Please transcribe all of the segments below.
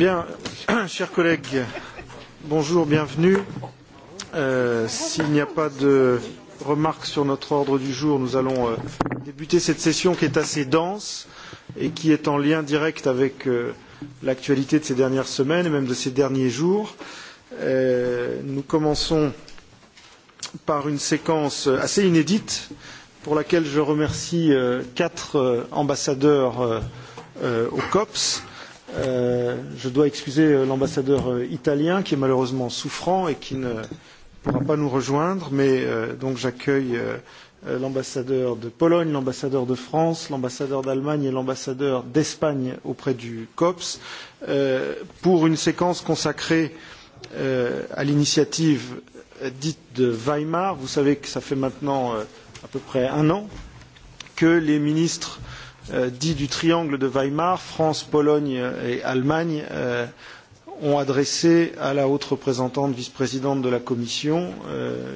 Bien, chers collègues, bonjour, bienvenue. S'il n'y a pas de remarques sur notre ordre du jour, nous allons débuter cette session qui est assez dense et qui est en lien direct avec l'actualité de ces dernières semaines et même de ces derniers jours. Nous commençons par une séquence assez inédite pour laquelle je remercie quatre ambassadeurs au COPS je dois excuser l'ambassadeur italien qui est malheureusement souffrant et qui ne pourra pas nous rejoindre, mais donc j'accueille l'ambassadeur de Pologne, l'ambassadeur de France, l'ambassadeur d'Allemagne et l'ambassadeur d'Espagne auprès du COPS pour une séquence consacrée à l'initiative dite de Weimar. Vous savez que cela fait maintenant à peu près un an que les ministres dit du triangle de Weimar, France, Pologne et Allemagne ont adressé à la haute représentante vice-présidente de la Commission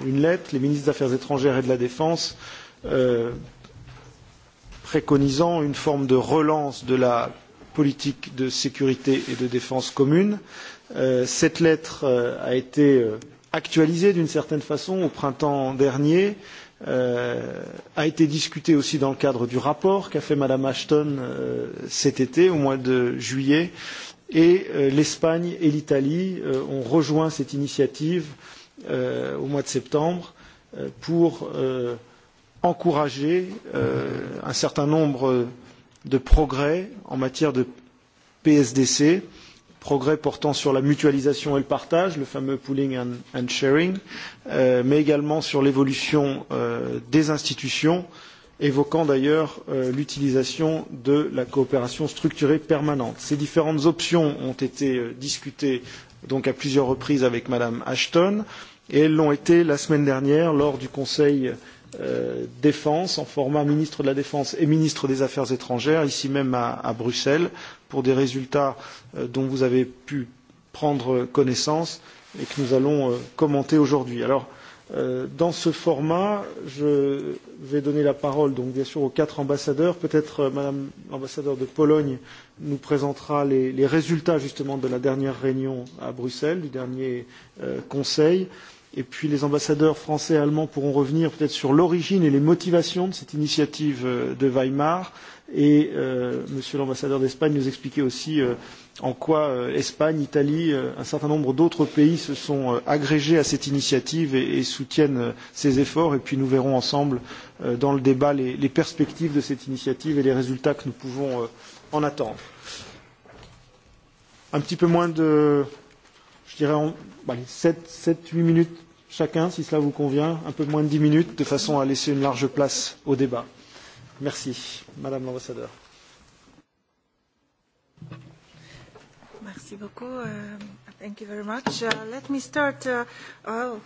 une lettre, les ministres des Affaires étrangères et de la Défense, préconisant une forme de relance de la politique de sécurité et de défense commune. cette lettre a été actualisée d'une certaine façon au printemps dernier. Euh, a été discuté aussi dans le cadre du rapport qu'a fait Mme Ashton cet été, au mois de juillet, et l'Espagne et l'Italie ont rejoint cette initiative au mois de septembre pour encourager un certain nombre de progrès en matière de PSDC progrès portant sur la mutualisation et le partage, le fameux pooling and, sharing, mais également sur l'évolution des institutions, évoquant d'ailleurs l'utilisation de la coopération structurée permanente. Ces différentes options ont été discutées donc à plusieurs reprises avec Madame Ashton et elles l'ont été la semaine dernière lors du Conseil défense en format ministre de la Défense et ministre des Affaires étrangères, ici même à, Bruxelles, pour des résultats dont vous avez pu prendre connaissance et que nous allons commenter aujourd'hui. Alors, dans ce format, je vais donner la parole donc bien sûr aux quatre ambassadeurs. Peut-être Madame l'ambassadeur de Pologne nous présentera les, résultats justement de la dernière réunion à Bruxelles, du dernier Conseil. Euh, Et puis les ambassadeurs français et allemands pourront revenir peut-être sur l'origine et les motivations de cette initiative de Weimar. Et euh, Monsieur l'ambassadeur d'Espagne nous expliquait aussi euh, en quoi euh, Espagne, Italie, euh, un certain nombre d'autres pays se sont euh, agrégés à cette initiative et, et soutiennent euh, ces efforts. Et puis nous verrons ensemble euh, dans le débat les, les perspectives de cette initiative et les résultats que nous pouvons euh, en attendre. Un petit peu moins de, je dirais, 7-8 minutes chacun, si cela vous convient, un peu moins de dix minutes, de façon à laisser une large place au débat. Merci, Madame l'ambassadeur. Merci beaucoup. Uh, thank you very much. Uh, let me start. Uh, oh,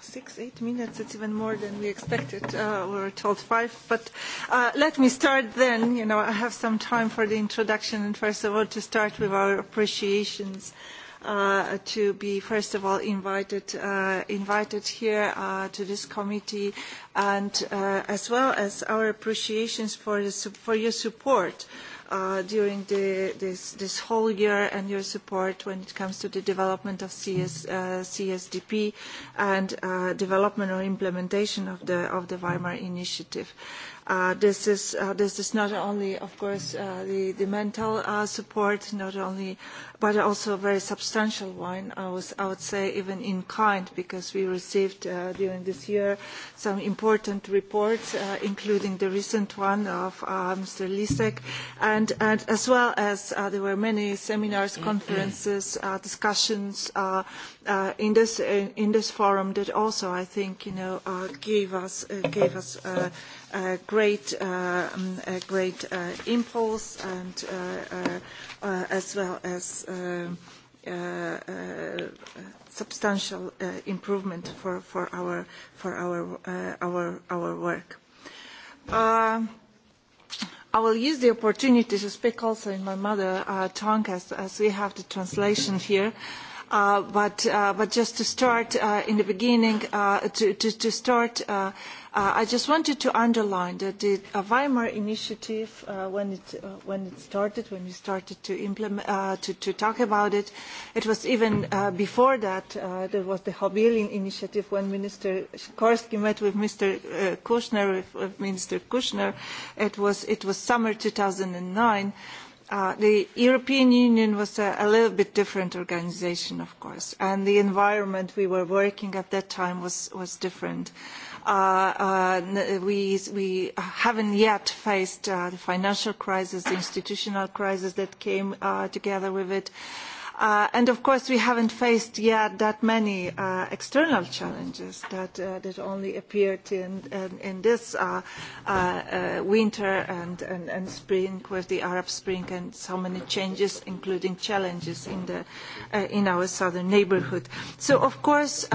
six, eight minutes. It's even more than we expected. Uh, we were told five, but uh, let me start then. You know, I have some time for the introduction, and first of all, to start with our appreciations uh, uh, to be first of all invited uh, invited here uh, to this committee, and uh, as well as our appreciations for the, for your support uh, during the, this, this whole year and your support when it comes to the development of CS, uh, CSDP and uh, development or implementation of the, of the Weimar Initiative. Uh, this is not only, of course, the mental support, not only, but also a very substantial one, I would say even in kind, because we received during this year some important reports, including the recent one of Mr. Lisek, and as well as there were many seminars, conferences, discussions in this in this forum that also, I think, you know gave us gave us great, impulse and as well as substantial improvement for our work. I will use the opportunity to speak also in my mother tongue as we have the translation here. But just to start in the beginning, to start I just wanted to underline that the Weimar Initiative, when it when it started, when we started to implement to talk about it, it was even before that there was the Habilin Initiative when Minister Sikorsky met with Mr. Kushner, with Minister Kushner. It was it was summer 2009 the European Union was a, a little bit different organisation, of course, and the environment we were working at that time was, was different. Uh, we haven't yet faced the financial crisis, the institutional crisis that came together with it and of course, we haven't faced yet that many external challenges that only appeared in this winter and spring with the Arab Spring and so many changes, including challenges in our southern neighbourhood. So of course,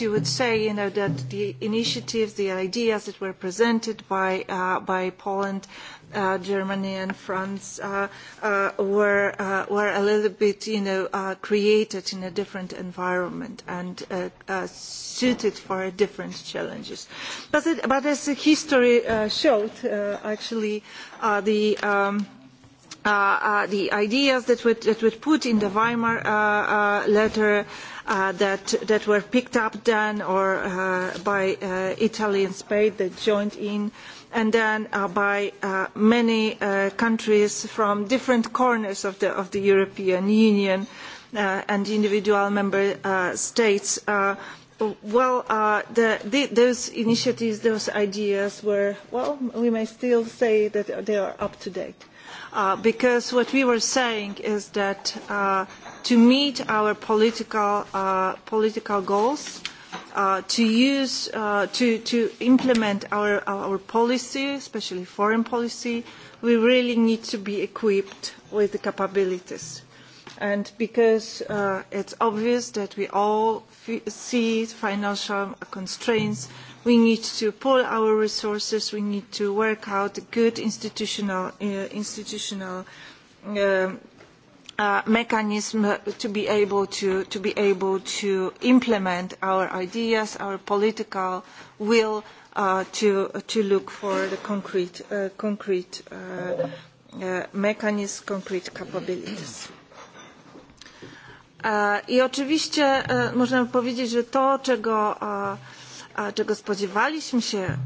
you would say, that the initiatives, the ideas that were presented by Poland uh, Germany and France uh, uh, were uh, were a little bit, you know, uh, created in a different environment and uh, uh, suited for different challenges. But, it, but as history uh, showed, uh, actually, uh, the um, uh, uh, the ideas that were, that were put in the Weimar uh, uh, letter that, were picked up then or by Italy and Spain that joined in and then by many countries from different corners of the, European Union and individual member states. well, those initiatives, those ideas were, well, we may still say that they are up to date. because what we were saying is that to meet our political, uh, political goals, uh, to use, uh, to, to implement our, our policy, especially foreign policy, we really need to be equipped with the capabilities. And because uh, it's obvious that we all see financial constraints, we need to pool our resources, we need to work out good institutional, uh, institutional um, mechanism to be able to, to be able to implement our ideas, our political will to, to look for the concrete, uh, concrete uh, uh, mechanism, concrete capabilities. I oczywiście możemy powiedzieć, że to, czego czego spodziewaliśmy się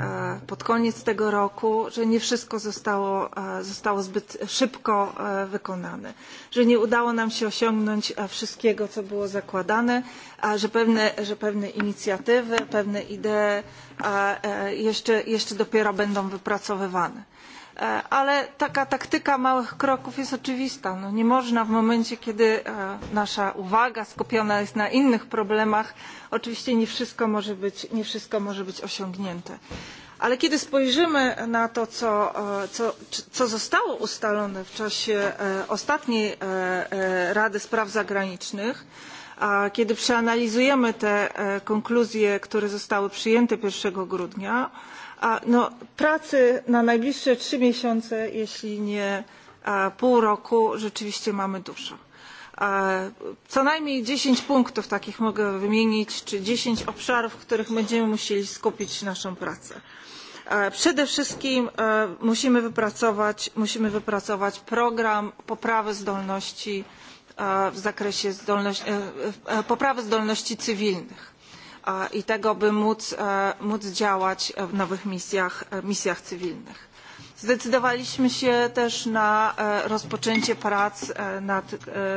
pod koniec tego roku, że nie wszystko zostało, zbyt szybko wykonane, że nie udało nam się osiągnąć wszystkiego, co było zakładane, że pewne, inicjatywy, pewne idee jeszcze dopiero będą wypracowywane ale taka taktyka małych kroków jest oczywista. nie można w momencie kiedy nasza uwaga skupiona jest na innych problemach oczywiście nie wszystko może być osiągnięte ale kiedy spojrzymy na to co zostało ustalone w czasie ostatniej rady spraw zagranicznych kiedy przeanalizujemy te konkluzje które zostały przyjęte jeden grudnia to pracy na najbliższe trzy miesiące, jeśli nie pół roku, rzeczywiście mamy dużo. Co najmniej dziesięć punktów takich mogę wymienić, czy dziesięć obszarów, w których będziemy musieli skupić naszą pracę. Przede wszystkim musimy wypracować, program poprawy zdolności w zakresie poprawy zdolności cywilnych i tego, by móc działać w nowych misjach cywilnych. Zdecydowaliśmy się też na rozpoczęcie prac nad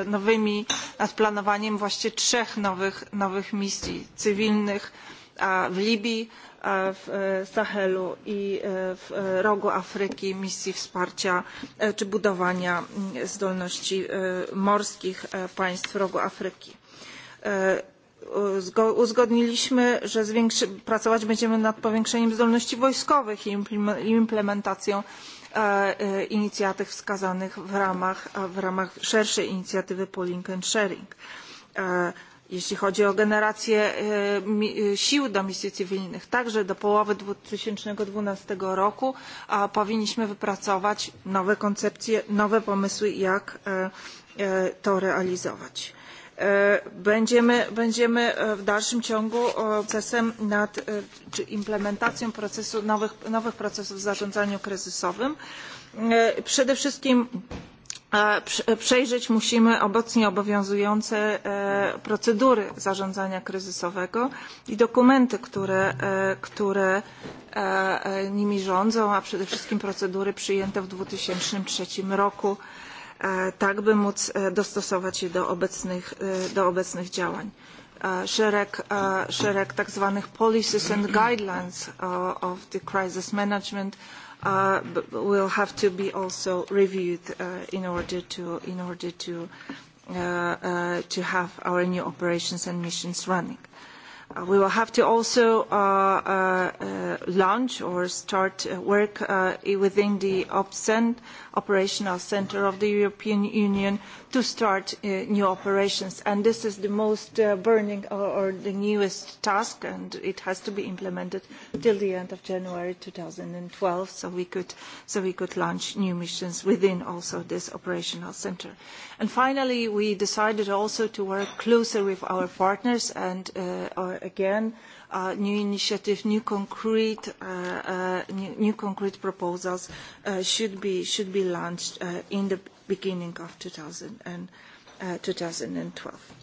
nowymi, nad planowaniem właśnie trzech nowych, misji cywilnych w Libii, w Sahelu i w rogu Afryki misji wsparcia czy budowania zdolności morskich państw rogu Afryki uzgodniliśmy, że pracować będziemy nad powiększeniem zdolności wojskowych i implementacją inicjatyw wskazanych w ramach, szerszej inicjatywy pooling and Sharing. Jeśli chodzi o generację sił do misji cywilnych, także do połowy 2012 roku powinniśmy wypracować nowe koncepcje, nowe pomysły, jak to realizować będziemy, w dalszym ciągu procesem nad, czy implementacją procesu, nowych, nowych procesów w zarządzaniu kryzysowym. Przede wszystkim przejrzeć musimy obecnie obowiązujące procedury zarządzania kryzysowego i dokumenty, które, nimi rządzą, a przede wszystkim procedury przyjęte w trzy roku tak by móc dostosować je do obecnych, działań. Szereg, tak zwanych policies and guidelines of the crisis management will have to be also reviewed in order to, in order to, have our new operations and missions running we will have to also launch or start work within the OPSEN, Operational Centre of the European Union, to start new operations. And this is the most burning or the newest task, and it has to be implemented till the end of January twelve, so we could launch new missions within also this operational centre finally, we decided also to work closer with our partners and again, new initiative, new concrete, new, concrete proposals should be launched in the beginning of 2000 and, 2012.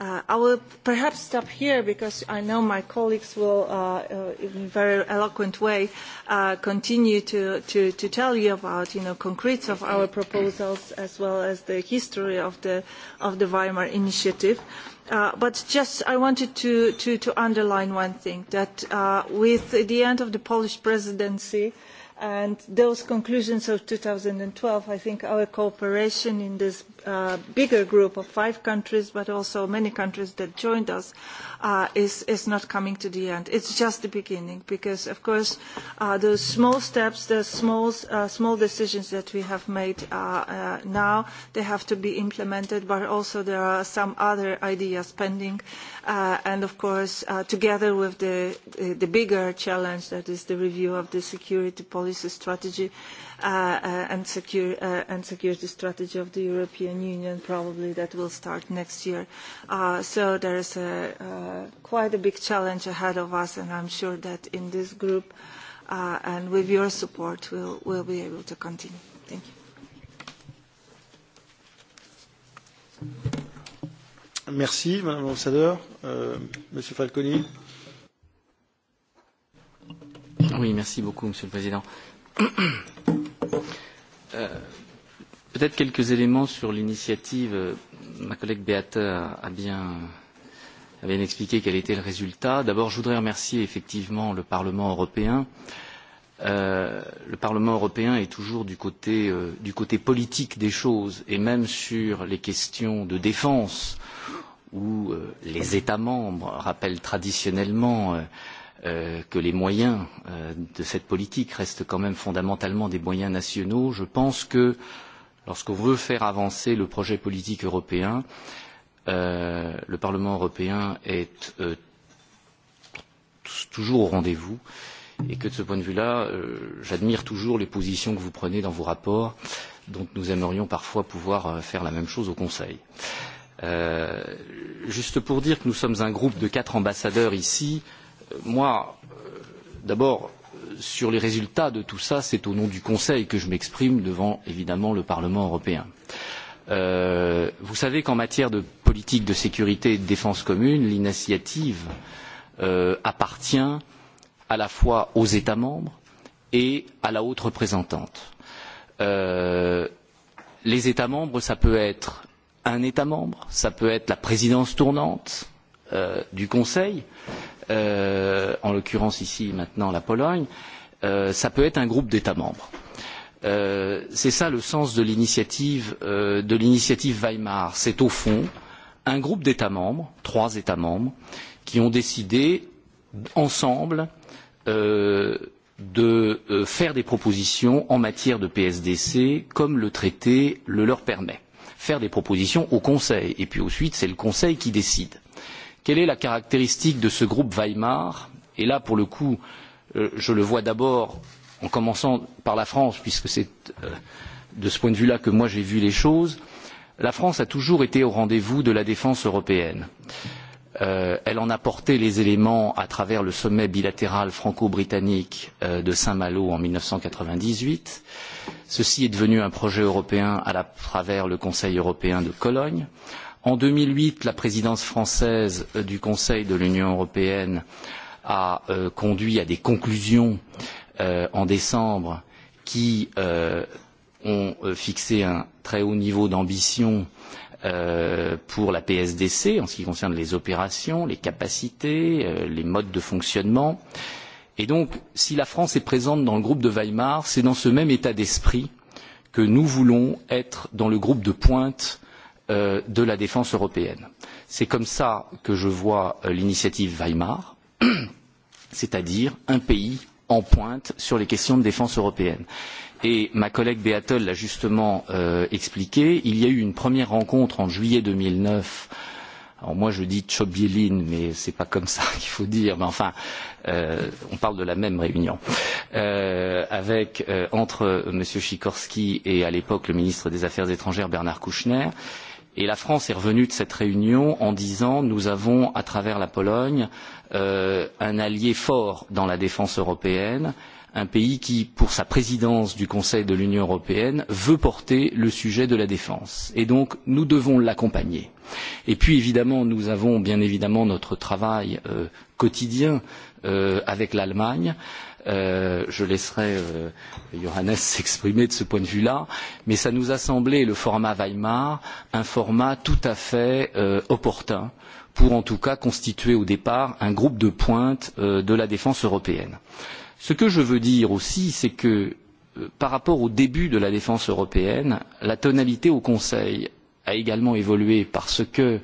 I will perhaps stop here because I know my colleagues will, in a very eloquent way, continue to, tell you about, you know, of our proposals as well as the history of the, Weimar Initiative. but just I wanted to, underline one thing, that with the end of the Polish presidency, and those conclusions of twelve, I think our cooperation in this bigger group of five countries, but also many countries that joined us, is, not coming to the end. It is just the beginning, because of course those small steps, the small, small decisions that we have made now, they have to be implemented, but also there are some other ideas pending, and of course together with the, the bigger challenge that is the review of the security policy strategy, and, security strategy of the European Union probably that will start next year. so there is quite a big challenge ahead of us and I'm sure that in this group and with your support we'll, we'll be able to continue. Thank you. Merci, Madame l'Ambassadeur. Euh, Monsieur Falconi. Oui, merci beaucoup, Monsieur le Président Peut-être quelques éléments sur l'initiative. Ma collègue Beata a bien, a bien expliqué quel était le résultat. D'abord, je voudrais remercier effectivement le Parlement européen. le Parlement européen est toujours du côté, du côté politique des choses et même sur les questions de défense où les États membres rappellent traditionnellement que les moyens de cette politique restent quand même fondamentalement des moyens nationaux, je pense que lorsqu'on veut faire avancer le projet politique européen, le Parlement européen est toujours au rendez-vous et que de ce point de vue-là, j'admire toujours les positions que vous prenez dans vos rapports, dont nous aimerions parfois pouvoir faire la même chose au Conseil. juste pour dire que nous sommes un groupe de quatre ambassadeurs ici, euh, moi, d'abord, sur les résultats de tout cela, c'est au nom du Conseil que je m'exprime devant, évidemment, le Parlement européen. vous savez qu'en matière de politique de sécurité et de défense commune, l'initiative appartient à la fois aux États membres et à la haute représentante. les États membres, cela peut être un État membre, cela peut être la présidence tournante du Conseil, en l'occurrence ici maintenant la Pologne, cela peut être un groupe d'États membres. c'est cela le sens de l'initiative Weimar. C'est au fond un groupe d'États membres, trois États membres, qui ont décidé ensemble de faire des propositions en matière de PSDC comme le traité le leur permet. Faire des propositions au Conseil et puis ensuite c'est le Conseil qui décide Quelle est la caractéristique de ce groupe Weimar Et là, pour le coup, je le vois d'abord en commençant par la France, puisque c'est de ce point de vue-là que moi j'ai vu les choses. La France a toujours été au rendez-vous de la défense européenne. elle en a porté les éléments à travers le sommet bilatéral franco-britannique de Saint-Malo en mille neuf cent quatre-vingt-dix-huit. Ceci est devenu un projet européen à travers le Conseil européen de Cologne. Euh, En deux mille huit, la présidence française du Conseil de l'Union européenne a conduit à des conclusions en décembre qui ont fixé un très haut niveau d'ambition pour la PSDC en ce qui concerne les opérations, les capacités, les modes de fonctionnement. Et donc, si la France est présente dans le groupe de Weimar, c'est dans ce même état d'esprit que nous voulons être dans le groupe de pointe de la défense européenne. C'est comme cela que je vois l'initiative Weimar, c'est-à-dire un pays en pointe sur les questions de défense européenne. Et ma collègue Beathol l'a justement expliqué, il y a eu une première rencontre en juillet deux mille neuf Alors moi je dis Tchobielin, mais ce n'est pas comme ça qu'il faut dire. Mais enfin, on parle de la même réunion. avec, entre M. Sikorski et à l'époque le ministre des Affaires étrangères Bernard Kouchner. Euh, Et la France est revenue de cette réunion en disant nous avons, à travers la Pologne, un allié fort dans la défense européenne, un pays qui, pour sa présidence du Conseil de l'Union européenne, veut porter le sujet de la défense. Et donc, nous devons l'accompagner. Et puis, évidemment, nous avons bien évidemment notre travail quotidien avec l'Allemagne. Euh, je laisserai Johannes s'exprimer de ce point de vue-là, mais ça nous a semblé, le format Weimar, un format tout à fait opportun pour en tout cas constituer au départ un groupe de pointe de la défense européenne. Ce que je veux dire aussi, c'est que par rapport au début de la défense européenne, la tonalité au Conseil a également évolué parce que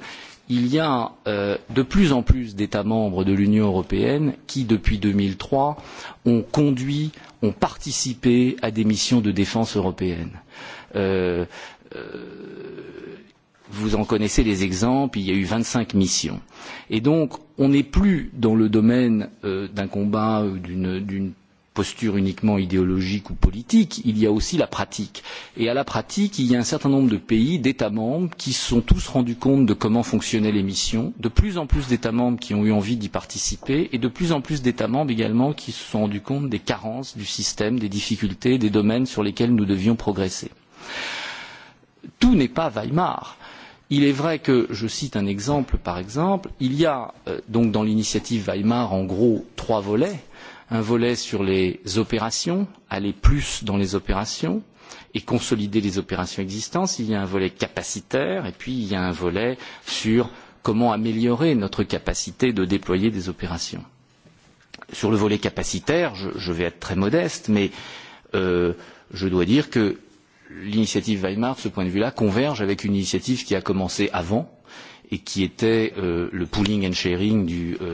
il y a de plus en plus d'États membres de l'Union européenne qui, depuis deux mille trois, ont conduit, ont participé à des missions de défense européenne. vous en connaissez les exemples, il y a eu vingt cinq missions. Et donc, on n'est plus dans le domaine d'un combat ou d'une posture uniquement idéologique ou politique, il y a aussi la pratique. Et à la pratique, il y a un certain nombre de pays, d'États membres, qui se sont tous rendus compte de comment fonctionnaient les missions, de plus en plus d'États membres qui ont eu envie d'y participer, et de plus en plus d'États membres également qui se sont rendus compte des carences du système, des difficultés, des domaines sur lesquels nous devions progresser. Tout n'est pas Weimar. Il est vrai que, je cite un exemple par exemple, il y a donc dans l'initiative Weimar en gros trois volets un volet sur les opérations, aller plus dans les opérations et consolider les opérations existantes. Il y a un volet capacitaire et puis il y a un volet sur comment améliorer notre capacité de déployer des opérations. Sur le volet capacitaire, je, vais être très modeste, mais je dois dire que l'initiative Weimar, de ce point de vue-là, converge avec une initiative qui a commencé avant et qui était le pooling and sharing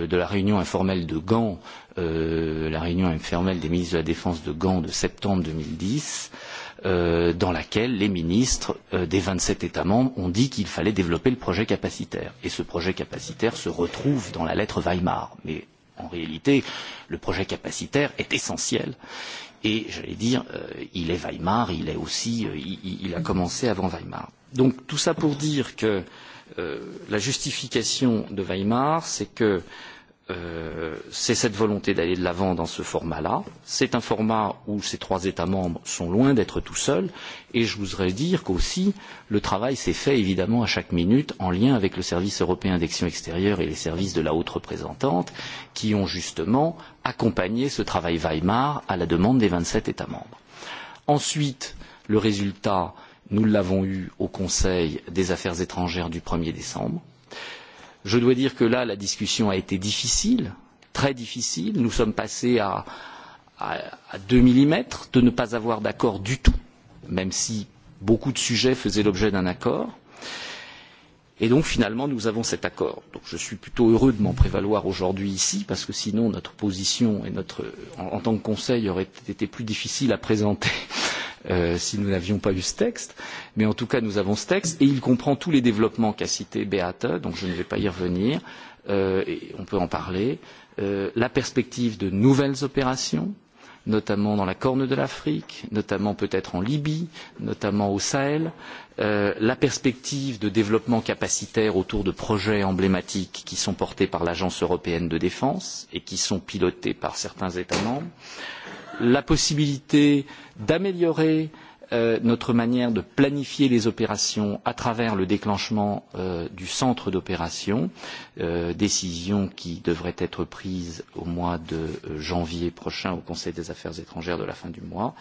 de la réunion informelle de Gand la réunion informelle des ministres de la Défense de Gand de septembre deux mille dix, dans laquelle les ministres des vingt sept États membres ont dit qu'il fallait développer le projet capacitaire. Et ce projet capacitaire se retrouve dans la lettre Weimar. Mais en réalité, le projet capacitaire est essentiel. Et j'allais dire, il est Weimar, il est aussi, il, a commencé avant Weimar. Donc tout cela pour dire que la justification de Weimar, c'est que c'est cette volonté d'aller de l'avant dans ce format-là. C'est un format où ces trois États membres sont loin d'être tout seuls. Et je voudrais dire qu'aussi, le travail s'est fait évidemment à chaque minute en lien avec le service européen d'action extérieure et les services de la haute représentante qui ont justement accompagné ce travail Weimar à la demande des vingt sept États membres. Ensuite, le résultat, nous l'avons eu au Conseil des affaires étrangères du 1er décembre Je dois dire que là, la discussion a été difficile, très difficile. Nous sommes passés à, deux millimètres de ne pas avoir d'accord du tout, même si beaucoup de sujets faisaient l'objet d'un accord. Et donc finalement, nous avons cet accord. Donc je suis plutôt heureux de m'en prévaloir aujourd'hui ici, parce que sinon notre position et notre, en, tant que Conseil aurait été plus difficile à présenter si nous n'avions pas eu ce texte. Mais en tout cas, nous avons ce texte et il comprend tous les développements qu'a cités Beate, donc je ne vais pas y revenir, et on peut en parler. la perspective de nouvelles opérations, notamment dans la Corne de l'Afrique, notamment peut-être en Libye, notamment au Sahel, la perspective de développement capacitaire autour de projets emblématiques qui sont portés par l'Agence européenne de défense et qui sont pilotés par certains États membres, la possibilité d'améliorer notre manière de planifier les opérations à travers le déclenchement du centre d'opération décision qui devrait être prise au mois de janvier prochain au Conseil des affaires étrangères de la fin du mois.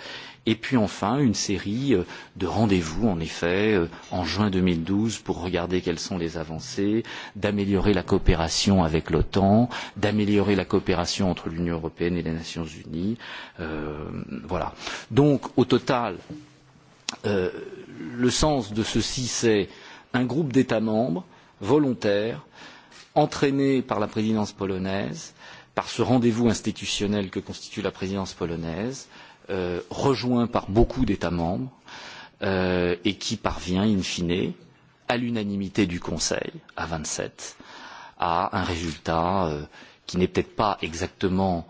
Et puis enfin, une série de rendez-vous, en effet, en juin deux mille douze pour regarder quelles sont les avancées, d'améliorer la coopération avec l'OTAN, d'améliorer la coopération entre l'Union européenne et les Nations unies. voilà. Donc, au total, le sens de ceci, c'est un groupe d'États membres volontaires entraîné par la présidence polonaise, par ce rendez-vous institutionnel que constitue la présidence polonaise, rejoint par beaucoup d'États membres et qui parvient, in fine, à l'unanimité du Conseil, à vingt sept, à un résultat qui n'est peut-être pas exactement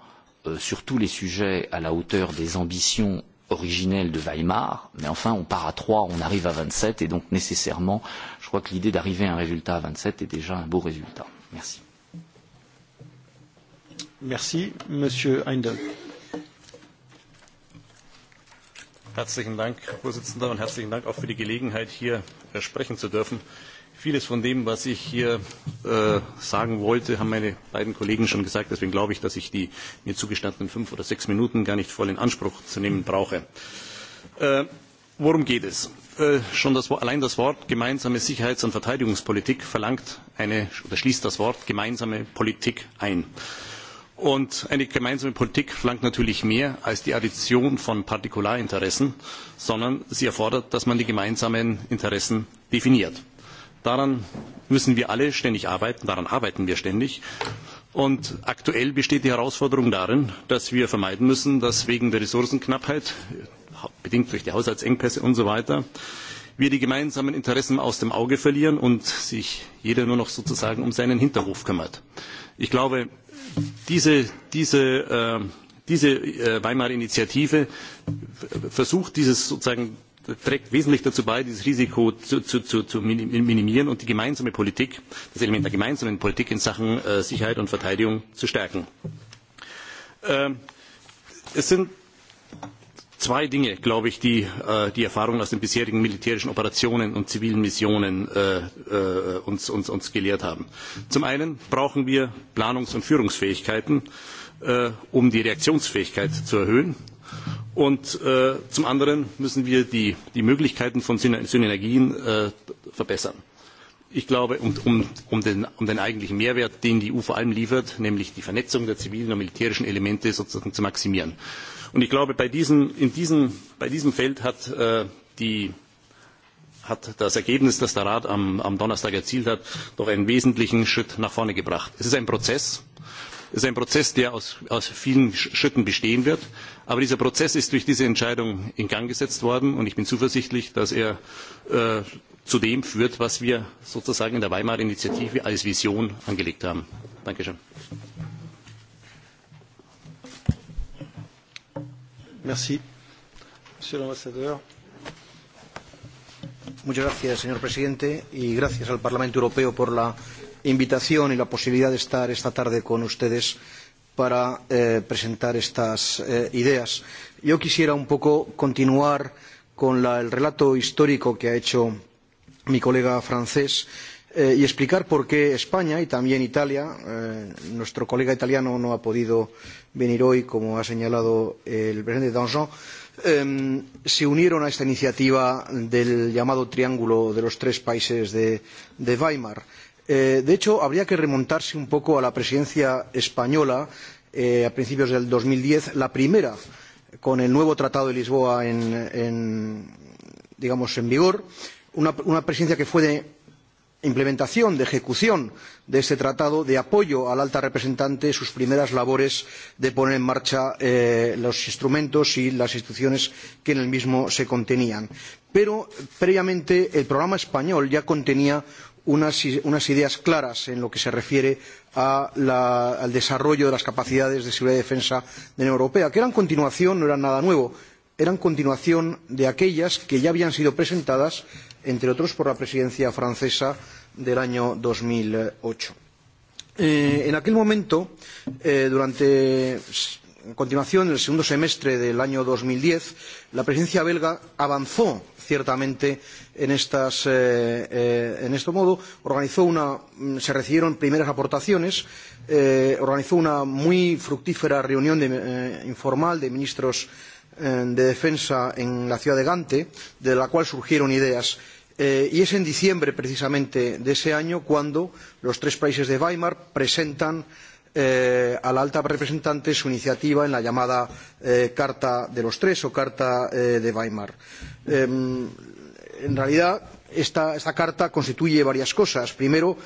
sur tous les sujets à la hauteur des ambitions originelles de Weimar, mais enfin on part à trois, on arrive à vingt sept, et donc nécessairement, je crois que l'idée d'arriver à un résultat à vingt sept est déjà un beau résultat. Merci. Merci, Monsieur Heindel. Herzlichen Dank, Herr Vorsitzender, und herzlichen Dank auch für die Gelegenheit, hier sprechen zu dürfen. Vieles von dem, was ich hier sagen wollte, haben meine beiden Kollegen schon gesagt. Deswegen glaube ich, dass ich die mir zugestandenen fünf oder sechs Minuten gar nicht voll in Anspruch zu nehmen brauche. worum geht es? schon allein das Wort gemeinsame Sicherheits- und Verteidigungspolitik schließt das Wort gemeinsame Politik ein. Und eine gemeinsame Politik verlangt natürlich mehr als die Addition von Partikularinteressen, sondern sie erfordert, dass man die gemeinsamen Interessen definiert. Daran müssen wir alle ständig arbeiten, daran arbeiten wir ständig. Und aktuell besteht die Herausforderung darin, dass wir vermeiden müssen, dass wegen der Ressourcenknappheit bedingt durch die Haushaltsengpässe und so weiter, wir die gemeinsamen Interessen aus dem Auge verlieren und sich jeder nur noch sozusagen um seinen Hinterhof kümmert. Ich glaube, diese, diese, diese Weimarer Initiative versucht dieses sozusagen trägt wesentlich dazu bei, dieses Risiko zu, minimieren und die gemeinsame Politik, das Element der gemeinsamen Politik in Sachen Sicherheit und Verteidigung zu stärken. es sind zwei Dinge, glaube ich, die die Erfahrung aus den bisherigen militärischen Operationen und zivilen Missionen uns, gelehrt haben. Zum einen brauchen wir Planungs- und Führungsfähigkeiten, um die Reaktionsfähigkeit zu erhöhen. Und zum anderen müssen wir die, Möglichkeiten von Synergien verbessern. Ich glaube, um, den, eigentlichen Mehrwert, den die EU vor allem liefert, nämlich die Vernetzung der zivilen und militärischen Elemente sozusagen zu maximieren. Und ich glaube, bei diesem, Feld hat, das Ergebnis, das der Rat am, Donnerstag erzielt hat, doch einen wesentlichen Schritt nach vorne gebracht. Es ist ein Prozess. Es ist ein Prozess, der aus, vielen Schritten bestehen wird. Aber dieser Prozess ist durch diese Entscheidung in Gang gesetzt worden. Und ich bin zuversichtlich, dass er zu dem führt, was wir sozusagen in der Weimarer Initiative als Vision angelegt haben. Dankeschön. Merci. Monsieur l'ambassadeur. Muchas gracias, señor presidente, y gracias al Parlamento Europeo por la invitación y la posibilidad de estar esta tarde con ustedes para presentar estas ideas. Yo quisiera un poco continuar con el relato histórico que ha hecho mi colega francés y explicar por qué España y también Italia nuestro colega italiano no ha podido venir hoy, como ha señalado el presidente Danjean, se unieron a esta iniciativa del llamado Triángulo de los tres países de, Weimar. de hecho, habría que remontarse un poco a la presidencia española a principios del dos mil diez, la primera con el nuevo Tratado de Lisboa en, digamos, en vigor, una, presidencia que fue de implementación de ejecución de este tratado de apoyo a la alta representante en sus primeras labores de poner en marcha los instrumentos y las instituciones que en el mismo se contenían pero previamente el programa español ya contenía unas ideas claras en lo que se refiere al desarrollo de las capacidades de seguridad y defensa de la unión europea que eran continuación no eran nada nuevo eran continuación de aquellas que ya habían sido presentadas entre otros por la presidencia francesa del año dos mil ocho. en aquel momento, durante a continuación, en el segundo semestre del año dos mil diez, la presidencia belga avanzó ciertamente en, este modo. se recibieron primeras aportaciones, organizó una muy fructífera reunión informal de ministros de defensa en la ciudad de Gante, de la cual surgieron ideas y es en diciembre precisamente de ese año cuando los tres países de Weimar presentan a la alta representante su iniciativa en la llamada Carta de los Tres o Carta de Weimar. en realidad, esta carta constituye varias cosas. Primero,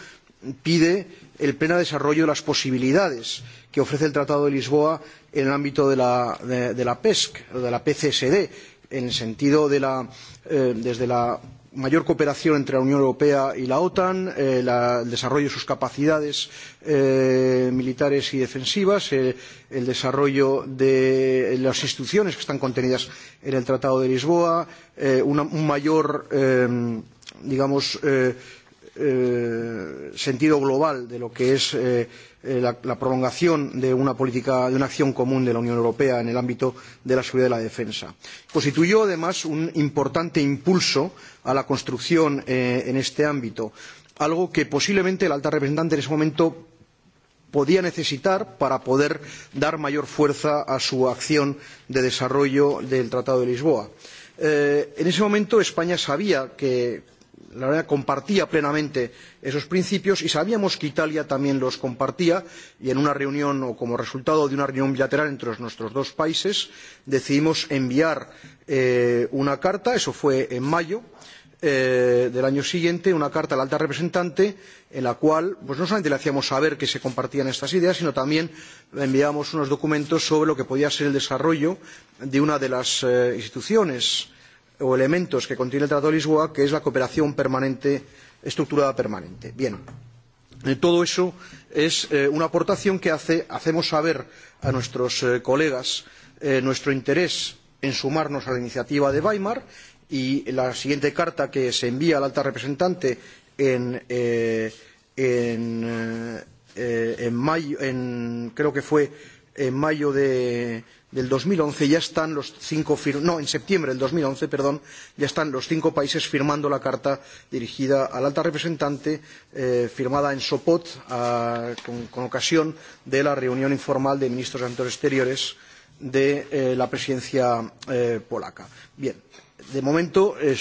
pide el pleno desarrollo de las posibilidades que ofrece el Tratado de Lisboa en el ámbito de la, PESC, o de la PCSD, en el sentido de la, desde la mayor cooperación entre la Unión Europea y la OTAN, el desarrollo de sus capacidades militares y defensivas, el desarrollo de las instituciones que están contenidas en el Tratado de Lisboa, un mayor, digamos, sentido global de lo que es la, prolongación de una política, de una acción común de la Unión Europea en el ámbito de la seguridad y la defensa. Constituyó, además, un importante impulso a la construcción en este ámbito, algo que posiblemente la alta representante en ese momento podía necesitar para poder dar mayor fuerza a su acción de desarrollo del Tratado de Lisboa. en ese momento España sabía que la verdad compartía plenamente esos principios y sabíamos que Italia también los compartía y en una reunión o como resultado de una reunión bilateral entre nuestros dos países decidimos enviar una carta, eso fue en mayo, del año siguiente una carta a la alta representante en la cual no solamente le hacíamos saber que se compartían estas ideas sino también enviábamos unos documentos sobre lo que podía ser el desarrollo de una de las instituciones o elementos que contiene el Tratado de Lisboa, que es la cooperación permanente, estructurada permanente. Bien, todo eso es una aportación que hacemos saber a nuestros colegas nuestro interés en sumarnos a la iniciativa de Weimar y la siguiente carta que se envía al alta representante en, creo que fue en mayo de del dos mil once ya están los cinco no en septiembre del dos mil once perdón ya están los cinco países firmando la carta dirigida a la alta representante firmada en Sopot con, ocasión de la reunión informal de ministros de asuntos exteriores de la presidencia polaca bien de momento el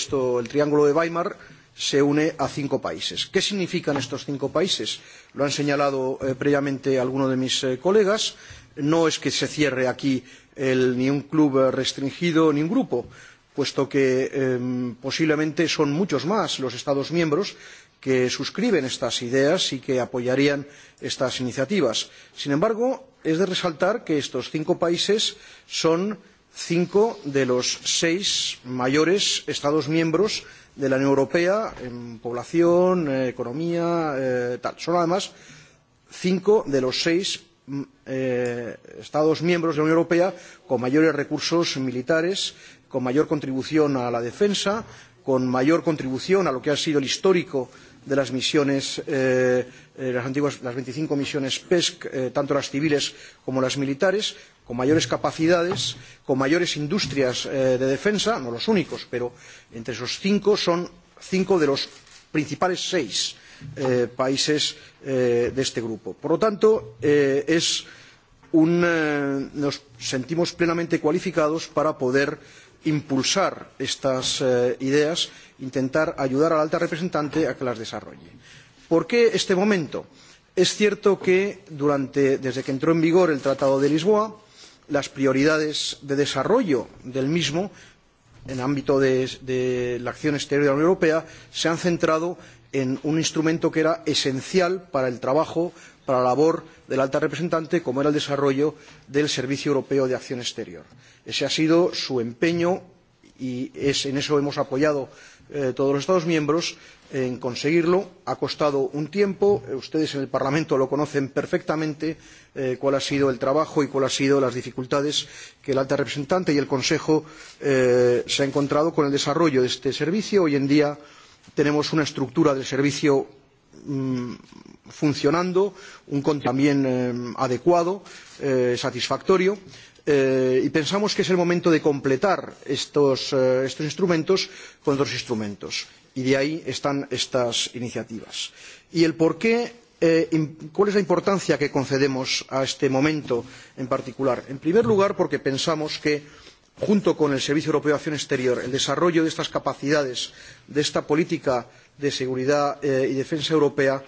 triángulo de Weimar se une a cinco países. ¿Qué significan estos cinco países? Lo han señalado previamente algunos de mis colegas no es que se cierre aquí ni un club restringido ni un grupo, puesto que posiblemente son muchos más los Estados miembros que suscriben estas ideas y que apoyarían estas iniciativas. Sin embargo, es de resaltar que estos cinco países son cinco de los seis mayores Estados miembros de la Unión Europea en población, economía, tal. Son además cinco de los seis Estados miembros de la Unión Europea con mayores recursos militares, con mayor contribución a la defensa, con mayor contribución a lo que ha sido el histórico de las misiones, las antiguas, las 25 misiones PESC, tanto las civiles como las militares, con mayores capacidades, con mayores industrias de defensa, no los únicos, pero entre esos cinco son cinco de los principales seis países de este grupo. Por lo tanto, nos sentimos plenamente cualificados para poder impulsar estas ideas, intentar ayudar a la alta representante a que las desarrolle. ¿Por qué este momento? Es cierto que desde que entró en vigor el Tratado de Lisboa, las prioridades de desarrollo del mismo en el ámbito de la acción exterior de la Unión Europea se han centrado en un instrumento que era esencial para el trabajo, para la labor de la alta representante, como era el desarrollo del Servicio Europeo de Acción Exterior. Ese ha sido su empeño y en eso hemos apoyado todos los Estados miembros en conseguirlo. Ha costado un tiempo, ustedes en el Parlamento lo conocen perfectamente, cuál ha sido el trabajo y cuáles han sido las dificultades que la alta representante y el Consejo se han encontrado con el desarrollo de este servicio. Hoy en día tenemos una estructura del servicio funcionando, un contenido también adecuado, satisfactorio, y pensamos que es el momento de completar estos, instrumentos con otros instrumentos. Y de ahí están estas iniciativas. Y el por qué, cuál es la importancia que concedemos a este momento en particular. En primer lugar, porque pensamos que junto con el Servicio Europeo de Acción Exterior, el desarrollo de estas capacidades, de esta política de seguridad y defensa europea,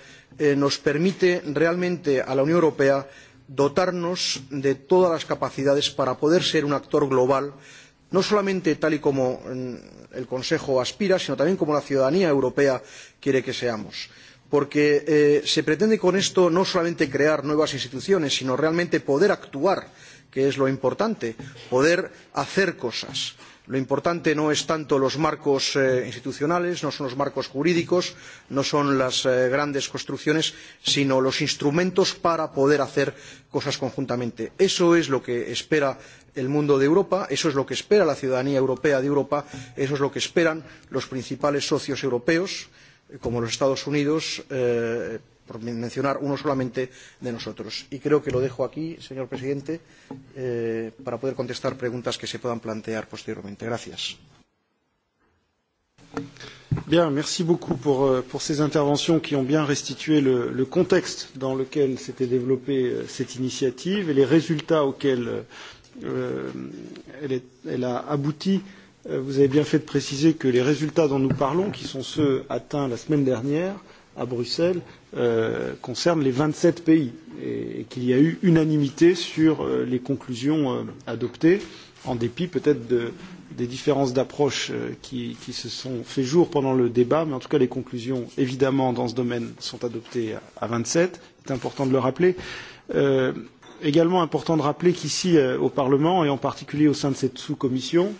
nos permite realmente a la Unión Europea dotarnos de todas las capacidades para poder ser un actor global, no solamente tal y como el Consejo aspira, sino también como la ciudadanía europea quiere que seamos porque se pretende con esto no solamente crear nuevas instituciones, sino realmente poder actuar que es lo importante, poder hacer cosas. Lo importante no son tanto los marcos institucionales, no son los marcos jurídicos, no son las grandes construcciones, sino los instrumentos para poder hacer cosas conjuntamente. Eso es lo que espera el mundo de Europa, eso es lo que espera la ciudadanía europea de Europa, eso es lo que esperan los principales socios europeos, como los Estados Unidos, por mencionar uno solamente de nosotros. Y creo que lo dejo aquí, señor presidente, eh, para poder contestar preguntas que se puedan plantear posteriormente. Gracias. Bien, merci beaucoup pour, pour ces interventions qui ont bien restitué le, le contexte dans lequel s'était développée cette initiative et les résultats auxquels euh, elle, est, elle a abouti. Vous avez bien fait de préciser que les résultats dont nous parlons, qui sont ceux atteints la semaine dernière à Bruxelles, concerne les vingt sept pays et, qu'il y a eu unanimité sur les conclusions adoptées, en dépit peut-être des différences d'approche qui, se sont fait jour pendant le débat, mais en tout cas les conclusions, évidemment, dans ce domaine sont adoptées à vingt sept, c'est important de le rappeler. également important de rappeler qu'ici, au Parlement, et en particulier au sein de cette sous-commission,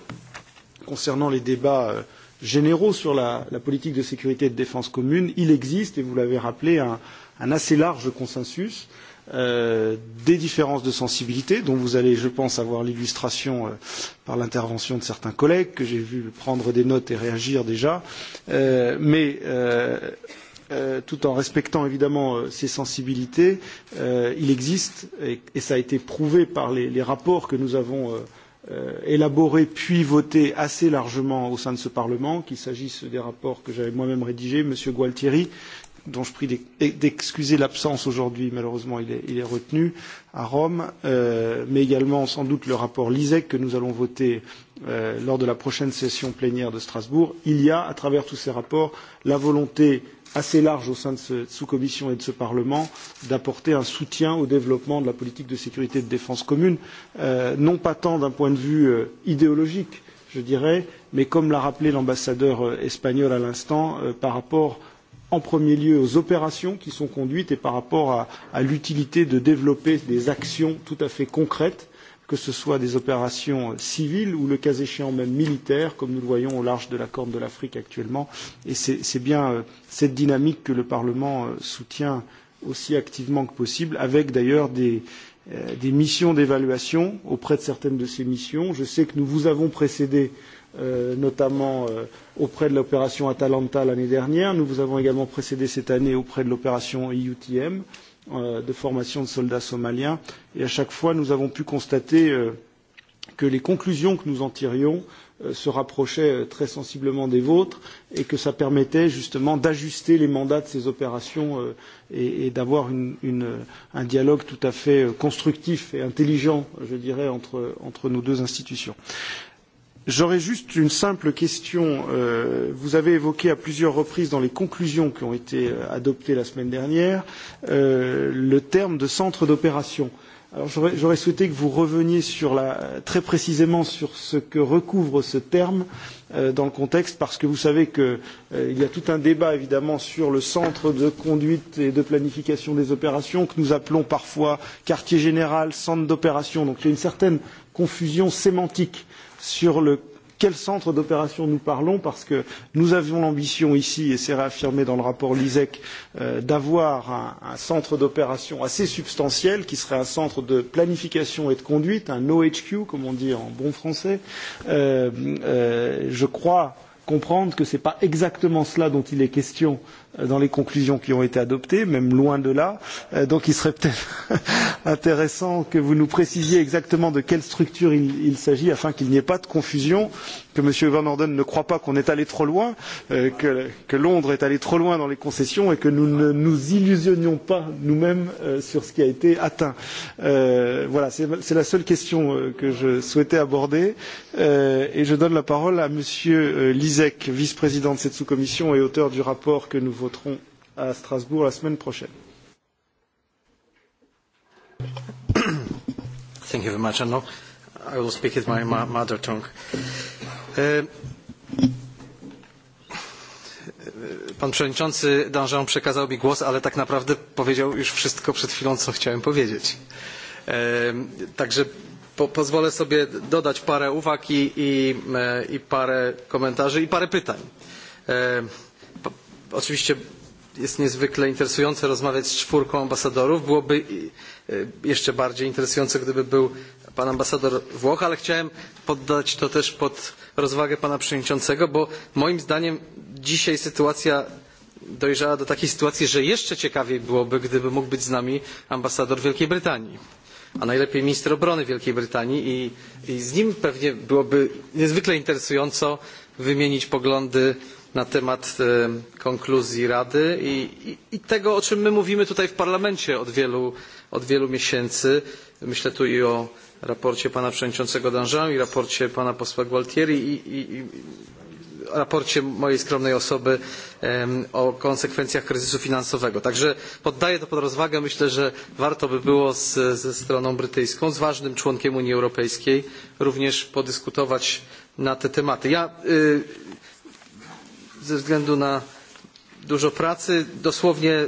concernant les débats euh, généraux sur la, la politique de sécurité et de défense commune, il existe, et vous l'avez rappelé, un, un assez large consensus euh, des différences de sensibilité, dont vous allez, je pense, avoir l'illustration euh, par l'intervention de certains collègues que j'ai vu prendre des notes et réagir déjà, euh, mais euh, tout en respectant évidemment ces sensibilités, il existe, et, cela a été prouvé par les, rapports que nous avons élaboré puis voté assez largement au sein de ce Parlement, qu'il s'agisse des rapports que j'avais moi-même rédigés, M. Gualtieri, dont je prie d'excuser l'absence aujourd'hui, malheureusement il est, retenu à Rome, mais également sans doute le rapport LISEC que nous allons voter lors de la prochaine session plénière de Strasbourg. Il y a, à travers tous ces rapports, la volonté assez large au sein de cette sous-commission et de ce Parlement d'apporter un soutien au développement de la politique de sécurité et de défense commune, non pas tant d'un point de vue idéologique, je dirais, mais comme l'a rappelé l'ambassadeur espagnol à l'instant, par rapport en premier lieu aux opérations qui sont conduites et par rapport à l'utilité de développer des actions tout à fait concrètes que ce soit des opérations civiles ou le cas échéant même militaires, comme nous le voyons au large de la Corne de l'Afrique actuellement. Et c'est bien cette dynamique que le Parlement soutient aussi activement que possible, avec d'ailleurs des, des missions d'évaluation auprès de certaines de ces missions. Je sais que nous vous avons précédé notamment auprès de l'opération Atalanta l'année dernière. Nous vous avons également précédé cette année auprès de l'opération EUTM de formation de soldats somaliens. Et à chaque fois, nous avons pu constater que les conclusions que nous en tirions se rapprochaient très sensiblement des vôtres et que cela permettait justement d'ajuster les mandats de ces opérations et, d'avoir un dialogue tout à fait constructif et intelligent, je dirais, entre, nos deux institutions. J'aurais juste une simple question. vous avez évoqué à plusieurs reprises dans les conclusions qui ont été adoptées la semaine dernière le terme de centre d'opération. Alors j'aurais souhaité que vous reveniez très précisément sur ce que recouvre ce terme dans le contexte, parce que vous savez qu'il y a tout un débat évidemment sur le centre de conduite et de planification des opérations, que nous appelons parfois quartier général, centre d'opération. Donc il y a une certaine confusion sémantique sur le quel centre d'opération nous parlons, parce que nous avions l'ambition ici, et c'est réaffirmé dans le rapport LISEC, d'avoir un, centre d'opération assez substantiel, qui serait un centre de planification et de conduite, un OHQ, comme on dit en bon français. je crois comprendre que ce n'est pas exactement cela dont il est question dans les conclusions qui ont été adoptées, même loin de là. donc il serait peut-être intéressant que vous nous précisiez exactement de quelle structure il, s'agit afin qu'il n'y ait pas de confusion, que M. Van Orden ne croit pas qu'on est allé trop loin, que, Londres est allé trop loin dans les concessions et que nous ne nous illusionnions pas nous-mêmes sur ce qui a été atteint. voilà, c'est la seule question que je souhaitais aborder et je donne la parole à M. Lisek, vice-président de cette sous-commission et auteur du rapport que nous voterons à Strasbourg la semaine prochaine. Thank you very much. And now I will speak in my mother tongue. Pan przewodniczący Danjean przekazał mi głos, ale tak naprawdę powiedział już wszystko przed chwilą, co chciałem powiedzieć. Także po, pozwolę sobie dodać parę uwag i, i, i, parę komentarzy i parę pytań oczywiście jest niezwykle interesujące rozmawiać z czwórką ambasadorów. Byłoby jeszcze bardziej interesujące, gdyby był pan ambasador Włoch, ale chciałem poddać to też pod rozwagę pana przewodniczącego, bo moim zdaniem dzisiaj sytuacja dojrzała do takiej sytuacji, że jeszcze ciekawiej byłoby, gdyby mógł być z nami ambasador Wielkiej Brytanii, a najlepiej minister obrony Wielkiej Brytanii i, z nim pewnie byłoby niezwykle interesująco wymienić poglądy na temat konkluzji Rady i, tego, o czym my mówimy tutaj w Parlamencie od wielu, miesięcy. Myślę tu i o raporcie pana przewodniczącego Danjean i raporcie pana posła Gualtieri i, raporcie mojej skromnej osoby o konsekwencjach kryzysu finansowego. Także poddaję to pod rozwagę. Myślę, że warto by było ze stroną brytyjską, z ważnym członkiem Unii Europejskiej również podyskutować na te tematy. Ja ze względu na dużo pracy. Dosłownie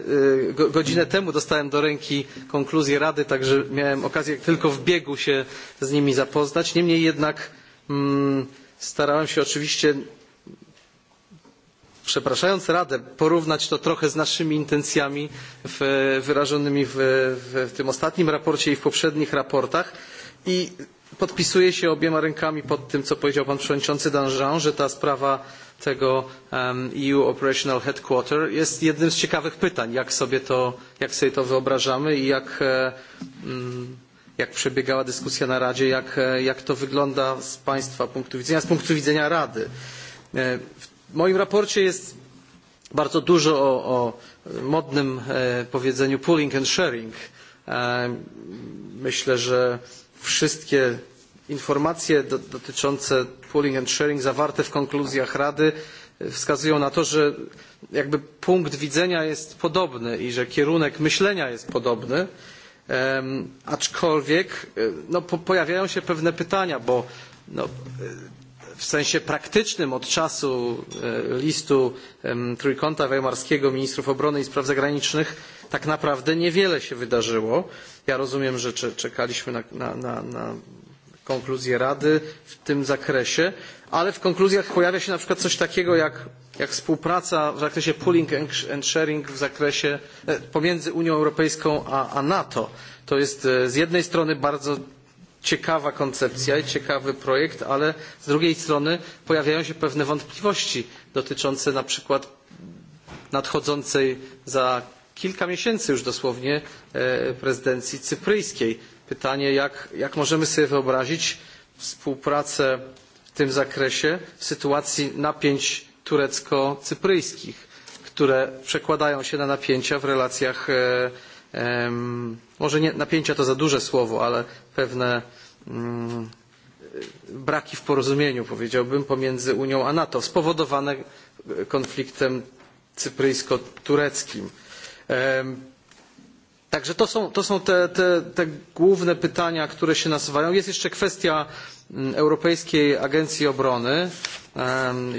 godzinę temu dostałem do ręki konkluzje Rady, także miałem okazję tylko w biegu się z nimi zapoznać. Niemniej jednak starałem się oczywiście przepraszając Radę, porównać to trochę z naszymi intencjami wyrażonymi w, tym ostatnim raporcie i w poprzednich raportach. I podpisuję się obiema rękami pod tym, co powiedział pan przewodniczący Danjean, że ta sprawa tego EU Operational Headquarter jest jednym z ciekawych pytań, jak sobie to, jak sobie to wyobrażamy i jak, jak przebiegała dyskusja na Radzie, jak, jak to wygląda z Państwa punktu widzenia, z punktu widzenia Rady. W moim raporcie jest bardzo dużo o, o modnym powiedzeniu pooling and sharing. Myślę, że wszystkie informacje dotyczące pooling and sharing zawarte w konkluzjach Rady wskazują na to, że jakby punkt widzenia jest podobny i że kierunek myślenia jest podobny, aczkolwiek pojawiają się pewne pytania, bo w sensie praktycznym od czasu listu Trójkąta Weimarskiego ministrów obrony i spraw zagranicznych tak naprawdę niewiele się wydarzyło. Ja rozumiem, że czekaliśmy na konkluzje Rady w tym zakresie, ale w konkluzjach pojawia się na przykład coś takiego jak, współpraca w zakresie pooling and sharing w zakresie pomiędzy Unią Europejską a NATO. To jest z jednej strony bardzo ciekawa koncepcja i ciekawy projekt, ale z drugiej strony pojawiają się pewne wątpliwości dotyczące na przykład nadchodzącej za kilka miesięcy już dosłownie prezydencji cypryjskiej pytanie, jak, jak możemy sobie wyobrazić współpracę w tym zakresie w sytuacji napięć turecko-cypryjskich, które przekładają się na napięcia w relacjach, może nie, napięcia to za duże słowo, ale pewne braki w porozumieniu, powiedziałbym, pomiędzy Unią a NATO, spowodowane konfliktem cypryjsko-tureckim. Także to są, to są te, te, te główne pytania, które się nasuwają. Jest jeszcze kwestia Europejskiej Agencji Obrony,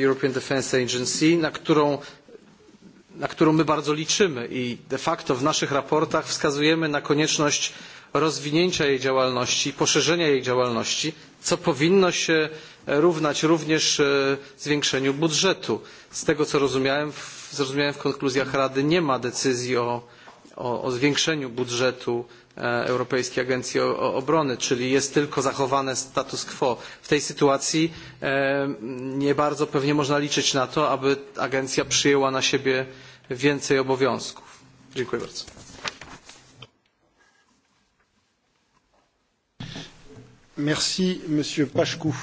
European Defence Agency, na którą na którą my bardzo liczymy i de facto w naszych raportach wskazujemy na konieczność rozwinięcia jej działalności, poszerzenia jej działalności, co powinno się równać również zwiększeniu budżetu. Z tego co zrozumiałem w konkluzjach Rady nie ma decyzji o o, zwiększeniu budżetu Europejskiej Agencji Obrony, czyli jest tylko zachowane status quo. W tej sytuacji nie bardzo pewnie można liczyć na to, aby agencja przyjęła na siebie więcej obowiązków. Dziękuję bardzo. Merci, Monsieur Pashkou.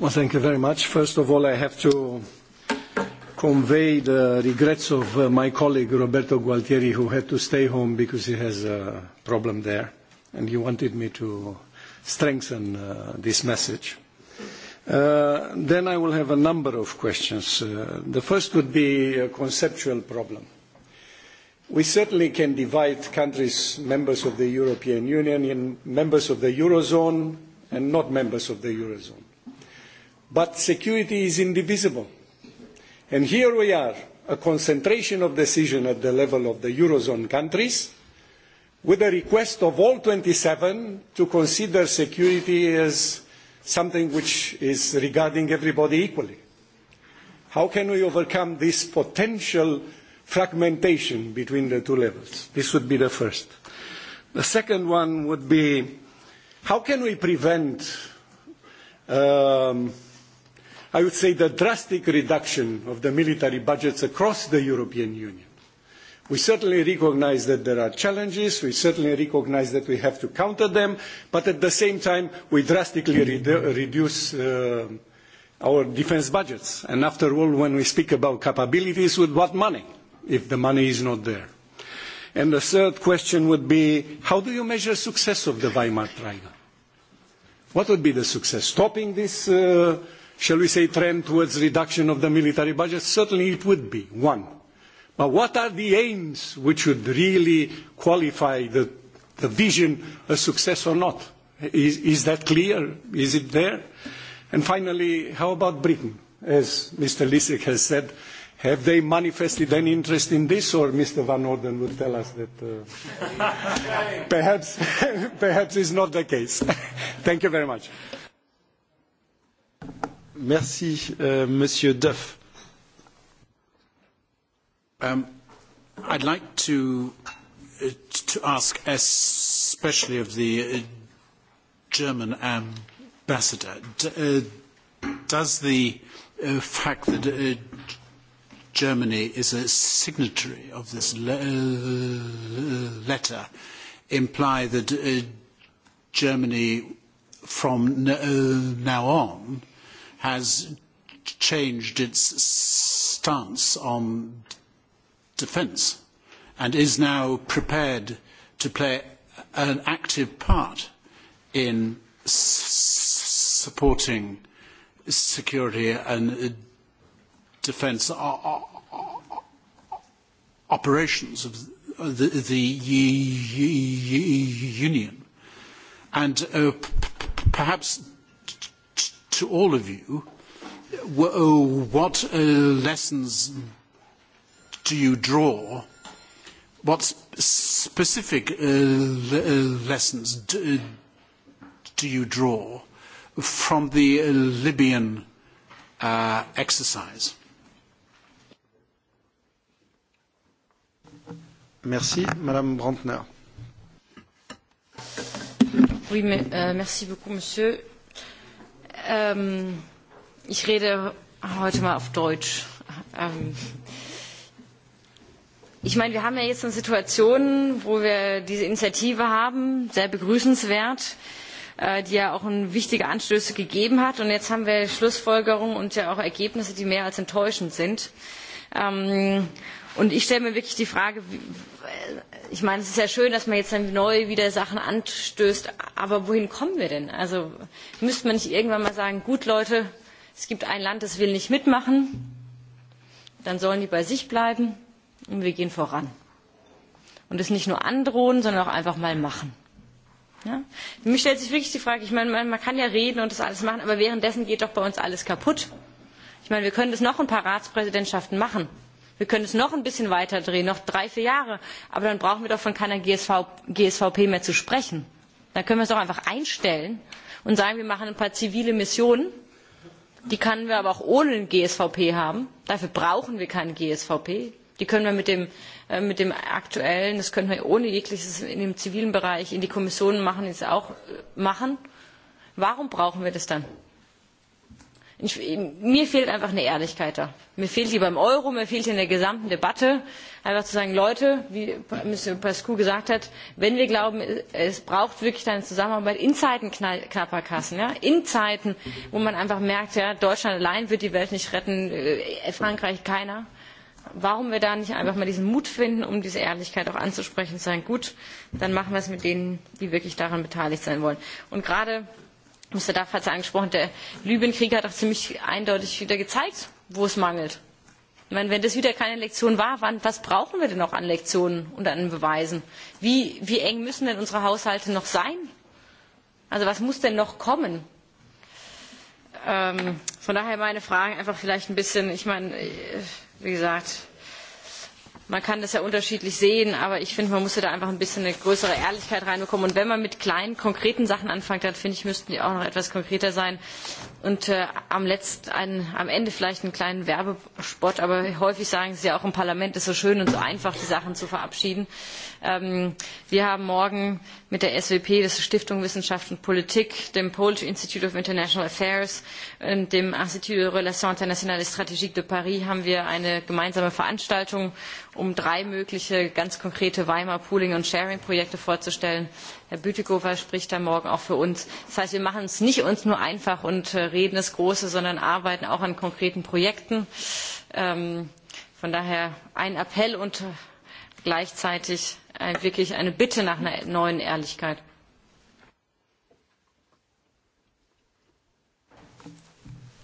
Well, thank you very much. First of all, I have to convey the regrets of my colleague Roberto Gualtieri, who had to stay home because he has a problem there, and he wanted me to strengthen this message. then I will have a number of questions. the first would be a conceptual problem. We certainly can divide countries, members of the European Union, in members of the Eurozone and not members of the Eurozone. But security is indivisible And here we are, a concentration of decision at the level of the Eurozone countries, with a request of all twenty seven to consider security as something which is regarding everybody equally. How can we overcome this potential fragmentation between the two levels? This would be the first. The second one would be how can we prevent um, I would say, the drastic reduction of the military budgets across the European Union. We certainly recognise that there are challenges, we certainly recognise that we have to counter them, but at the same time, we drastically reduce our defence budgets. And after all, when we speak about capabilities, with what money, if the money is not there? And the third question would be, how do you measure success of the Weimar Triangle? What would be the success? Stopping this shall we say, trend towards reduction of the military budget? Certainly it would be, one. But what are the aims which would really qualify the, the vision a success or not? Is, is that clear? Is it there? And finally, how about Britain? As Mr. Lisek has said, have they manifested any interest in this, or Mr. Van Orden would tell us that uh, perhaps, perhaps is not the case. Thank you very much. Merci, Monsieur Duff. Um, I'd like to, to ask, especially of the German ambassador, does the uh, fact that uh, Germany is a signatory of this le- letter imply that uh, Germany, from n- uh, now on, uh, has changed its stance on defence and is now prepared to play an active part in supporting security and defence operations of the Union. And perhaps to all of you, what lessons do you draw? What specific lessons do you draw from the Libyan exercise? Merci, Madame Brantner. Oui, merci beaucoup, Monsieur ich rede heute mal auf Deutsch. ich meine, wir haben ja jetzt eine Situation, wo wir diese Initiative haben, sehr begrüßenswert, die ja auch wichtige Anstöße gegeben hat. Und jetzt haben wir Schlussfolgerungen und ja auch Ergebnisse, die mehr als enttäuschend sind. und ich stelle mir wirklich die Frage, ich meine, es ist ja schön, dass man jetzt dann neu wieder Sachen anstößt, aber wohin kommen wir denn? Also müsste man nicht irgendwann mal sagen, gut Leute, es gibt ein Land, das will nicht mitmachen, dann sollen die bei sich bleiben und wir gehen voran. Und es nicht nur androhen, sondern auch einfach mal machen. Ja? mich stellt sich wirklich die Frage, ich meine, man kann ja reden und das alles machen, aber währenddessen geht doch bei uns alles kaputt. Ich meine, wir können das noch ein paar Ratspräsidentschaften machen wir können es noch ein bisschen weiter drehen noch drei vier jahre aber dann brauchen wir doch von keiner gsvp mehr zu sprechen. dann können wir es doch einfach einstellen und sagen wir machen ein paar zivile missionen die können wir aber auch ohne gsvp haben dafür brauchen wir keine gsvp die können wir mit dem mit dem aktuellen, das können wir ohne jegliches in dem zivilen Bereich in die Kommission machen, die es auch machen. Warum brauchen wir das dann? mir fehlt einfach eine Ehrlichkeit da. Mir fehlt die beim Euro, mir fehlt in der gesamten Debatte einfach zu sagen, Leute, wie Mr Pascu gesagt hat, wenn wir glauben, es braucht wirklich eine Zusammenarbeit in Zeiten knapper Kassen, in Zeiten, wo man einfach merkt, Deutschland allein wird die Welt nicht retten, Frankreich keiner. Warum wir da nicht einfach mal diesen Mut finden, um diese Ehrlichkeit auch anzusprechen, und zu sagen, gut, dann machen wir es mit denen, die wirklich daran beteiligt sein wollen. Und gerade Mr. hat es angesprochen, der Libyen-Krieg hat auch ziemlich eindeutig wieder gezeigt, wo es mangelt. Ich meine, wenn das wieder keine Lektion war, wann, was brauchen wir denn noch an Lektionen und an Beweisen? Wie, wie eng müssen denn unsere Haushalte noch sein? Also was muss denn noch kommen? Ähm, von daher meine Fragen einfach vielleicht ein bisschen, ich meine, wie gesagt, man kann das ja unterschiedlich sehen, aber ich finde, man musste da einfach ein bisschen eine größere Ehrlichkeit reinbekommen. Und wenn man mit kleinen, konkreten Sachen anfängt, dann finde ich, müssten die auch noch etwas konkreter sein. Und am, am Ende vielleicht einen kleinen Werbespot, aber häufig sagen sie ja auch im Parlament, ist so schön und so einfach, die Sachen zu verabschieden. wir haben morgen mit der SWP, der Stiftung Wissenschaft und Politik, dem Polish Institute of International Affairs, in dem Institut internationales Internationale Strategique de Paris haben wir eine gemeinsame Veranstaltung, um drei mögliche ganz konkrete Weimar Pooling- und Sharing-Projekte vorzustellen. Herr Bütikofer spricht da morgen auch für uns. Das heißt, wir machen es nicht nur einfach und reden das Große, sondern arbeiten auch an konkreten Projekten. von daher ein Appell und gleichzeitig wirklich eine Bitte nach einer neuen Ehrlichkeit.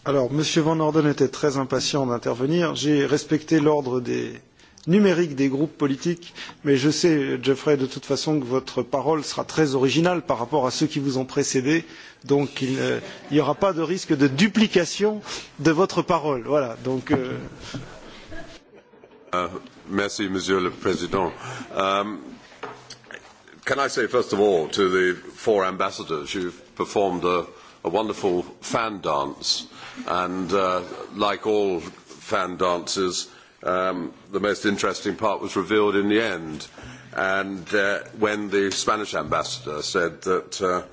Alors, Monsieur Van Orden était très impatient d'intervenir. J'ai respecté l'ordre des numérique des groupes politiques, mais je sais, Geoffrey, de toute façon, que votre parole sera très originale par rapport à ceux qui vous ont précédé, donc il n'y aura pas de risque de duplication de votre parole. Voilà, donc. merci, Monsieur le Président. can I say, first of all, to the four ambassadors, you've performed a, wonderful fan dance And like all fan dances, the most interesting part was revealed in the end. And when the Spanish ambassador said that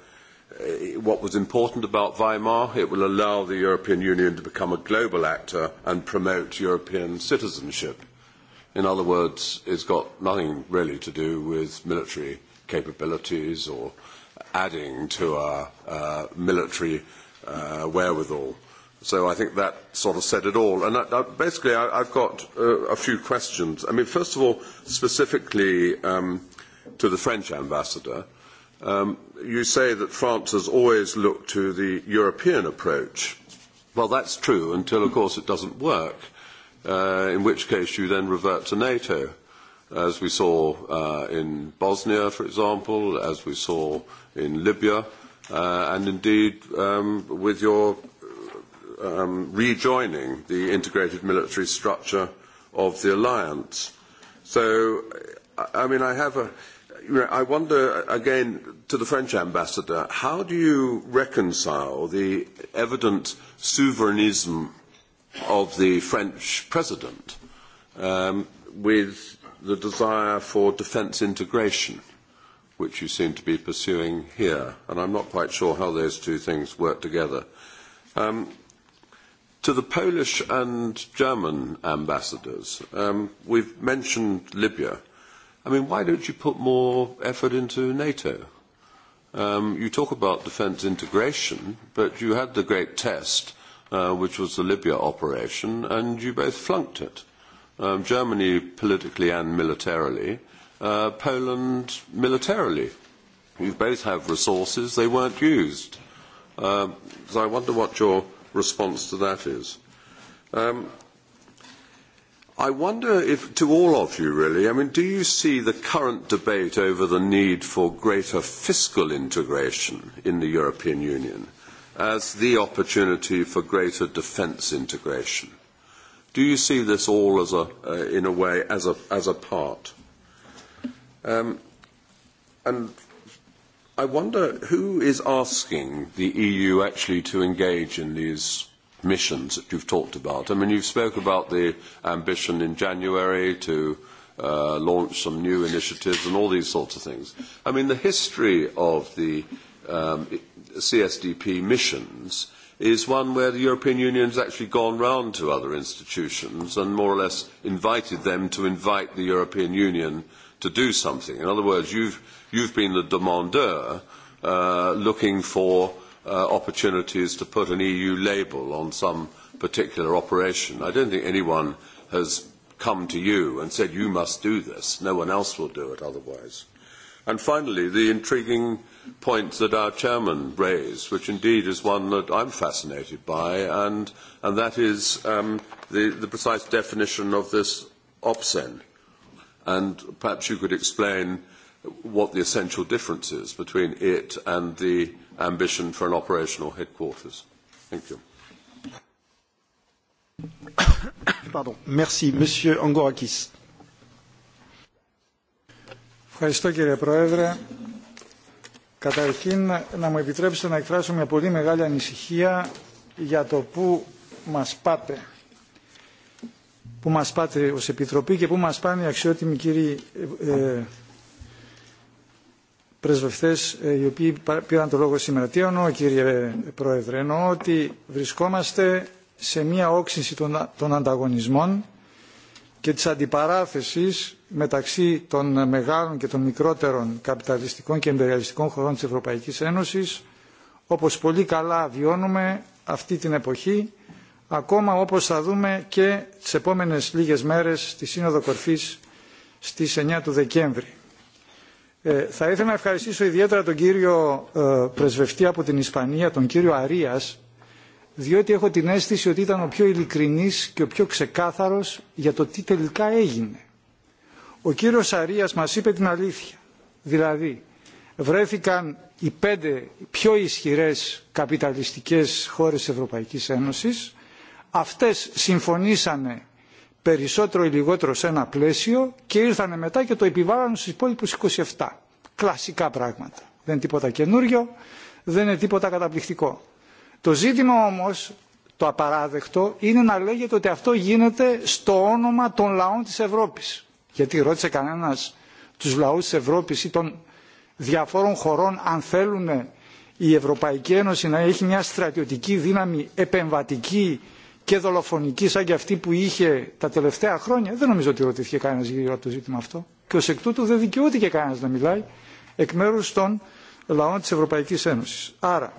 what was important about Weimar, it will allow the European Union to become a global actor and promote European citizenship. In other words, it's got nothing really to do with military capabilities or adding to our military wherewithal. So I think that sort of said it all. And I, I, basically, I, I've got uh, a few questions. I mean, first of all, specifically um, to the French ambassador, um, you say that France has always looked to the European approach. Well, that's true until, of course, it doesn't work, uh, in which case you then revert to NATO, as we saw uh, in Bosnia, for example, as we saw in Libya, uh, and indeed um, with your rejoining the integrated military structure of the alliance. So, I mean, I have a, you know, I wonder again to the French ambassador, how do you reconcile the evident souverainism of the French president um, with the desire for defence integration, which you seem to be pursuing here? And I'm not quite sure how those two things work together. Um, to the Polish and German ambassadors, um, we've mentioned Libya. I mean, why don't you put more effort into NATO? Um, you talk about defence integration, but you had the great test, uh, which was the Libya operation, and you both flunked it. Um, Germany politically and militarily, uh, Poland militarily. You both have resources, they weren't used. Uh, so I wonder what your response to that is. I wonder if, to all of you really, I mean, do you see the current debate over the need for greater fiscal integration in the European Union as the opportunity for greater defence integration? Do you see this all as a, uh, in a way as a, as a part? Um, and I wonder who is asking the EU actually to engage in these missions that you've talked about. I mean, you've spoke about the ambition in January to uh, launch some new initiatives and all these sorts of things. I mean, the history of the um, CSDP missions is one where the European Union has actually gone round to other institutions and more or less invited them to invite the European Union to do something. In other words, you've, you've been the demandeur uh, looking for uh, opportunities to put an EU label on some particular operation. I don't think anyone has come to you and said, you must do this. No one else will do it otherwise. And finally, the intriguing point that our chairman raised, which indeed is one that I am fascinated by, and, that is the, precise definition of this OPSEN and perhaps you could explain what the essential difference is between it and the ambition for an operational headquarters. Thank you. Merci. Monsieur Angorakis. Ευχαριστώ κύριε Πρόεδρε. Καταρχήν να μου επιτρέψετε να εκφράσω μια πολύ μεγάλη ανησυχία για το πού μας πάτε που μας πάτε ως Επιτροπή και που μας πάνε οι αξιότιμοι κύριοι ε, πρεσβευτές οι οποίοι πήραν το λόγο σήμερα. Τι εννοώ κύριε Πρόεδρε, εννοώ ότι βρισκόμαστε σε μια όξυνση των, των ανταγωνισμών και της αντιπαράθεσης μεταξύ των μεγάλων και των μικρότερων καπιταλιστικών και εμπεριαλιστικών χωρών της Ευρωπαϊκής Ένωσης όπως πολύ καλά βιώνουμε αυτή την εποχή ακόμα όπως θα δούμε και τις επόμενες λίγες μέρες στη Σύνοδο Κορφής στις 9 του Δεκέμβρη. Ε, θα ήθελα να ευχαριστήσω ιδιαίτερα τον κύριο ε, πρεσβευτή από την Ισπανία, τον κύριο Αρίας, διότι έχω την αίσθηση ότι ήταν ο πιο ειλικρινής και ο πιο ξεκάθαρος για το τι τελικά έγινε. Ο κύριος Αρίας μας είπε την αλήθεια. Δηλαδή, βρέθηκαν οι πέντε πιο ισχυρές καπιταλιστικές χώρες Ευρωπαϊκής Ένωσης Αυτές συμφωνήσανε περισσότερο ή λιγότερο σε ένα πλαίσιο και ήρθανε μετά και το επιβάλλανε στους υπόλοιπους 27. Κλασικά πράγματα. Δεν είναι τίποτα καινούριο, δεν είναι τίποτα καταπληκτικό. Το ζήτημα όμως, το απαράδεκτο, είναι να λέγεται ότι αυτό γίνεται στο όνομα των λαών της Ευρώπης. Γιατί ρώτησε κανένας τους λαούς της Ευρώπης ή των διαφόρων χωρών αν θέλουν η Ευρωπαϊκή Ένωση να έχει μια στρατιωτική δύναμη επεμβατική και δολοφονική σαν και αυτή που είχε τα τελευταία χρόνια, δεν νομίζω ότι ρωτήθηκε κανένα γύρω από το ζήτημα αυτό. Και ω εκ τούτου δεν δικαιούται και κανένα να μιλάει εκ μέρου των λαών τη Ευρωπαϊκή Ένωση. Άρα,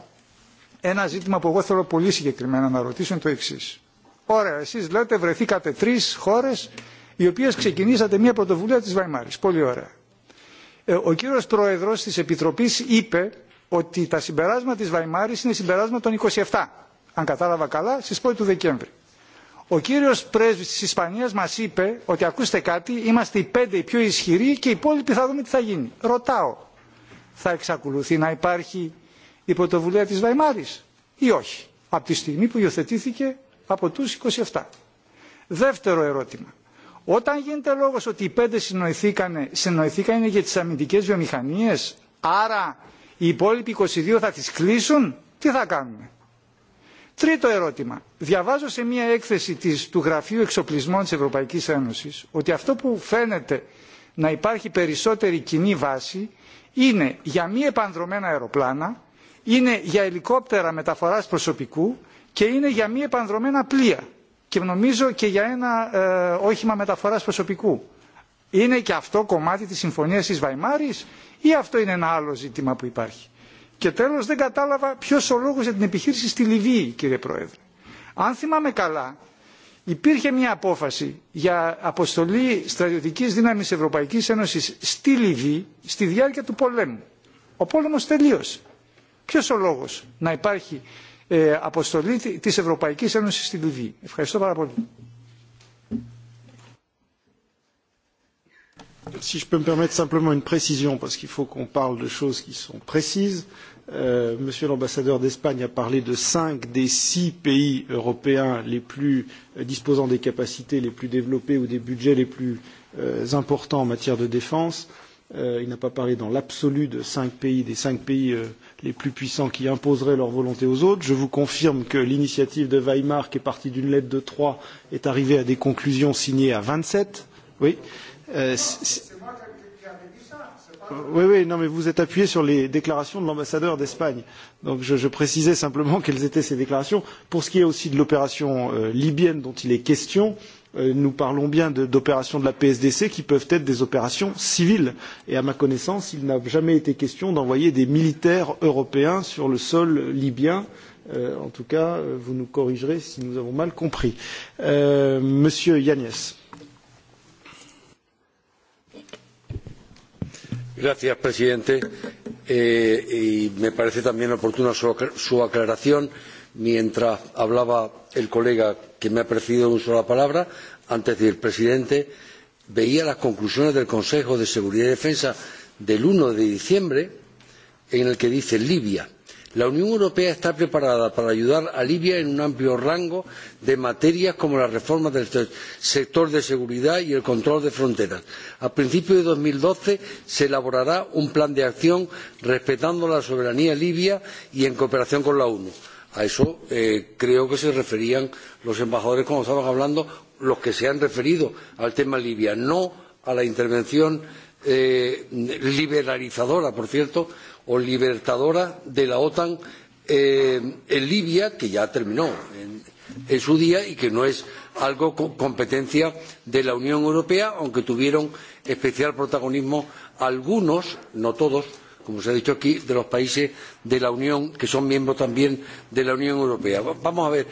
ένα ζήτημα που εγώ θέλω πολύ συγκεκριμένα να ρωτήσω είναι το εξή. Ωραία, εσεί λέτε βρεθήκατε τρει χώρε οι οποίε ξεκινήσατε μια πρωτοβουλία τη Βαϊμάρη. Πολύ ωραία. Ο κύριο Πρόεδρο τη Επιτροπή είπε ότι τα συμπεράσματα τη Βαϊμάρη είναι συμπεράσματα των 27 αν κατάλαβα καλά, στι 1 του Δεκέμβρη. Ο κύριο Πρέσβη τη Ισπανία μα είπε ότι ακούστε κάτι, είμαστε οι πέντε οι πιο ισχυροί και οι υπόλοιποι θα δούμε τι θα γίνει. Ρωτάω, θα εξακολουθεί να υπάρχει η πρωτοβουλία τη Βαϊμάρη ή όχι, από τη στιγμή που υιοθετήθηκε από του 27. Δεύτερο ερώτημα. Όταν γίνεται λόγο ότι οι πέντε συνοηθήκανε, συνοηθήκανε για τι αμυντικέ βιομηχανίε, άρα οι υπόλοιποι 22 θα τι κλείσουν, τι θα κάνουμε. Τρίτο ερώτημα. Διαβάζω σε μια έκθεση της, του Γραφείου Εξοπλισμών της Ευρωπαϊκής Ένωσης ότι αυτό που φαίνεται να υπάρχει περισσότερη κοινή βάση είναι για μη επανδρομένα αεροπλάνα, είναι για ελικόπτερα μεταφοράς προσωπικού και είναι για μη επανδρομένα πλοία και νομίζω και για ένα ε, όχημα μεταφοράς προσωπικού. Είναι και αυτό κομμάτι της συμφωνίας της Βαϊμάρης ή αυτό είναι ένα άλλο ζήτημα που υπάρχει. Και τέλος δεν κατάλαβα ποιος ο λόγος για την επιχείρηση στη Λιβύη, κύριε Πρόεδρε. Αν θυμάμαι καλά, υπήρχε μια απόφαση για αποστολή στρατιωτικής δύναμης Ευρωπαϊκής Ένωσης στη Λιβύη στη διάρκεια του πολέμου. Ο πόλεμος τελείωσε. Ποιος ο λόγος να υπάρχει ε, αποστολή της Ευρωπαϊκής Ένωσης στη Λιβύη. Ευχαριστώ πάρα πολύ. Si je peux me permettre simplement une précision, parce qu'il faut qu'on parle de choses qui sont précises. Euh, Monsieur l'ambassadeur d'Espagne a parlé de cinq des six pays européens les plus disposant des capacités les plus développées ou des budgets les plus importants en matière de défense. il n'a pas parlé dans l'absolu de cinq pays, des cinq pays les plus puissants qui imposeraient leur volonté aux autres. Je vous confirme que l'initiative de Weimar, qui est partie d'une lettre de trois, est arrivée à des conclusions signées à vingt sept. Oui. Euh, Oui, oui, non, mais vous êtes appuyé sur les déclarations de l'ambassadeur d'Espagne. Donc je, précisais simplement quelles étaient ces déclarations. Pour ce qui est aussi de l'opération libyenne dont il est question, nous parlons bien d'opérations de la PSDC qui peuvent être des opérations civiles. Et à ma connaissance, il n'a jamais été question d'envoyer des militaires européens sur le sol libyen. en tout cas, vous nous corrigerez si nous avons mal compris. monsieur Yannis. señor presidente me parece también oportuna su aclaración mientras hablaba el colega que me ha precedido en el uso de la palabra antes del presidente veía las conclusiones del consejo de seguridad y defensa del uno de diciembre en las que dice libia La Unión Europea está preparada para ayudar a Libia en un amplio rango de materias como la reforma del sector de seguridad y el control de fronteras. A principios de dos mil doce se elaborará un plan de acción respetando la soberanía libia y en cooperación con la ONU. A eso creo que se referían los embajadores cuando estaban hablando, los que se han referido al tema Libia, no a la intervención liberalizadora, por cierto, o libertadora de la OTAN en Libia, que ya terminó en, su día y que no es algo competencia de la Unión Europea, aunque tuvieron especial protagonismo algunos, no todos, como se ha dicho aquí, de los países de la Unión que son miembros también de la Unión Europea. Vamos a ver,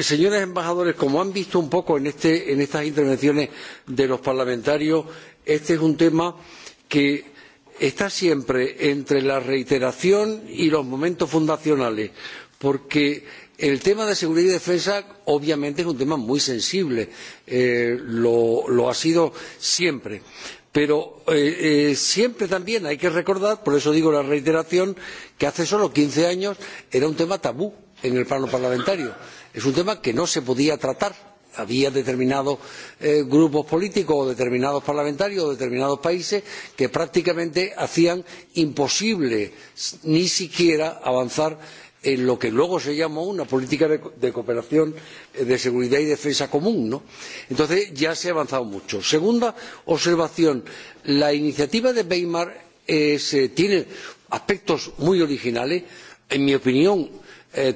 señores embajadores, como han visto un poco en, estas intervenciones de los parlamentarios, este es un tema que está siempre entre la reiteración y los momentos fundacionales, porque el tema de seguridad y defensa obviamente es un tema muy sensible, lo, ha sido siempre. Pero siempre también hay que recordar, por eso digo la reiteración, que hace solo quince años era un tema tabú en el plano parlamentario. Es un tema que no se podía tratar había determinados grupos políticos o determinados parlamentarios o determinados países que prácticamente hacían imposible ni siquiera avanzar en lo que luego se llamó una política de cooperación de seguridad y defensa común. Entonces ya se ha avanzado mucho. Segunda observación, la iniciativa de Weimar tiene aspectos muy originales. En mi opinión,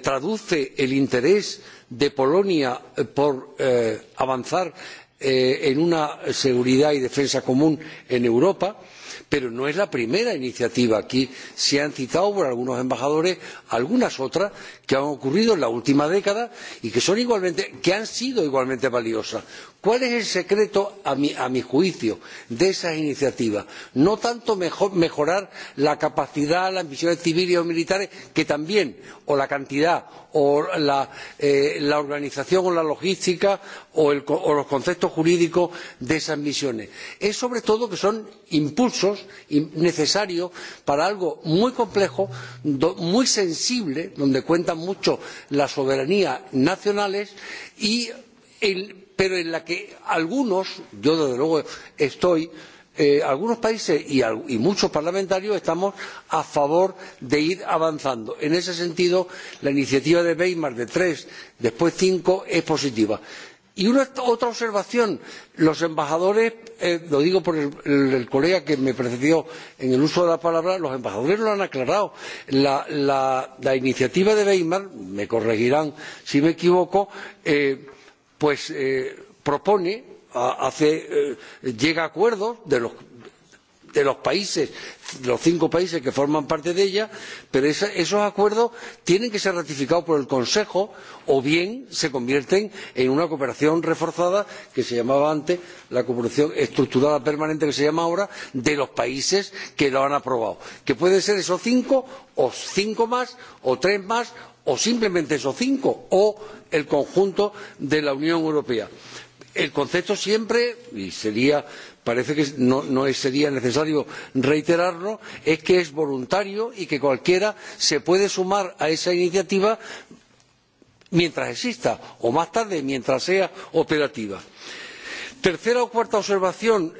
traduce el interés de Polonia por avanzar en una seguridad y defensa común en Europa. Pero no es la primera iniciativa aquí. Se han citado por algunos embajadores algunas otras que han ocurrido en la última década y que son igualmente, que han sido igualmente valiosas. ¿Cuál es el secreto, a mi, a mi juicio, de esas iniciativas? No tanto mejor, mejorar la capacidad, las misiones civiles o militares, que también, o la cantidad, o la, eh, la organización o la logística, o, el, o los conceptos jurídicos de esas misiones. Es sobre todo que son impulsos recursos necesarios para algo muy complejo, muy sensible, donde cuentan mucho las soberanías nacionales, y pero en la que algunos, yo desde luego estoy, algunos países y, muchos parlamentarios estamos a favor de ir avanzando. En ese sentido, la iniciativa de Weimar de tres, después cinco, es positiva y otra observación los embajadores lo digo por el colega que me precedió en el uso de la palabra los embajadores lo han aclarado la iniciativa de weimar me corregirán si me equivoco propone llega a acuerdos de los de los países, los cinco países que forman parte de ella, pero esos acuerdos tienen que ser ratificados por el Consejo o bien se convierten en una cooperación reforzada que se llamaba antes la cooperación estructurada permanente que se llama ahora de los países que lo han aprobado, que pueden ser esos cinco o cinco más o tres más o simplemente esos cinco o el conjunto de la Unión Europea el concepto siempre y sería parece que no, sería necesario reiterarlo, es que es voluntario y que cualquiera se puede sumar a esa iniciativa mientras exista o más tarde mientras sea operativa. Tercera o cuarta observación,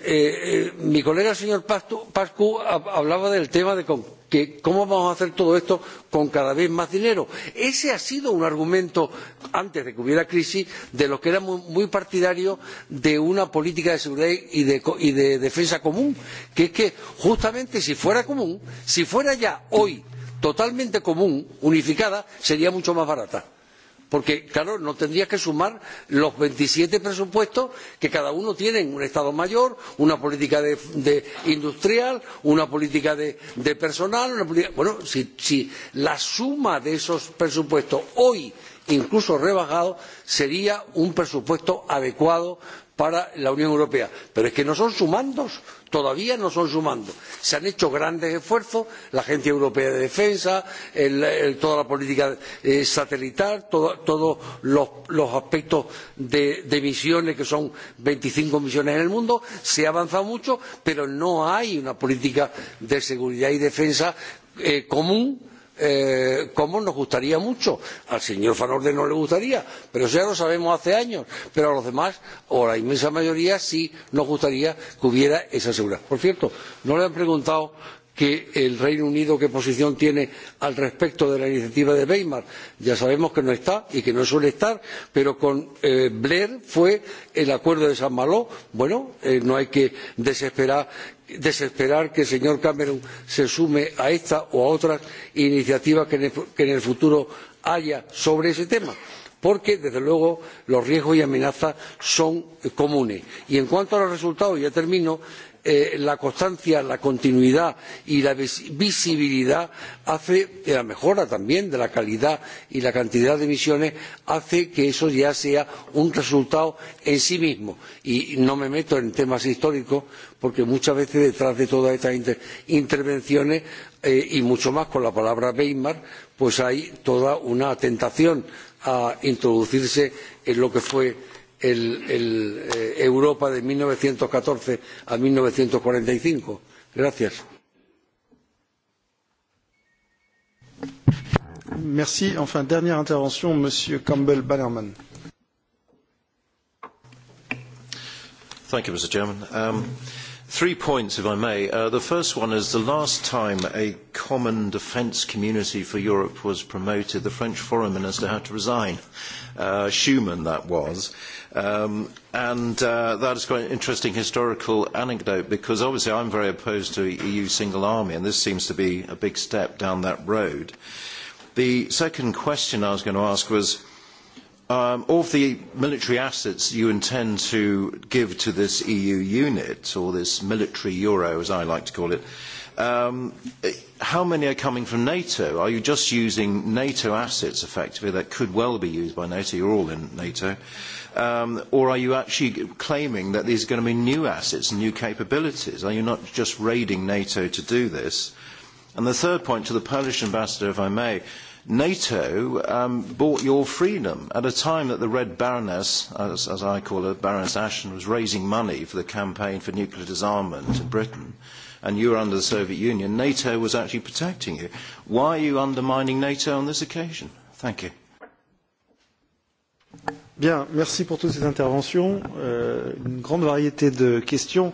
mi colega el señor Pascu hablaba del tema de que cómo vamos a hacer todo esto con cada vez más dinero. Ese ha sido un argumento, antes de que hubiera crisis, de los que éramos muy partidarios de una política de seguridad y de, y de defensa común, que es que justamente si fuera común, si fuera ya hoy totalmente común, unificada, sería mucho más barata Porque, claro, no tendría que sumar los veintisiete presupuestos que cada uno tiene un Estado mayor, una política industrial, una política de, personal. Una política... Bueno, si, si la suma de esos presupuestos hoy, incluso rebajados, sería un presupuesto adecuado para la Unión Europea. Pero es que no son sumandos, Todavía no son sumando. Se han hecho grandes esfuerzos, la Agencia Europea de Defensa, toda la política satelital, todos los, aspectos de, misiones, que son veinticinco misiones en el mundo, se ha avanzado mucho, pero no hay una política de seguridad y defensa común eh, como nos gustaría mucho. Al señor Van Orden no le gustaría, pero eso ya lo sabemos hace años. Pero a los demás, o a la inmensa mayoría, sí nos gustaría que hubiera esa seguridad. Por cierto, no le han preguntado que el Reino Unido qué posición tiene al respecto de la iniciativa de Weimar. Ya sabemos que no está y que no suele estar, pero con Blair fue el acuerdo de San Malo. Bueno, no hay que desesperar desesperar que el señor Cameron se sume a esta o a otras iniciativas que en el futuro haya sobre ese tema porque desde luego los riesgos y amenazas son comunes. y en cuanto a los resultados ya termino la constancia, la continuidad y la visibilidad hace la mejora también de la calidad y la cantidad de emisiones hace que eso ya sea un resultado en sí mismo. Y no me meto en temas históricos porque muchas veces detrás de todas estas intervenciones y mucho más con la palabra Weimar, pues hay toda una tentación a introducirse en lo que fue el, Europa de mil novecientos catorce a mil novecientos cuarenta y cinco. Gracias. Merci. Enfin, dernière intervention, Monsieur Campbell Bannerman. Thank you, Mr. Chairman. Three points, if I may. the first one is the last time a common defence community for Europe was promoted, the French foreign minister had to resign. Schuman, that was. and that is quite an interesting historical anecdote because obviously I am very opposed to EU single army, and this seems to be a big step down that road. The second question I was going to ask was of the military assets you intend to give to this EU unit, or this military euro, as I like to call it, how many are coming from NATO? Are you just using NATO assets effectively that could well be used by NATO? You're all in NATO. or are you actually claiming that these are going to be new assets and new capabilities? Are you not just raiding NATO to do this? And the third point to the Polish ambassador, if I may, uh, NATO um, bought your freedom at a time that the Red Baroness, as, as I call her, Baroness Ashton, was raising money for the campaign for nuclear disarmament in Britain, and you were under the Soviet Union. NATO was actually protecting you. Why are you undermining NATO on this occasion? Thank you. Bien, merci pour toutes ces interventions. Euh, une grande variété de questions.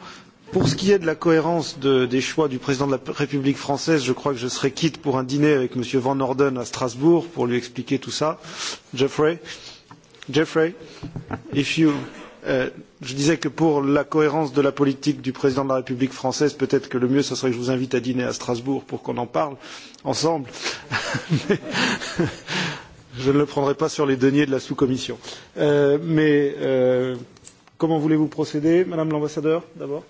Pour ce qui est de la cohérence des choix du président de la République française, je crois que je serai quitte pour un dîner avec M. Van Orden à Strasbourg pour lui expliquer tout cela. Jeffrey, je disais que pour la cohérence de la politique du président de la République française, peut-être que le mieux, ce serait que je vous invite à dîner à Strasbourg pour qu'on en parle ensemble. je ne le prendrai pas sur les deniers de la sous-commission. mais comment voulez-vous procéder, Madame l'ambassadeur, d'abord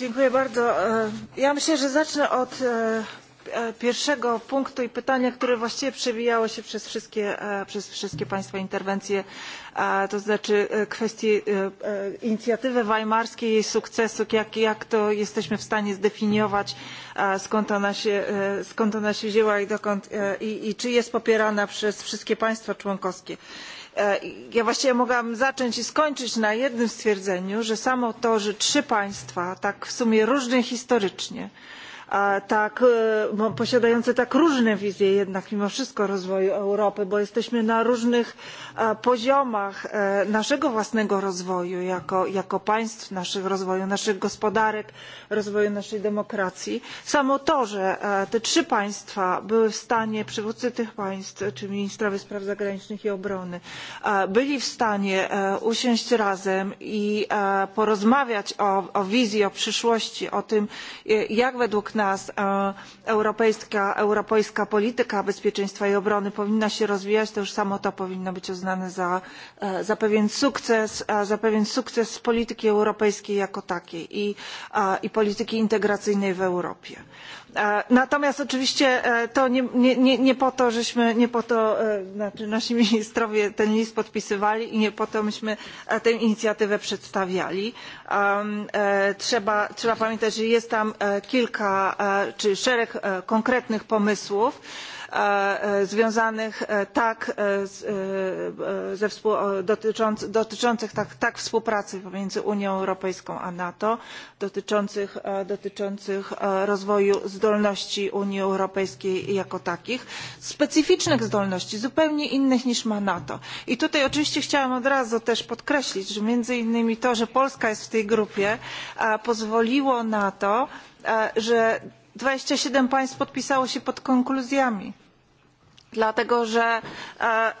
Dziękuję bardzo. Ja myślę, że zacznę od pierwszego punktu i pytania, które właściwie przewijało się przez wszystkie, Państwa interwencje, to znaczy kwestii inicjatywy weimarskiej, jej sukcesu, jak, to jesteśmy w stanie zdefiniować, skąd ona się, wzięła i, czy jest popierana przez wszystkie państwa członkowskie ja właściwie mogłabym zacząć i skończyć na jednym stwierdzeniu że samo to że trzy państwa tak w sumie różne historycznie tak posiadające tak różne wizje jednak mimo wszystko rozwoju Europy, bo jesteśmy na różnych poziomach naszego własnego rozwoju jako, państw, naszych rozwoju naszych gospodarek, rozwoju naszej demokracji. Samo to, że te trzy państwa były w stanie, przywódcy tych państw, czy ministrowie spraw zagranicznych i obrony, byli w stanie usiąść razem i porozmawiać o wizji, o przyszłości, o tym, jak według nas europejska, polityka bezpieczeństwa i obrony powinna się rozwijać, to już samo to powinno być uznane za, pewien sukces, za pewien sukces polityki europejskiej jako takiej i polityki integracyjnej w Europie. Natomiast oczywiście to nie, po to, żeśmy, nie po to, znaczy nasi ministrowie ten list podpisywali i nie po to myśmy tę inicjatywę przedstawiali. Trzeba, pamiętać, że jest tam kilka czy szereg konkretnych pomysłów związanych dotyczących tak współpracy pomiędzy Unią Europejską a NATO, dotyczących rozwoju zdolności Unii Europejskiej jako takich, specyficznych zdolności, zupełnie innych niż ma NATO. I tutaj oczywiście chciałam od razu też podkreślić, że między innymi to, że Polska jest w tej grupie, pozwoliło na to, że dwadzieścia siedem państw podpisało się pod konkluzjami dlatego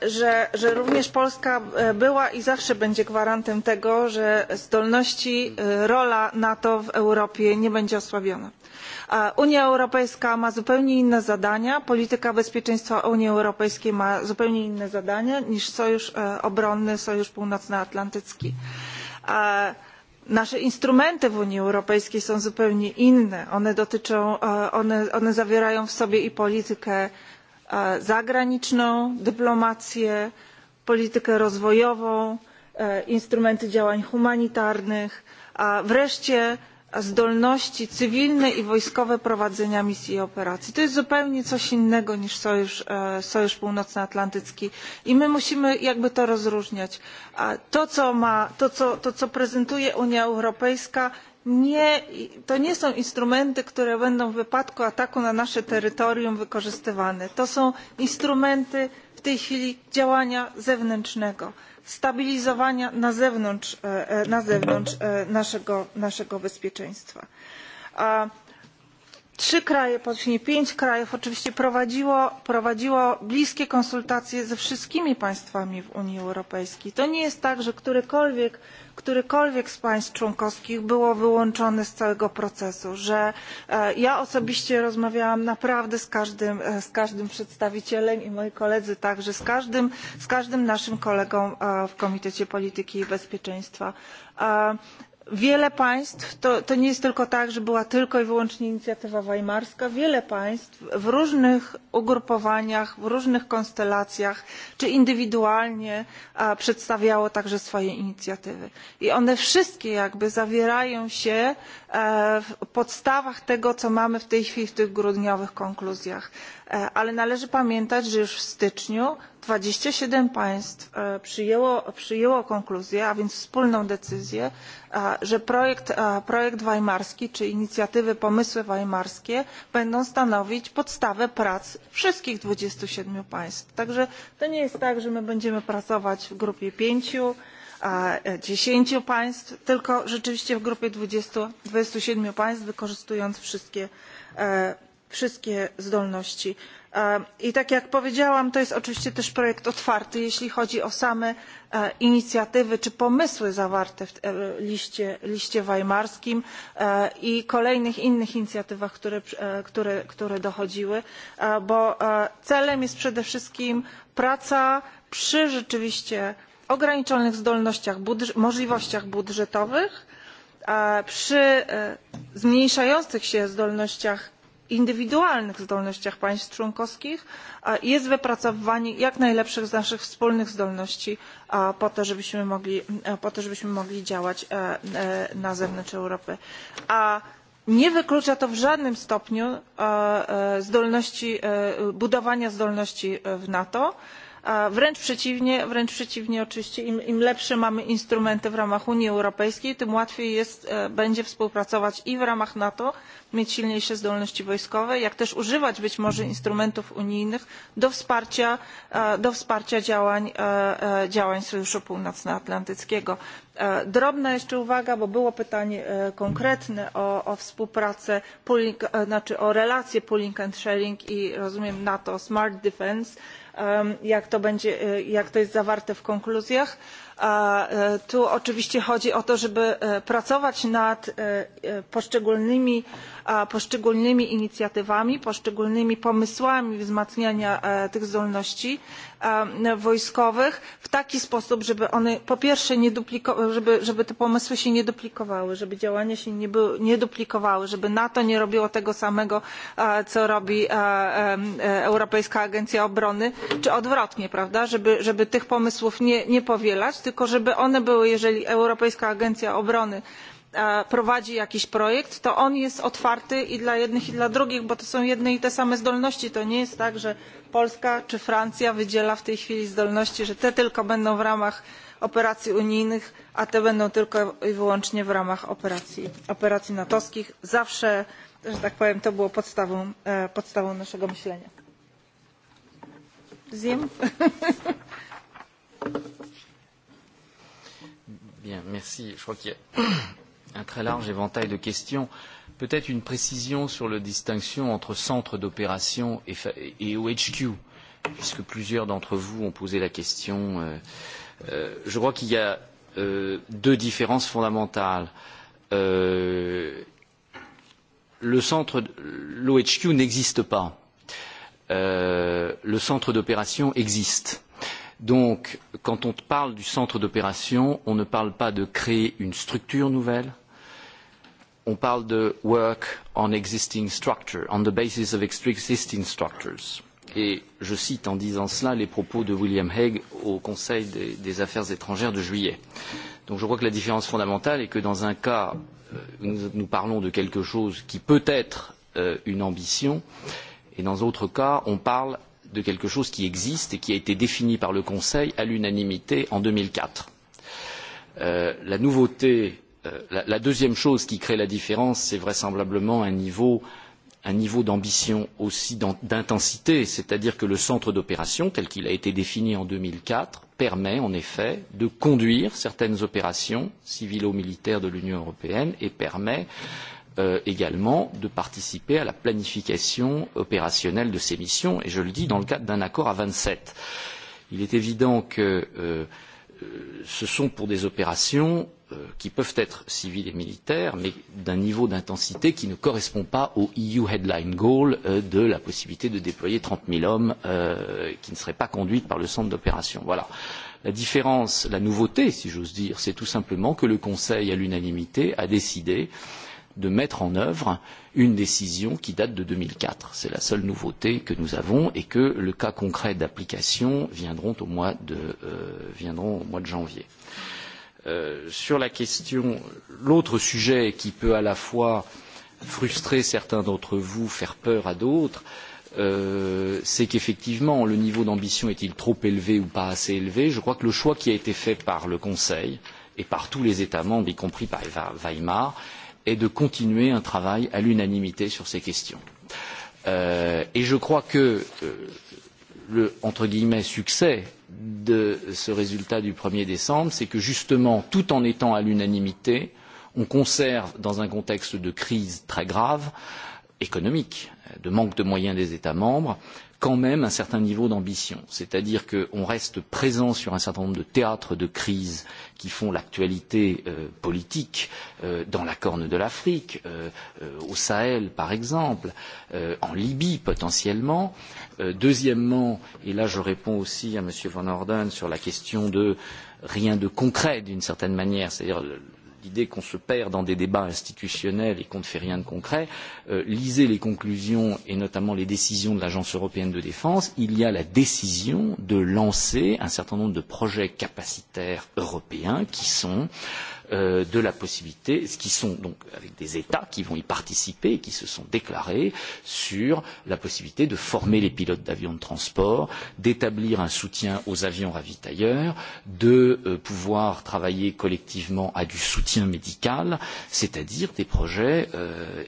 że również polska była i zawsze będzie gwarantem tego że zdolności rola nato w europie nie będzie osłabiona. unia europejska ma zupełnie inne zadania polityka bezpieczeństwa unii europejskiej ma zupełnie inne zadania niż sojusz obronny sojusz północnoatlantycki nasze instrumenty w Unii Europejskiej są zupełnie inne. One, zawierają w sobie i politykę zagraniczną, dyplomację, politykę rozwojową, instrumenty działań humanitarnych, a wreszcie zdolności cywilne i wojskowe prowadzenia misji i operacji. To jest zupełnie coś innego niż Sojusz, Północnoatlantycki i my musimy jakby to rozróżniać. to, co prezentuje Unia Europejska to nie są instrumenty, które będą w wypadku ataku na nasze terytorium wykorzystywane. To są instrumenty w tej chwili działania zewnętrznego stabilizowania na zewnątrz, naszego bezpieczeństwa trzy kraje, później pięć krajów oczywiście prowadziło, bliskie konsultacje ze wszystkimi państwami w Unii Europejskiej. To nie jest tak, że którekolwiek, z państw członkowskich było wyłączone z całego procesu, że ja osobiście rozmawiałam naprawdę z każdym, przedstawicielem i moi koledzy także z każdym, z każdym naszym kolegą w Komitecie Polityki i Bezpieczeństwa wiele państw to, nie jest tylko tak, że była tylko i wyłącznie inicjatywa weimarska wiele państw w różnych ugrupowaniach, w różnych konstelacjach czy indywidualnie przedstawiało także swoje inicjatywy. I one wszystkie jakby zawierają się w podstawach tego, co mamy w tej chwili w tych grudniowych konkluzjach ale należy pamiętać że już w styczniu dwadzieścia siedem państw przyjęło konkluzję a więc wspólną decyzję że projekt weimarski czy inicjatywy pomysły weimarskie będą stanowić podstawę prac wszystkich dwadzieścia siedem państw. tak że to nie jest tak że my będziemy pracować w grupie pięciu dziesięciu państw tylko rzeczywiście w grupie dwadzieścia siedem państw wykorzystując wszystkie wszystkie zdolności. I tak jak powiedziałam, to jest oczywiście też projekt otwarty, jeśli chodzi o same inicjatywy czy pomysły zawarte w liście weimarskim i kolejnych innych inicjatywach, które dochodziły, bo celem jest przede wszystkim praca przy rzeczywiście ograniczonych zdolnościach, możliwościach budżetowych, przy zmniejszających się zdolnościach indywidualnych zdolnościach państw członkowskich jest wypracowywanie jak najlepszych z naszych wspólnych zdolności po to żebyśmy mogli działać na zewnątrz europy a nie wyklucza to w żadnym stopniu budowania zdolności w nato Wręcz przeciwnie, wręcz przeciwnie oczywiście im, lepsze mamy instrumenty w ramach Unii Europejskiej, tym łatwiej będzie współpracować i w ramach NATO, mieć silniejsze zdolności wojskowe, jak też używać być może instrumentów unijnych do wsparcia, działań, Sojuszu Północnoatlantyckiego. Drobna jeszcze uwaga, bo było pytanie konkretne o, współpracę, znaczy o relacje pooling and sharing i rozumiem NATO Smart Defence jak to, jest zawarte w konkluzjach tu oczywiście chodzi o to żeby pracować nad poszczególnymi inicjatywami poszczególnymi pomysłami wzmacniania tych zdolności wojskowych w taki sposób żeby one po pierwsze żeby te pomysły się nie duplikowały żeby działania się nie duplikowały żeby nato nie robiło tego samego co robi europejska agencja obrony czy odwrotnie prawda żeby tych pomysłów nie powielać tylko żeby one były, jeżeli Europejska Agencja Obrony prowadzi jakiś projekt, to on jest otwarty i dla jednych, i dla drugich, bo to są jedne i te same zdolności. To nie jest tak, że Polska czy Francja wydziela w tej chwili zdolności, że te tylko będą w ramach operacji unijnych, a te będą tylko i wyłącznie w ramach operacji, natowskich. Zawsze, że tak powiem, to było podstawą, naszego myślenia. Bien, merci. Je crois qu'il y a un très large éventail de questions. Peut-être une précision sur la distinction entre centre d'opération et, et OHQ, puisque plusieurs d'entre vous ont posé la question. Euh, euh, je crois qu'il y a euh, deux différences fondamentales. Euh, le centre, l'OHQ n'existe pas. Euh, le centre d'opération existe Donc, quand on parle du centre d'opération, on ne parle pas de créer une structure nouvelle, on parle de work on existing structure, on the basis of existing structures. Et je cite en disant cela les propos de William Hague au Conseil des, affaires étrangères de juillet. Donc je crois que la différence fondamentale est que dans un cas, nous, parlons de quelque chose qui peut être une ambition, et dans d'autres cas, on parle de quelque chose qui existe et qui a été défini par le Conseil à l'unanimité en deux mille quatre. la nouveauté, la, deuxième chose qui crée la différence, c'est vraisemblablement un niveau un niveau d'ambition aussi d'intensité, c'est-à-dire que le centre d'opération, tel qu'il a été défini en deux mille quatre, permet en effet de conduire certaines opérations civilo-militaires de l'Union européenne et permet également de participer à la planification opérationnelle de ces missions, et je le dis dans le cadre d'un accord à vingt sept. Il est évident que ce sont pour des opérations qui peuvent être civiles et militaires, mais d'un niveau d'intensité qui ne correspond pas au EU headline goal de la possibilité de déployer trente 000 hommes qui ne seraient pas conduites par le centre d'opération. Voilà. La différence, la nouveauté, si j'ose dire, c'est tout simplement que le Conseil, à l'unanimité, a décidé euh, de mettre en œuvre une décision qui date de deux mille quatre. C'est la seule nouveauté que nous avons et que le cas concret d'application viendront au mois de, janvier. sur la question, l'autre sujet qui peut à la fois frustrer certains d'entre vous, faire peur à d'autres, c'est qu'effectivement, le niveau d'ambition est-il trop élevé ou pas assez élevé Je crois que le choix qui a été fait par le Conseil et par tous les États membres, y compris par Weimar, est de continuer un travail à l'unanimité sur ces questions. et je crois que le entre guillemets succès de ce résultat du 1er décembre, c'est que justement, tout en étant à l'unanimité, on conserve, dans un contexte de crise très grave, économique, de manque de moyens des États membres, quand même un certain niveau d'ambition. C'est-à-dire qu'on reste présent sur un certain nombre de théâtres de crise qui font l'actualité politique dans la Corne de l'Afrique, au Sahel par exemple, en Libye potentiellement. deuxièmement, et là je réponds aussi à M. Van Orden sur la question de rien de concret d'une certaine manière, c'est-à-dire l'idée qu'on se perd dans des débats institutionnels et qu'on ne fait rien de concret. lisez les conclusions et notamment les décisions de l'Agence européenne de défense. Il y a la décision de lancer un certain nombre de projets capacitaires européens qui sont euh, de la possibilité, ce qui sont donc avec des États qui vont y participer et qui se sont déclarés sur la possibilité de former les pilotes d'avions de transport, d'établir un soutien aux avions ravitailleurs, de pouvoir travailler collectivement à du soutien médical, c'est-à-dire des projets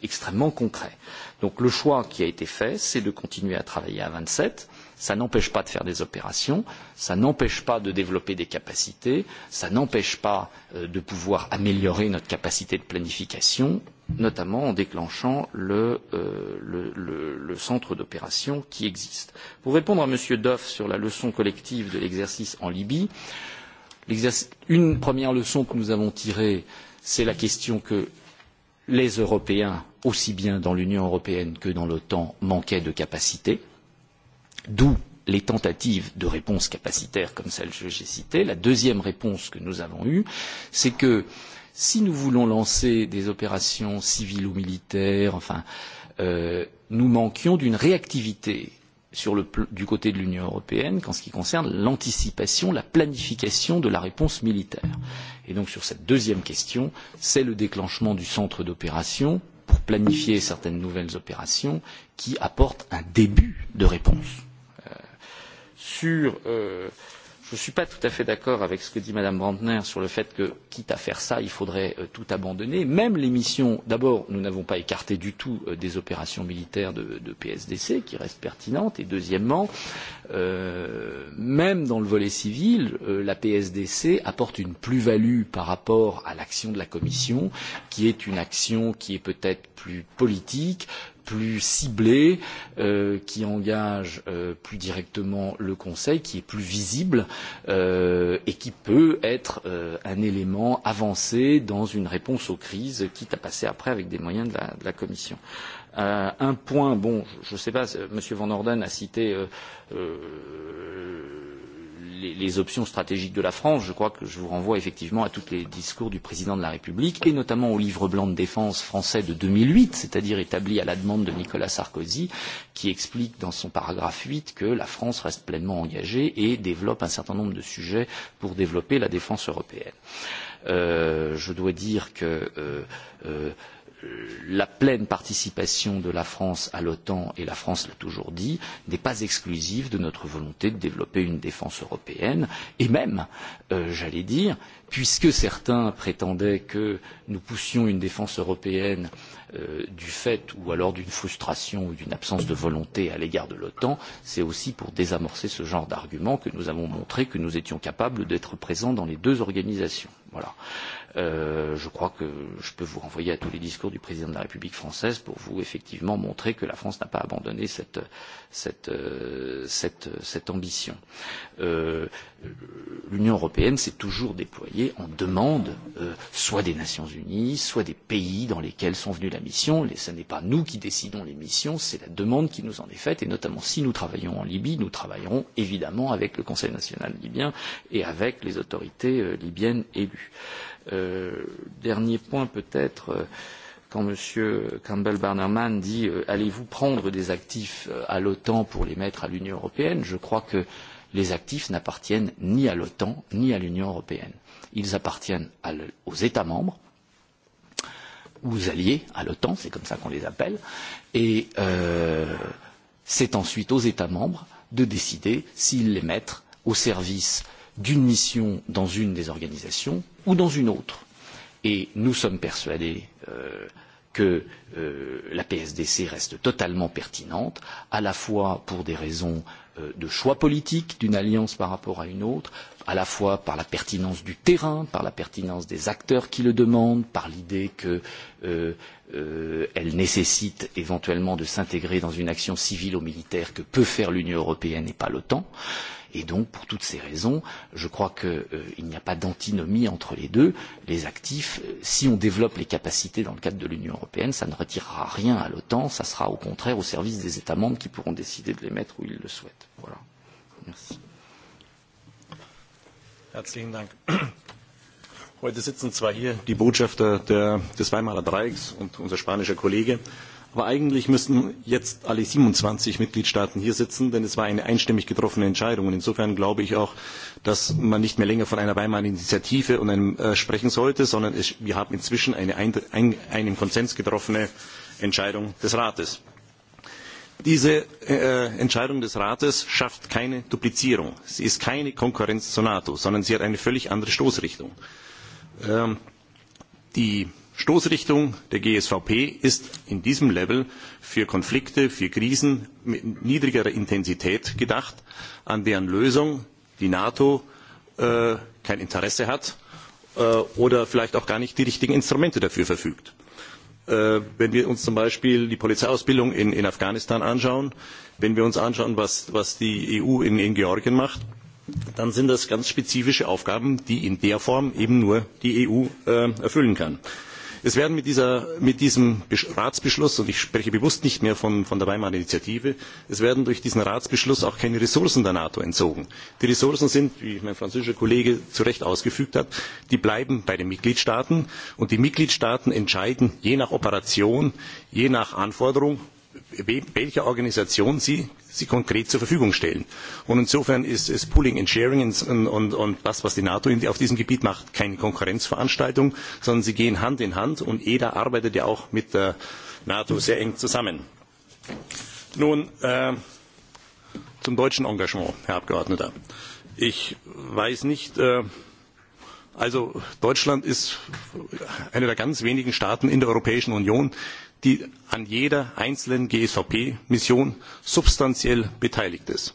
extrêmement concrets. Donc le choix qui a été fait, c'est de continuer à travailler à vingt sept Ça n'empêche pas de faire des opérations, ça n'empêche pas de développer des capacités, ça n'empêche pas de pouvoir améliorer notre capacité de planification, notamment en déclenchant le, centre d'opération qui existe. Pour répondre à M. Duff sur la leçon collective de l'exercice en Libye, une première leçon que nous avons tirée, c'est la question que les Européens, aussi bien dans l'Union européenne que dans l'OTAN, manquaient de capacités D'où les tentatives de réponse capacitaire comme celle que j'ai citée. La deuxième réponse que nous avons eue, c'est que si nous voulons lancer des opérations civiles ou militaires, enfin, nous manquions d'une réactivité du côté de l'Union européenne qu'en ce qui concerne l'anticipation, la planification de la réponse militaire. Et donc sur cette deuxième question, c'est le déclenchement du centre d'opération pour planifier certaines nouvelles opérations qui apporte un début de réponse sur je ne suis pas tout à fait d'accord avec ce que dit mme brantner sur le fait que quitte à faire cela il faudrait tout abandonner même les missions d'abord nous n'avons pas écarté du tout des opérations militaires de psdc qui restent pertinentes et deuxièmement même dans le volet civil la psdc apporte une plus value par rapport à l'action de la commission qui est une action qui est peut être plus politique plus ciblé, qui engage plus directement le Conseil, qui est plus visible et qui peut être un élément avancé dans une réponse aux crises, quitte à passer après avec des moyens de la, Commission. un point, bon, je ne sais pas, M. Van Orden a cité les, options stratégiques de la France, je crois que je vous renvoie effectivement à tous les discours du président de la République et notamment au livre blanc de défense français de deux mille huit, c'est-à-dire établi à la demande de Nicolas Sarkozy, qui explique dans son paragraphe huit que la France reste pleinement engagée et développe un certain nombre de sujets pour développer la défense européenne. je dois dire que la pleine participation de la France à l'OTAN, et la France l'a toujours dit, n'est pas exclusive de notre volonté de développer une défense européenne, et même, j'allais dire, puisque certains prétendaient que nous poussions une défense européenne du fait ou alors d'une frustration ou d'une absence de volonté à l'égard de l'OTAN, c'est aussi pour désamorcer ce genre d'argument que nous avons montré que nous étions capables d'être présents dans les deux organisations. Voilà je crois que je peux vous renvoyer à tous les discours du président de la République française pour vous effectivement montrer que la France n'a pas abandonné cette, cette, cette, cette ambition. L'Union européenne s'est toujours déployée en demande soit des Nations unies, soit des pays dans lesquels sont venues la mission. Et ce n'est pas nous qui décidons les missions, c'est la demande qui nous en est faite. Et notamment si nous travaillons en Libye, nous travaillerons évidemment avec le Conseil national libyen et avec les autorités libyennes élues. Euh, dernier point peut-être, quand M. Campbell Bannerman dit allez-vous prendre des actifs à l'OTAN pour les mettre à l'Union européenne, je crois que les actifs n'appartiennent ni à l'OTAN ni à l'Union européenne. Ils appartiennent aux États membres, aux alliés, à l'OTAN, c'est comme ça qu'on les appelle, et c'est ensuite aux États membres de décider s'ils les mettent au service euh, d'une mission dans une des organisations ou dans une autre. Et nous sommes persuadés que la PSDC reste totalement pertinente, à la fois pour des raisons de choix politique d'une alliance par rapport à une autre, à la fois par la pertinence du terrain, par la pertinence des acteurs qui le demandent, par l'idée qu'elle nécessite éventuellement de s'intégrer dans une action civile ou militaire que peut faire l'Union européenne et pas l'OTAN. Euh, Et donc, pour toutes ces raisons, je crois qu'il n'y a pas d'antinomie entre les deux. Les actifs, si on développe les capacités dans le cadre de l'Union européenne, ça ne retirera rien à l'OTAN, ça sera au contraire au service des États membres qui pourront décider de les mettre où ils le souhaitent. Voilà. Merci. Herzlichen Dank. Heute sitzen zwar hier die Botschafter des Weimarer Dreiecks und unser spanischer Kollege, Aber eigentlich müssten jetzt alle 27 Mitgliedstaaten hier sitzen, denn es war eine einstimmig getroffene Entscheidung. Und insofern glaube ich auch, dass man nicht mehr länger von einer Weimarer Initiative und einem sprechen sollte, sondern wir haben inzwischen eine einen Konsens getroffene Entscheidung des Rates. Diese Entscheidung des Rates schafft keine Duplizierung. Sie ist keine Konkurrenz zur NATO, sondern sie hat eine völlig andere Stoßrichtung. die Stoßrichtung der GSVP ist in diesem Level für Konflikte, für Krisen mit niedrigerer Intensität gedacht, an deren Lösung die NATO kein Interesse hat oder vielleicht auch gar nicht die richtigen Instrumente dafür verfügt. Wenn wir uns zum Beispiel die Polizeiausbildung in, Afghanistan anschauen, wenn wir uns anschauen, was, die EU in Georgien macht, dann sind das ganz spezifische Aufgaben, die in der Form eben nur die EU erfüllen kann. Es werden mit, diesem Ratsbeschluss, und ich spreche bewusst nicht mehr von, der Weimarer Initiative, es werden durch diesen Ratsbeschluss auch keine Ressourcen der NATO entzogen. Die Ressourcen sind, wie mein französischer Kollege zu Recht ausgefügt hat, die bleiben bei den Mitgliedstaaten und die Mitgliedstaaten entscheiden je nach Operation, je nach Anforderung, welcher Organisation sie sie konkret zur Verfügung stellen. Und insofern ist Pooling and Sharing und, das, was die NATO auf diesem Gebiet macht, keine Konkurrenzveranstaltung, sondern sie gehen Hand in Hand und EDA arbeitet ja auch mit der NATO sehr eng zusammen. Nun zum deutschen Engagement, Herr Abgeordneter. Ich weiß nicht, also Deutschland ist einer der ganz wenigen Staaten in der Europäischen Union, die an jeder einzelnen GSVP-Mission substanziell beteiligt ist.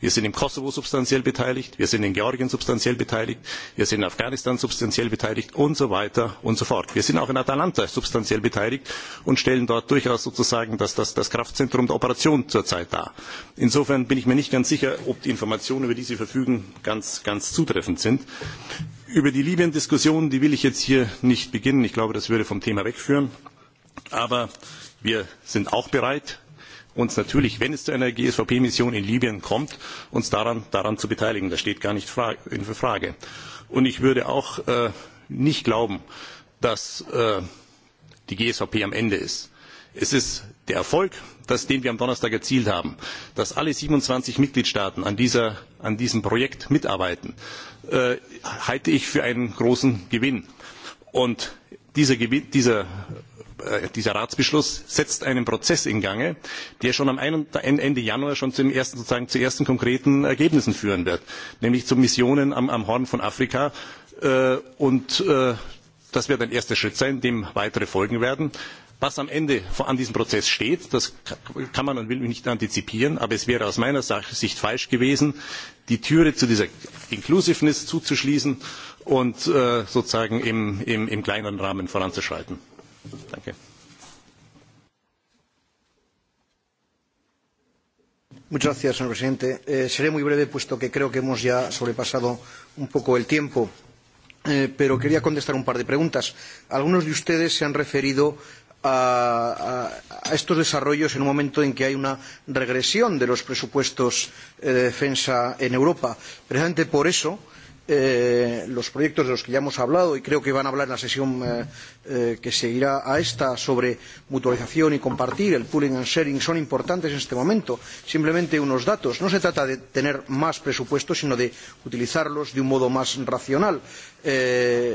Wir sind im Kosovo substanziell beteiligt, wir sind in Georgien substanziell beteiligt, wir sind in Afghanistan substanziell beteiligt und so weiter und so fort. Wir sind auch in Atalanta substanziell beteiligt und stellen dort durchaus sozusagen das, das Kraftzentrum der Operation zurzeit dar. Insofern bin ich mir nicht ganz sicher, ob die Informationen, über die Sie verfügen, ganz, ganz zutreffend sind. Über die Libyen-Diskussion, die will ich jetzt hier nicht beginnen. Ich glaube, das würde vom Thema wegführen aber wir sind auch bereit uns natürlich wenn es zu einer gsvp mission in libyen kommt daran zu beteiligen das steht gar nicht in frage. und ich würde auch nicht glauben dass die gsvp am ende ist. es ist der erfolg den wir am donnerstag erzielt haben dass alle siebenundzwanzig mitgliedstaaten an diesem projekt mitarbeiten halte ich für einen großen gewinn. und dieser dieser Ratsbeschluss setzt einen Prozess in Gang, der schon am Ende Januar schon zu ersten konkreten Ergebnissen führen wird, nämlich zu Missionen am, Horn von Afrika. und das wird ein erster Schritt sein, dem weitere folgen werden. Was am Ende an diesem Prozess steht, das kann man und will nicht antizipieren, aber es wäre aus meiner Sicht falsch gewesen, die Türe zu dieser Inclusiveness zuzuschließen und sozusagen im kleineren Rahmen voranzuschreiten. Danke. Muchas gracias, señor presidente. Eh, seré muy breve, puesto que creo que hemos ya sobrepasado un poco el tiempo pero quería contestar un par de preguntas. Algunos de ustedes se han referido a, estos desarrollos en un momento en que hay una regresión de los presupuestos de defensa en Europa. Precisamente por eso eh, los proyectos de los que ya hemos hablado y creo que van a hablar en la sesión que seguirá a esta sobre mutualización y compartir el pooling and sharing son importantes en este momento. Simplemente unos datos. No se trata de tener más presupuesto, sino de utilizarlos de un modo más racional.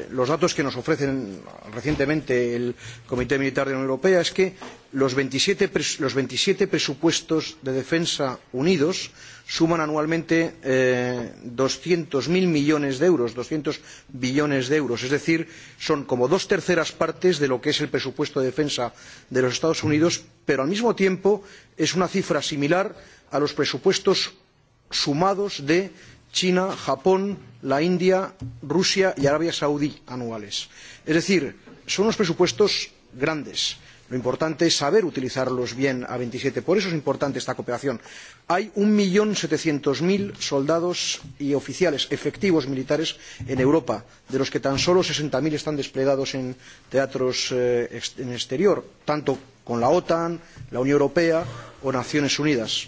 los datos que nos ofrecen recientemente el Comité Militar de la Unión Europea es que los veintisiete presupuestos de defensa unidos suman anualmente doscientos cero millones de euros doscientos billones de euros es decir son como dos terceras partes de lo que es el presupuesto de defensa de los estados unidos pero al mismo tiempo es una cifra similar a los presupuestos sumados de china japón la india rusia y arabia saudí anuales es decir son unos presupuestos grandes. Lo importante es saber utilizarlos bien a veintisiete. Por eso es importante esta cooperación. Hay un setecientos cero soldados y oficiales efectivos militares en Europa, de los que tan solo sesenta cero están desplegados en teatros en exterior, tanto con la OTAN, la Unión Europea o las Naciones Unidas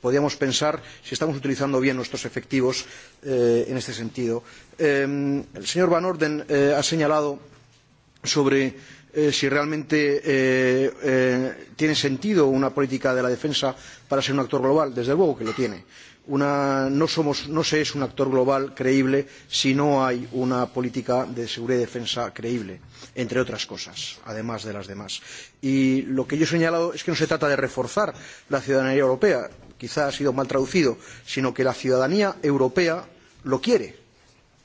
podríamos pensar si estamos utilizando bien nuestros efectivos en este sentido. el señor Van Orden ha señalado sobre si realmente tiene sentido una política de la defensa para ser un actor global. Desde luego que lo tiene. no, se es un actor global creíble si no hay una política de seguridad y defensa creíble, entre otras cosas, además de las demás. Y lo que yo he señalado es que no se trata de reforzar la ciudadanía europea, quizá ha sido mal traducido, sino que la ciudadanía europea lo quiere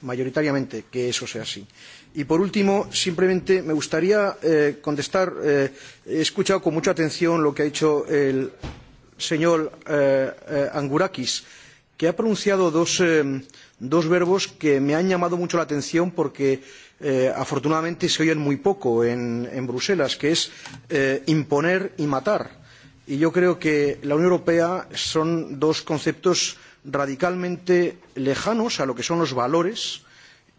mayoritariamente que eso sea así. Eh, Y por último, simplemente me gustaría contestar. he escuchado con mucha atención lo que ha dicho el señor Angourakis, que ha pronunciado dos, verbos que me han llamado mucho la atención porque afortunadamente se oyen muy poco en, Bruselas, que es imponer y matar. Y yo creo que la Unión Europea son dos conceptos radicalmente lejanos a lo que son los valores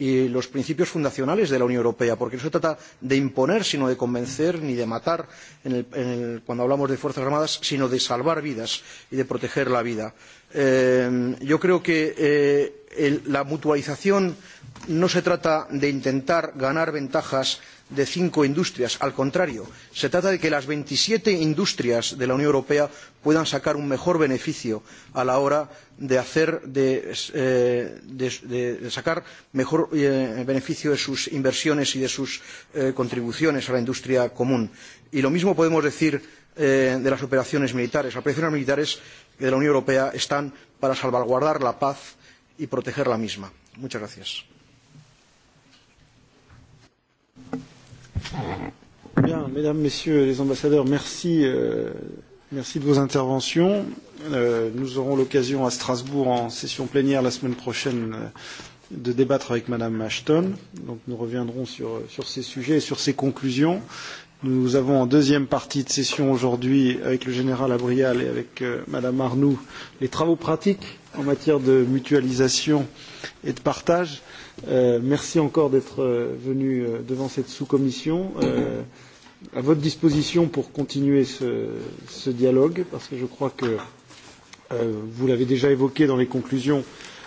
y los principios fundacionales de la Unión Europea, porque no se trata de imponer, sino de convencer, ni de matar cuando hablamos de Fuerzas Armadas, sino de salvar vidas y de proteger la vida. yo creo que la mutualización no se trata de intentar ganar ventajas de cinco industrias. Al contrario, se trata de que las veintisiete industrias de la Unión Europea puedan sacar un mejor beneficio a la hora de, sacar mejor beneficio de sus inversiones y de sus contribuciones a la industria común. Y lo mismo podemos decir de las operaciones militares. Las operaciones militares de la Unión Europea están para salvaguardar la paz y proteger la misma. Muchas gracias. Bien, mesdames, messieurs les ambassadeurs, merci, euh, merci de vos interventions. Euh, nous aurons l'occasion à Strasbourg en session plénière la semaine prochaine de débattre avec Madame Ashton. Donc nous reviendrons sur, sur ces sujets et sur ces conclusions. Nous avons en deuxième partie de session aujourd'hui avec le général Abrial et avec euh, Madame Arnoux les travaux pratiques en matière de mutualisation et de partage merci encore d'être venu devant cette sous-commission. à votre disposition pour continuer ce, dialogue, parce que je crois que vous l'avez déjà évoqué dans les conclusions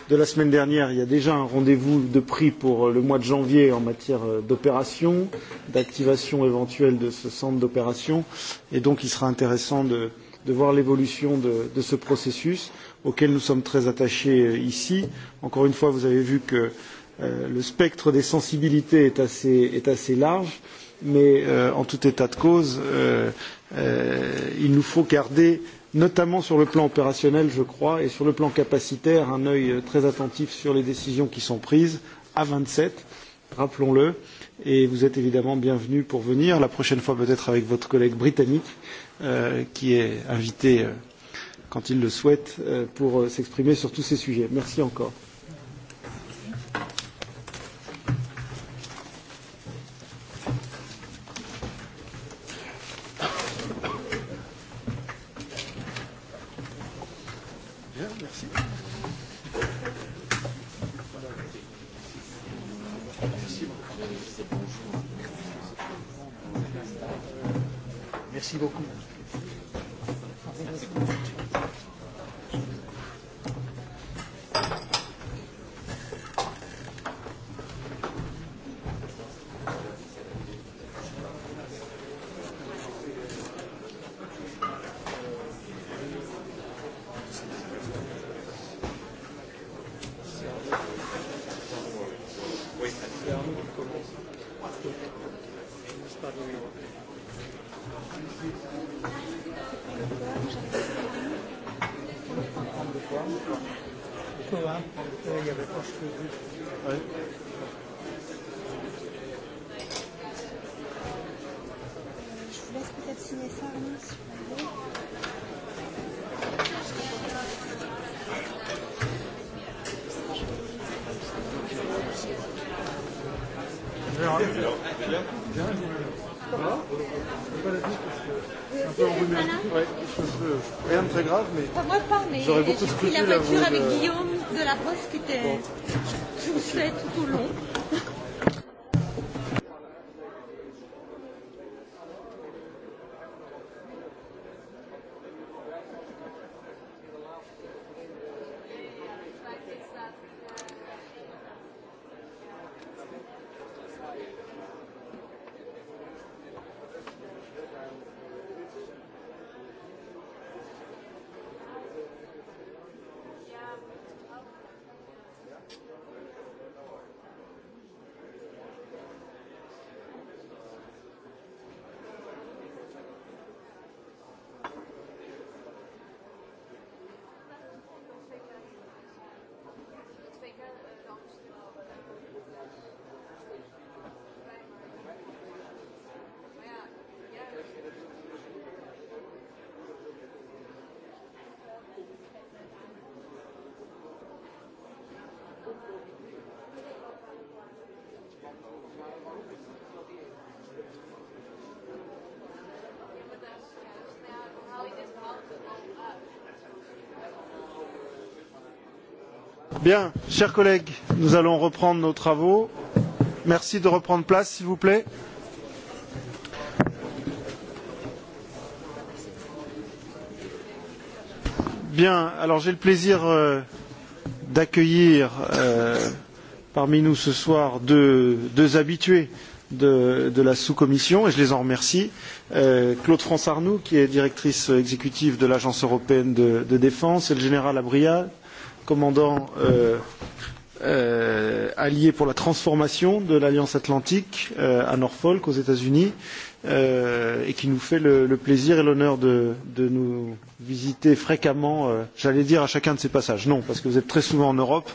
de la semaine dernière, il y a déjà un rendez-vous de prix pour le mois de janvier en matière d'opération, d'activation éventuelle de ce centre d'opération, et donc il sera intéressant de, voir l'évolution de ce processus auquel nous sommes très attachés ici. Encore une fois, vous avez vu que le spectre des sensibilités est assez, large, mais en tout état de cause, il nous faut garder, notamment sur le plan opérationnel, je crois, et sur le plan capacitaire, un œil très attentif sur les décisions qui sont prises à vingt sept, rappelons-le, et vous êtes évidemment bienvenu pour venir, la prochaine fois peut-être avec votre collègue britannique, qui est invité quand il le souhaite, pour s'exprimer sur tous ces sujets. Merci encore. J'ai pris la voiture avec Bien, chers collègues, nous allons reprendre nos travaux. Merci de reprendre place, s'il vous plaît. Bien, alors j'ai le plaisir d'accueillir parmi nous ce soir deux, habitués de, la sous-commission, et je les en remercie. Claude France Arnoux, qui est directrice exécutive de l'Agence européenne de, défense, et le général Abria, commandant allié pour la transformation de l'Alliance Atlantique à Norfolk, aux États-Unis, et qui nous fait le, plaisir et l'honneur de, nous visiter fréquemment, j'allais dire à chacun de ces passages. Non, parce que vous êtes très souvent en Europe,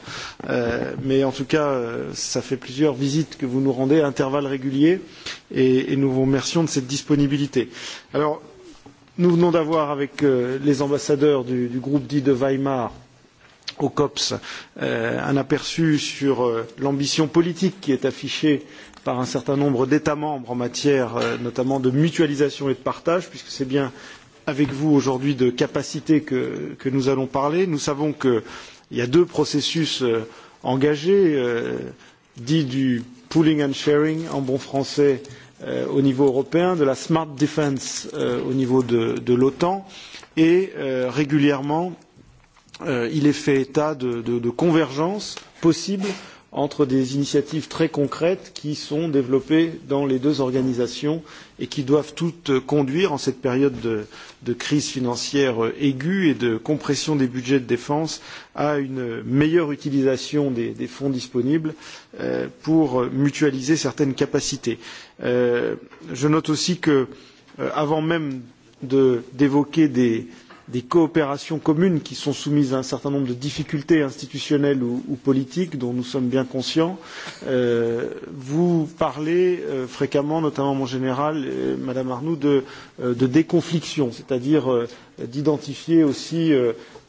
mais en tout cas, cela fait plusieurs visites que vous nous rendez à intervalles réguliers, et, nous vous remercions de cette disponibilité. Alors, nous venons d'avoir avec les ambassadeurs du, groupe dit de Weimar au COPS un aperçu sur l'ambition politique qui est affichée par un certain nombre d'États membres en matière notamment de mutualisation et de partage, puisque c'est bien avec vous aujourd'hui de capacité que, nous allons parler. Nous savons qu'il y a deux processus engagés, dits du pooling and sharing en bon français au niveau européen, de la smart defence au niveau de, l'OTAN, et régulièrement il est fait état de, convergences possibles entre des initiatives très concrètes qui sont développées dans les deux organisations et qui doivent toutes conduire, en cette période de, crise financière aiguë et de compression des budgets de défense, à une meilleure utilisation des, fonds disponibles pour mutualiser certaines capacités. je note aussi que, avant même d'évoquer des des coopérations communes qui sont soumises à un certain nombre de difficultés institutionnelles ou, politiques dont nous sommes bien conscients. vous parlez fréquemment, notamment mon général, Madame Arnoux, de, déconfliction, c'est-à-dire d'identifier aussi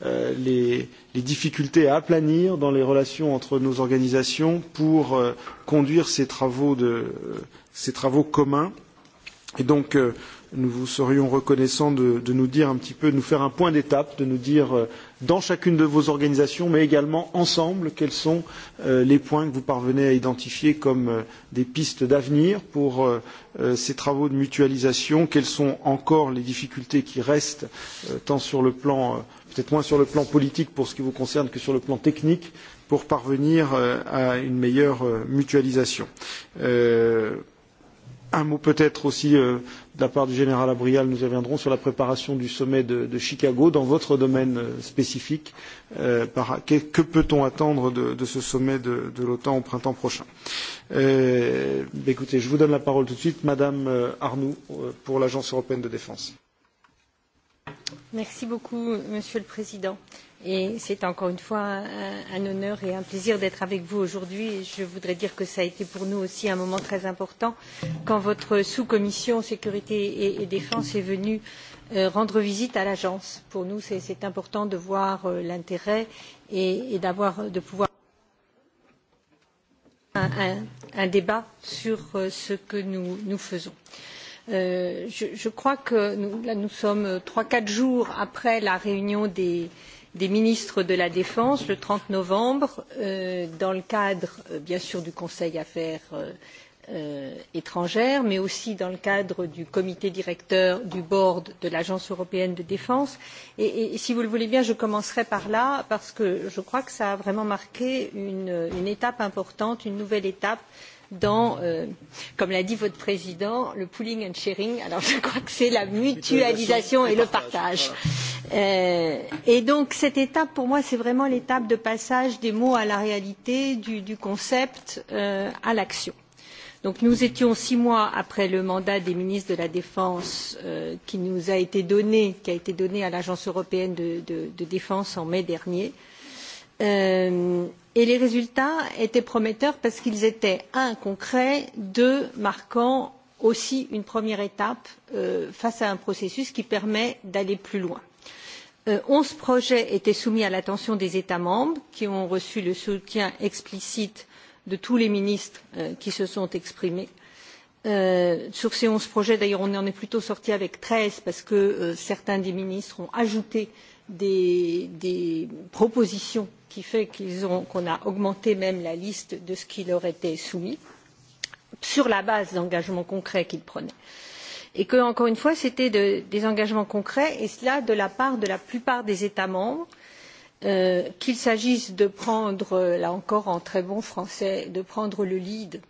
les, difficultés à aplanir dans les relations entre nos organisations pour conduire ces travaux, communs. Et donc, nous vous serions reconnaissants de, nous dire un petit peu, de nous faire un point d'étape, de nous dire dans chacune de vos organisations, mais également ensemble, quels sont les points que vous parvenez à identifier comme des pistes d'avenir pour ces travaux de mutualisation, quelles sont encore les difficultés qui restent, tant sur le plan, peut-être moins sur le plan politique pour ce qui vous concerne que sur le plan technique, pour parvenir à une meilleure mutualisation. Un mot peut-être aussi de la part du général Abrial, nous y reviendrons, sur la préparation du sommet de, Chicago dans votre domaine spécifique. que peut-on attendre de, ce sommet de, l'OTAN au printemps prochain Écoutez, je vous donne la parole tout de suite, Madame Arnoux, pour l'Agence européenne de défense. Merci beaucoup, Monsieur le Président. Euh, Et c'est encore une fois un, honneur et un plaisir d'être avec vous aujourd'hui. Je voudrais dire que cela a été pour nous aussi un moment très important quand votre sous-commission sécurité et, défense est venue rendre visite à l'agence. Pour nous, c'est important de voir l'intérêt et, de pouvoir un, débat sur ce que nous, faisons je crois que nous, sommes trois quatre jours après la réunion des des ministres de la Défense le trente novembre, dans le cadre bien sûr du Conseil Affaires étrangères, mais aussi dans le cadre du comité directeur du board de l'Agence européenne de défense. Et, si vous le voulez bien, je commencerai par là parce que je crois que cela a vraiment marqué une, étape importante, une nouvelle étape dans, comme l'a dit votre président, le pooling and sharing. Alors je crois que c'est la mutualisation et le partage. et donc cette étape, pour moi, c'est vraiment l'étape de passage des mots à la réalité, du, concept à l'action. Donc nous étions six mois après le mandat des ministres de la Défense qui nous a été donné, qui a été donné à l'Agence européenne de, défense en mai dernier et les résultats étaient prometteurs parce qu'ils étaient un concrets deux marquant aussi une première étape face à un processus qui permet d'aller plus loin. onze projets étaient soumis à l'attention des états membres qui ont reçu le soutien explicite de tous les ministres qui se sont exprimés. sur ces onze projets d'ailleurs on en est plutôt sorti avec treize parce que certains des ministres ont ajouté des, propositions qui fait qu'on a augmenté même la liste de ce qui leur était soumis sur la base d'engagements concrets qu'ils prenaient. Et que, encore une fois, c'était des engagements concrets, et cela de la part de la plupart des États membres, qu'il s'agisse de prendre, là encore en très bon français, de prendre le lead,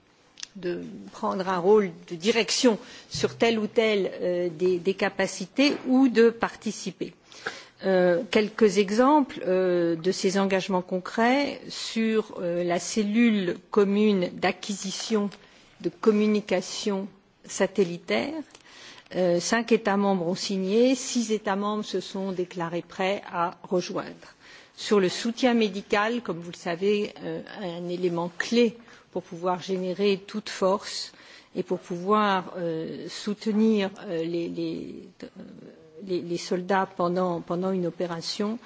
de prendre un rôle de direction sur telle ou telle des capacités ou de participer quelques exemples de ces engagements concrets sur la cellule commune d'acquisition de communications satellitaires. Cinq États membres ont signé, six États membres se sont déclarés prêts à rejoindre. Sur le soutien médical, comme vous le savez, un élément clé pour pouvoir générer toute force et pour pouvoir soutenir les les, les soldats pendant, pendant une opération,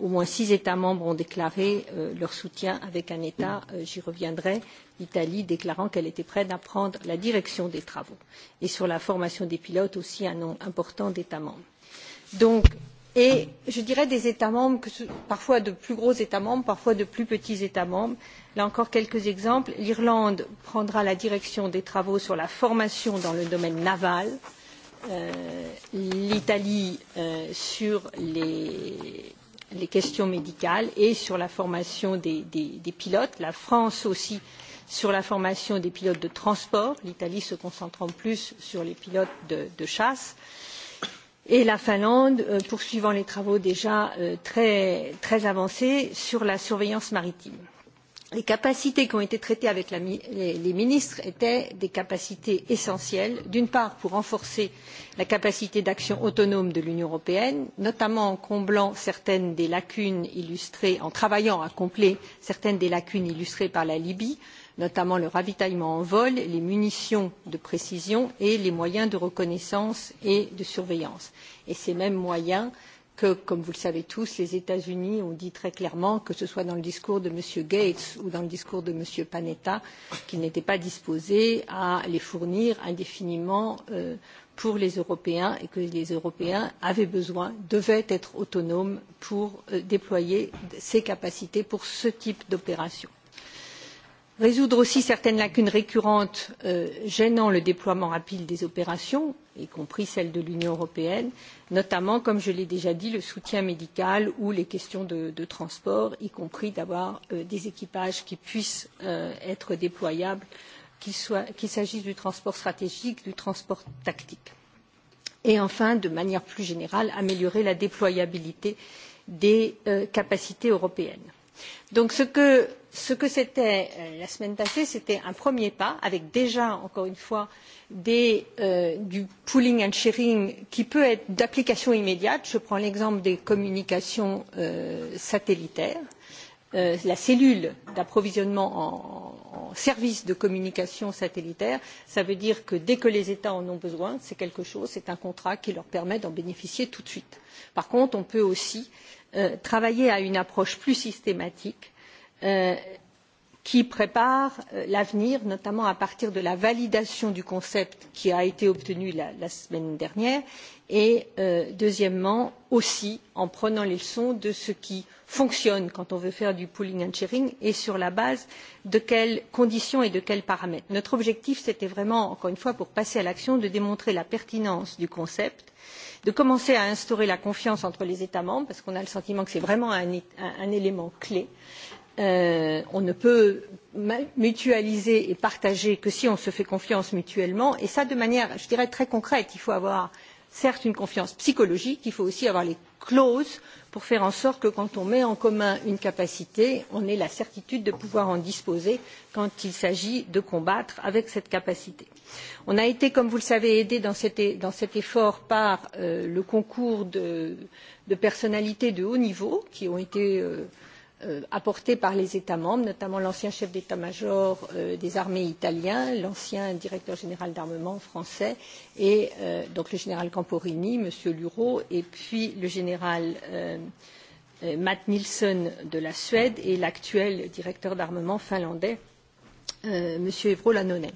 au moins six États membres ont déclaré euh, leur soutien avec un État, euh, j'y reviendrai, l'Italie déclarant qu'elle était prête à prendre la direction des travaux. Et sur la formation des pilotes aussi un nombre important d'États membres. Donc, et je dirais des États membres, parfois de plus gros États membres, parfois de plus petits États membres. Là encore quelques exemples. L'Irlande prendra la direction des travaux sur la formation dans le domaine naval. Euh, l'Italie sur les, questions médicales et sur la formation des, pilotes, la France aussi sur la formation des pilotes de transport, l'Italie se concentrant plus sur les pilotes de, chasse, et la Finlande poursuivant les travaux déjà très, avancés sur la surveillance maritime les capacités qui ont été traitées avec les ministres étaient des capacités essentielles d'une part pour renforcer la capacité d'action autonome de l'union européenne notamment en comblant certaines des lacunes illustrées en travaillant à combler certaines des lacunes illustrées par la libye notamment le ravitaillement en vol les munitions de précision et les moyens de reconnaissance et de surveillance et ces mêmes moyens que, comme vous le savez tous, les États-Unis ont dit très clairement, que ce soit dans le discours de M. Gates ou dans le discours de M. Panetta, qu'ils n'étaient pas disposés à les fournir indéfiniment pour les Européens et que les Européens avaient besoin, devaient être autonomes pour déployer ces capacités pour ce type d'opération résoudre aussi certaines lacunes récurrentes gênant le déploiement rapide des opérations y compris celles de l'union européenne notamment comme je l'ai déjà dit le soutien médical ou les questions de transport y compris d'avoir des équipages qui puissent être déployables qu'il s'agisse du transport stratégique ou du transport tactique et enfin de manière plus générale améliorer la déployabilité des capacités européennes Donc ce que c'était la semaine passée, c'était un premier pas avec déjà, encore une fois, du pooling and sharing qui peut être d'application immédiate. Je prends l'exemple des communications satellitaires. la cellule d'approvisionnement en, services de communication satellitaire, cela veut dire que dès que les États en ont besoin, c'est quelque chose, c'est un contrat qui leur permet d'en bénéficier tout de suite. Par contre, on peut aussi travailler à une approche plus systématique qui prépare l'avenir notamment à partir de la validation du concept qui a été obtenue la semaine dernière et deuxièmement aussi en prenant les leçons de ce qui fonctionne quand on veut faire du pooling and sharing et sur la base de quelles conditions et de quels paramètres. notre objectif c'était vraiment encore une fois pour passer à l'action de démontrer la pertinence du concept de commencer à instaurer la confiance entre les états membres parce qu'on a le sentiment que c'est vraiment un élément clé on ne peut mutualiser et partager que si on se fait confiance mutuellement et cela de manière je dirais très concrète. il faut avoir certes une confiance psychologique il faut aussi avoir les clauses pour faire en sorte que quand on met en commun une capacité on ait la certitude de pouvoir en disposer quand il s'agit de combattre avec cette capacité. on a été comme vous le savez aidés dans cet effort par le concours de personnalités de haut niveau qui ont été apportée par les États membres, notamment l'ancien chef d'état-major des armées italien, l'ancien directeur général d'armement français, donc le général Camporini, M. Luro, et puis le général Matt Nilsson de la Suède et l'actuel directeur d'armement finlandais, M. Evro Lanonen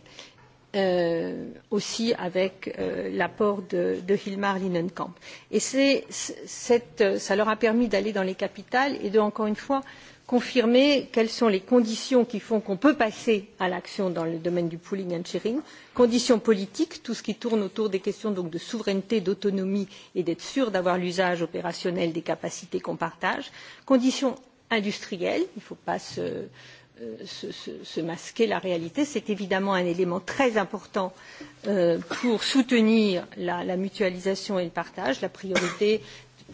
aussi avec l'apport de, Hilmar Linenkamp. Et cela leur a permis d'aller dans les capitales et de, encore une fois, confirmer quelles sont les conditions qui font qu'on peut passer à l'action dans le domaine du pooling and sharing conditions politiques tout ce qui tourne autour des questions de souveraineté d'autonomie et d'être sûr d'avoir l'usage opérationnel des capacités qu'on partage conditions industrielles il ne faut pas se se, masquer la réalité. C'est évidemment un élément très important pour soutenir la, mutualisation et le partage. La priorité,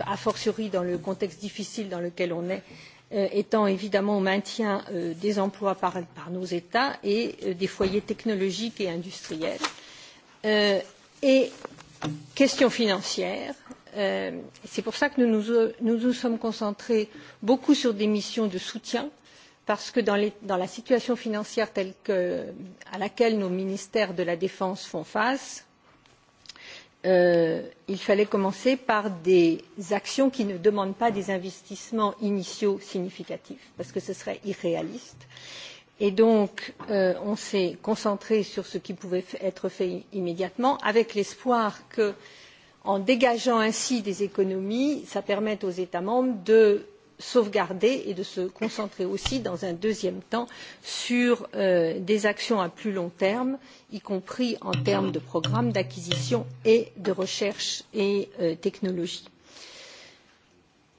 a fortiori dans le contexte difficile dans lequel on est, étant évidemment au maintien des emplois par, nos États et des foyers technologiques et industriels. et question financière, c'est pour cela que nous nous, sommes concentrés beaucoup sur des missions de soutien parce que dans, la situation financière telle à laquelle nos ministères de la Défense font face, il fallait commencer par des actions qui ne demandent pas des investissements initiaux significatifs, parce que ce serait irréaliste. Et donc, on s'est concentré sur ce qui pouvait être fait immédiatement, avec l'espoir que, en dégageant ainsi des économies, cela permette aux États membres de sauvegarder et de se concentrer aussi dans un deuxième temps sur des actions à plus long terme y compris en termes de programmes d'acquisition et de recherche et technologie.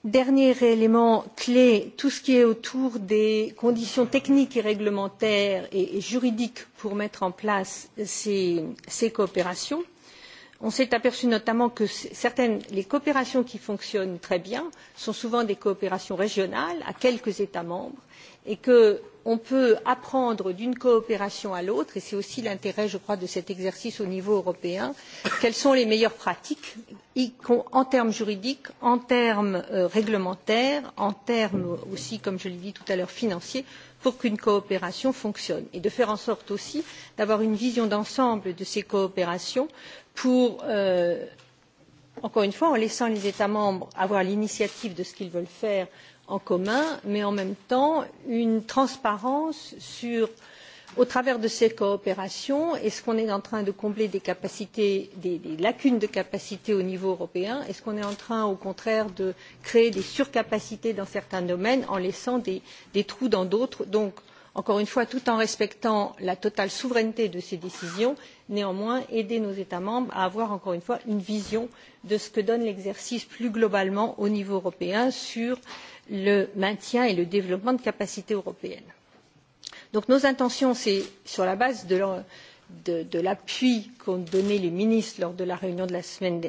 Dernier élément clé, tout ce qui est autour des conditions techniques et réglementaires et juridiques pour mettre en place ces coopérations on s'est aperçu notamment que certaines des coopérations qui fonctionnent très bien sont souvent des coopérations régionales à quelques états membres et qu'on peut apprendre d'une coopération à l'autre et c'est aussi l'intérêt je crois de cet exercice au niveau européen quelles sont les meilleures pratiques en termes juridiques en termes réglementaires en termes aussi comme je l'ai dit tout à l'heure financiers pour qu'une coopération fonctionne et de faire en sorte aussi d'avoir une vision d'ensemble de ces coopérations pour encore une fois en laissant les états membres avoir l'initiative de ce qu'ils veulent faire en commun mais en même temps une transparence sur au travers de ces coopérations, est-ce qu'on est en train de combler des capacités, des, lacunes de capacité au niveau européen Est-ce qu'on est en train, au contraire, de créer des surcapacités dans certains domaines en laissant des, trous dans d'autres Donc, encore une fois, tout en respectant la totale souveraineté de ces décisions, néanmoins, aider nos États membres à avoir, encore une fois, une vision de ce que donne l'exercice plus globalement au niveau européen sur le maintien et le développement de capacités européennes Donc nos intentions, c'est sur la base de, l'appui qu'ont donné les ministres lors de la réunion de la semaine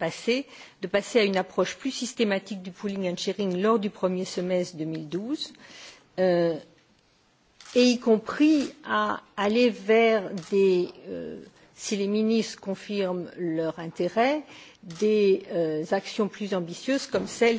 passée, de passer à une approche plus systématique du pooling and sharing lors du premier semestre deux mille douze, et y compris à aller vers des si les ministres confirment leur intérêt des actions plus ambitieuses comme celle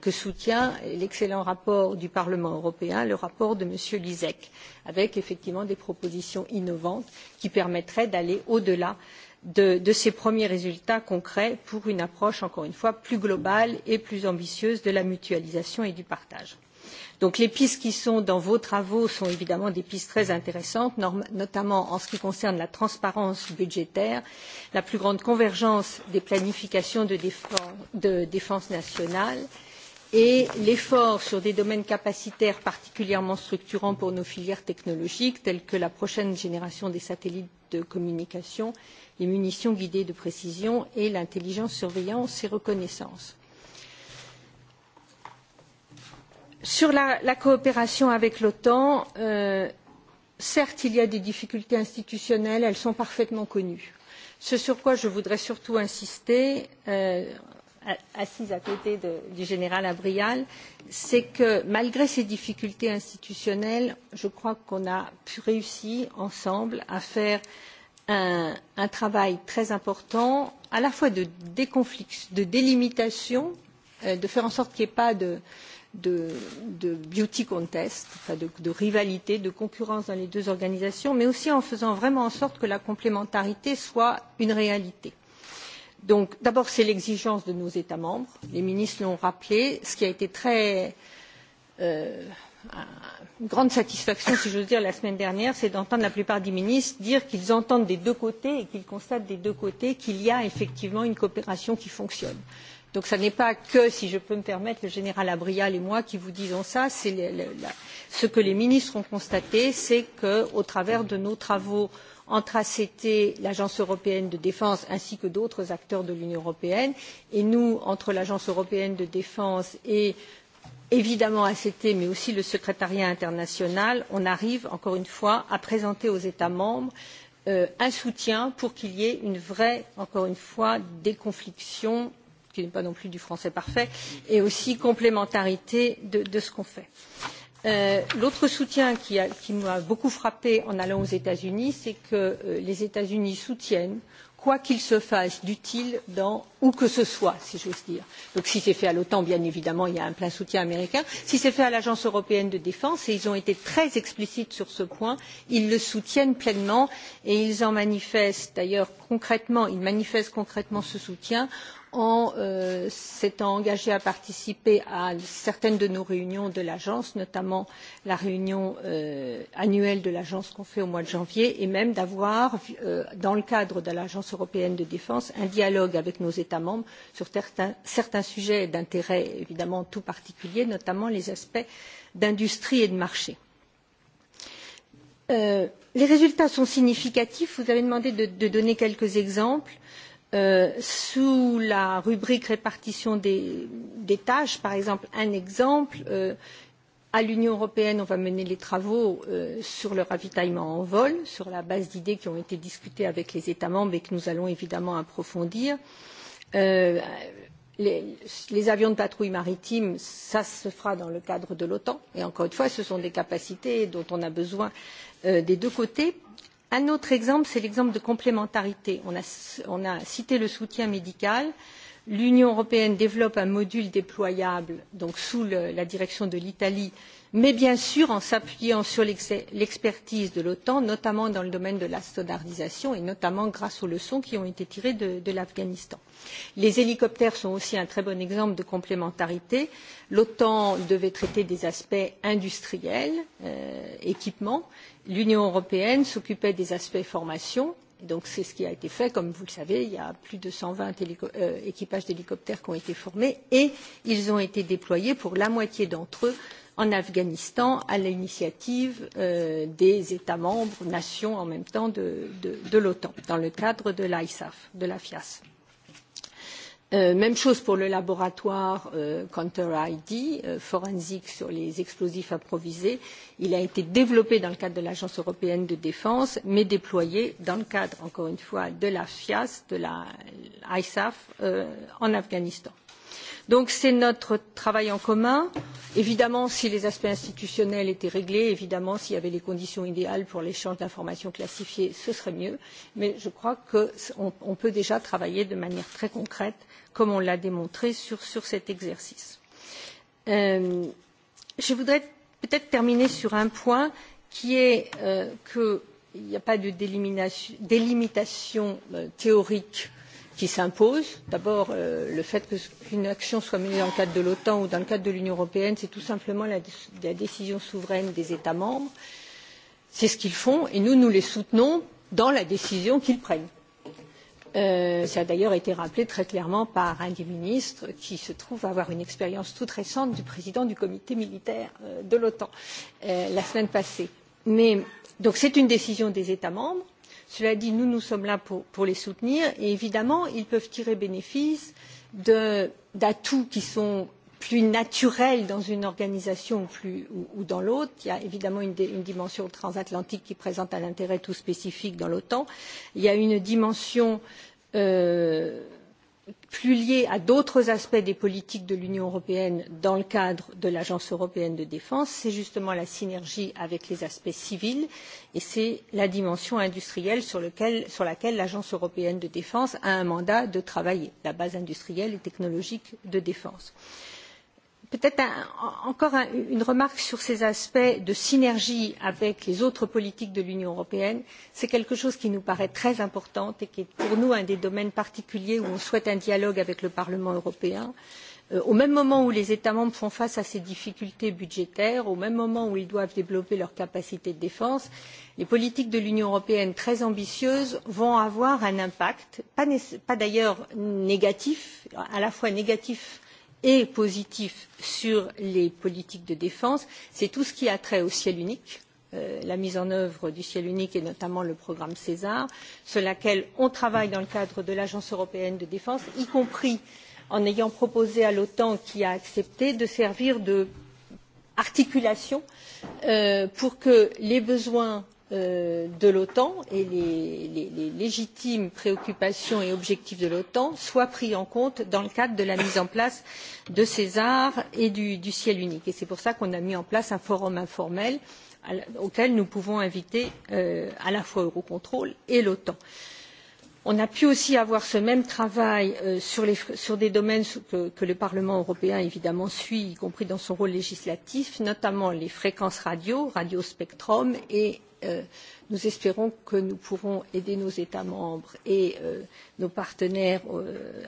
que soutient l'excellent rapport du parlement européen le rapport de m. lisek avec effectivement des propositions innovantes qui permettraient d'aller au delà de ces premiers résultats concrets pour une approche encore une fois plus globale et plus ambitieuse de la mutualisation et du partage. Donc les pistes qui sont dans vos travaux sont évidemment des pistes très intéressantes, notamment en ce qui concerne la transparence budgétaire, la plus grande convergence des planifications de défense, nationale et l'effort sur des domaines capacitaires particulièrement structurants pour nos filières technologiques tels que la prochaine génération des satellites de communication, les munitions guidées de précision et l'intelligence, surveillance et reconnaissance Sur la, coopération avec l'OTAN, certes, il y a des difficultés institutionnelles, elles sont parfaitement connues. Ce sur quoi je voudrais surtout insister, assise à côté du général Abrial, c'est que malgré ces difficultés institutionnelles, je crois qu'on a réussi ensemble à faire un, travail très important, à la fois de déconflict, de délimitation, de faire en sorte qu'il n'y ait pas de, de, beauty contest, de, rivalité, de concurrence dans les deux organisations, mais aussi en faisant vraiment en sorte que la complémentarité soit une réalité. Donc d'abord, c'est l'exigence de nos États membres. Les ministres l'ont rappelé, ce qui a été très une grande satisfaction, si j'ose dire, la semaine dernière, c'est d'entendre la plupart des ministres dire qu'ils entendent des deux côtés et qu'ils constatent des deux côtés qu'il y a effectivement une coopération qui fonctionne Donc ce n'est pas que, si je peux me permettre, le général Abrial et moi qui vous disons ça. ce que les ministres ont constaté, c'est qu'au travers de nos travaux entre ACT, l'Agence européenne de défense, ainsi que d'autres acteurs de l'Union européenne, et nous, entre l'Agence européenne de défense et évidemment ACT, mais aussi le secrétariat international, on arrive, encore une fois, à présenter aux États membres un soutien pour qu'il y ait une vraie, encore une fois, déconfliction qui n'est pas non plus du français parfait, et aussi complémentarité de, ce qu'on fait. L'autre soutien qui, m'a beaucoup frappé en allant aux États-Unis, c'est que les États-Unis soutiennent quoi qu'il se fasse d'utile dans où que ce soit, si j'ose dire. Donc si c'est fait à l'OTAN, bien évidemment, il y a un plein soutien américain. Si c'est fait à l'Agence européenne de défense, et ils ont été très explicites sur ce point, ils le soutiennent pleinement et ils en manifestent d'ailleurs concrètement, ils manifestent concrètement ce soutien en s'étant engagé à participer à certaines de nos réunions de l'agence, notamment la réunion annuelle de l'agence qu'on fait au mois de janvier, et même d'avoir, dans le cadre de l'agence européenne de défense, un dialogue avec nos États membres sur certains sujets d'intérêt évidemment tout particulier, notamment les aspects d'industrie et de marché les résultats sont significatifs vous avez demandé de donner quelques exemples sous la rubrique répartition des, tâches, par exemple, un exemple, à l'Union européenne, on va mener les travaux sur le ravitaillement en vol, sur la base d'idées qui ont été discutées avec les États membres et que nous allons évidemment approfondir. les, avions de patrouille maritime, cela se fera dans le cadre de l'OTAN. Et encore une fois, ce sont des capacités dont on a besoin des deux côtés un autre exemple c'est l'exemple de complémentarité on a cité le soutien médical l'union européenne développe un module déployable sous la direction de l'italie mais bien sûr en s'appuyant sur l'expertise de l'otan notamment dans le domaine de la standardisation et notamment grâce aux leçons qui ont été tirées de l'afghanistan. les hélicoptères sont aussi un très bon exemple de complémentarité. l'otan devait traiter des aspects industriels équipements l'Union européenne s'occupait des aspects formation. Donc c'est ce qui a été fait. Comme vous le savez, il y a plus de cent vingt équipages d'hélicoptères qui ont été formés et ils ont été déployés pour la moitié d'entre eux en Afghanistan à l'initiative des États membres, nations en même temps de, l'OTAN, dans le cadre de l'ISAF, de la FIAS même chose pour le laboratoire Counter ID, forensique sur les explosifs improvisés. Il a été développé dans le cadre de l'Agence européenne de défense, mais déployé dans le cadre, encore une fois, de la FIAS, de la ISAF en Afghanistan donc c'est notre travail en commun évidemment si les aspects institutionnels étaient réglés évidemment s'il y avait les conditions idéales pour l'échange d'informations classifiées ce serait mieux mais je crois qu'on peut déjà travailler de manière très concrète comme on l'a démontré sur cet exercice. je voudrais peut être terminer sur un point qui est qu'il n'y a pas de délimitation théorique qui s'impose. D'abord, le fait qu'une action soit menée dans le cadre de l'OTAN ou dans le cadre de l'Union européenne, c'est tout simplement la, décision souveraine des États membres. C'est ce qu'ils font et nous, nous les soutenons dans la décision qu'ils prennent. Cela a d'ailleurs été rappelé très clairement par un des ministres qui se trouve avoir une expérience toute récente du président du comité militaire de l'OTAN la semaine passée. donc c'est une décision des États membres cela dit nous nous sommes là pour les soutenir et évidemment ils peuvent tirer bénéfice d'atouts qui sont plus naturels dans une organisation ou dans l'autre. Il y a évidemment une, dimension transatlantique qui présente un intérêt tout spécifique dans l'OTAN. Il y a une dimension euh, plus lié à d'autres aspects des politiques de l'Union européenne dans le cadre de l'Agence européenne de défense, c'est justement la synergie avec les aspects civils et c'est la dimension industrielle sur, laquelle l'Agence européenne de défense a un mandat de travailler, la base industrielle et technologique de défense. Peut-être encore une remarque sur ces aspects de synergie avec les autres politiques de l'Union européenne. C'est quelque chose qui nous paraît très important et qui est pour nous un des domaines particuliers où on souhaite un dialogue avec le Parlement européen. Au même moment où les États membres font face à ces difficultés budgétaires, au même moment où ils doivent développer leurs capacités de défense, les politiques de l'Union européenne très ambitieuses vont avoir un impact, pas d'ailleurs négatif, à la fois négatif et positif sur les politiques de défense, c'est tout ce qui a trait au ciel unique, la mise en œuvre du ciel unique et notamment le programme César, sur laquelle on travaille dans le cadre de l'Agence européenne de défense, y compris en ayant proposé à l'OTAN, qui a accepté, de servir d'articulation pour que les besoins de l'otan et les légitimes préoccupations et objectifs de l'otan soient pris en compte dans le cadre de la mise en place de César et du ciel unique. et c'est pour cela qu'on a mis en place un forum informel auquel nous pouvons inviter à la fois eurocontrol et l'otan. on a pu aussi avoir ce même travail sur des domaines que le parlement européen évidemment suit y compris dans son rôle législatif notamment les fréquences radio radio spectrum et nous espérons que nous pourrons aider nos États membres et nos partenaires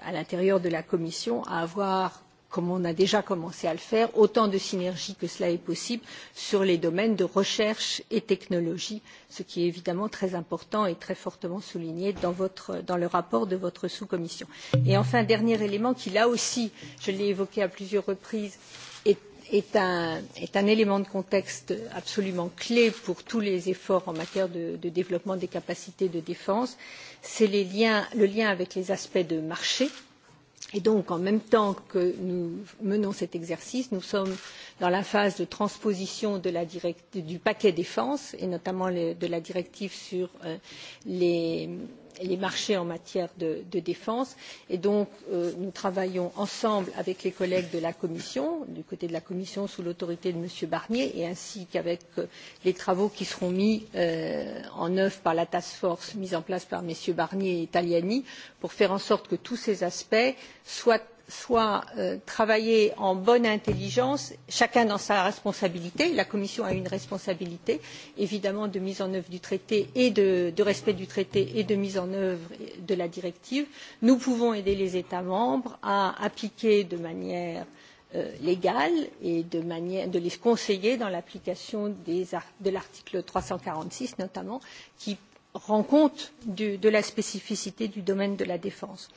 à l'intérieur de la Commission à avoir comme on a déjà commencé à le faire, autant de synergies que cela est possible sur les domaines de recherche et technologie, ce qui est évidemment très important et très fortement souligné dans, le rapport de votre sous-commission. enfin, dernier élément qui, là aussi, je l'ai évoqué à plusieurs reprises, est un, élément de contexte absolument clé pour tous les efforts en matière de, développement des capacités de défense. C'est le lien avec les aspects de marché. Et donc, en même temps que nous menons cet exercice, nous sommes dans la phase de transposition du paquet défense, et notamment de la directive sur les les marchés en matière de, défense et donc nous travaillons ensemble avec les collègues de la Commission, du côté de la Commission sous l'autorité de M. Barnier et ainsi qu'avec les travaux qui seront mis en œuvre par la task force mise en place par MM. Barnier et Tajani pour faire en sorte que tous ces aspects soient soit travaillé en bonne intelligence chacun dans sa responsabilité la commission a une responsabilité évidemment de mise en œuvre du traité et de respect du traité et de mise en œuvre de la directive nous pouvons aider les états membres à appliquer de manière légale et de les conseiller dans l'application de l'article trois cent quarante six notamment qui rend compte de la spécificité du domaine de la défense.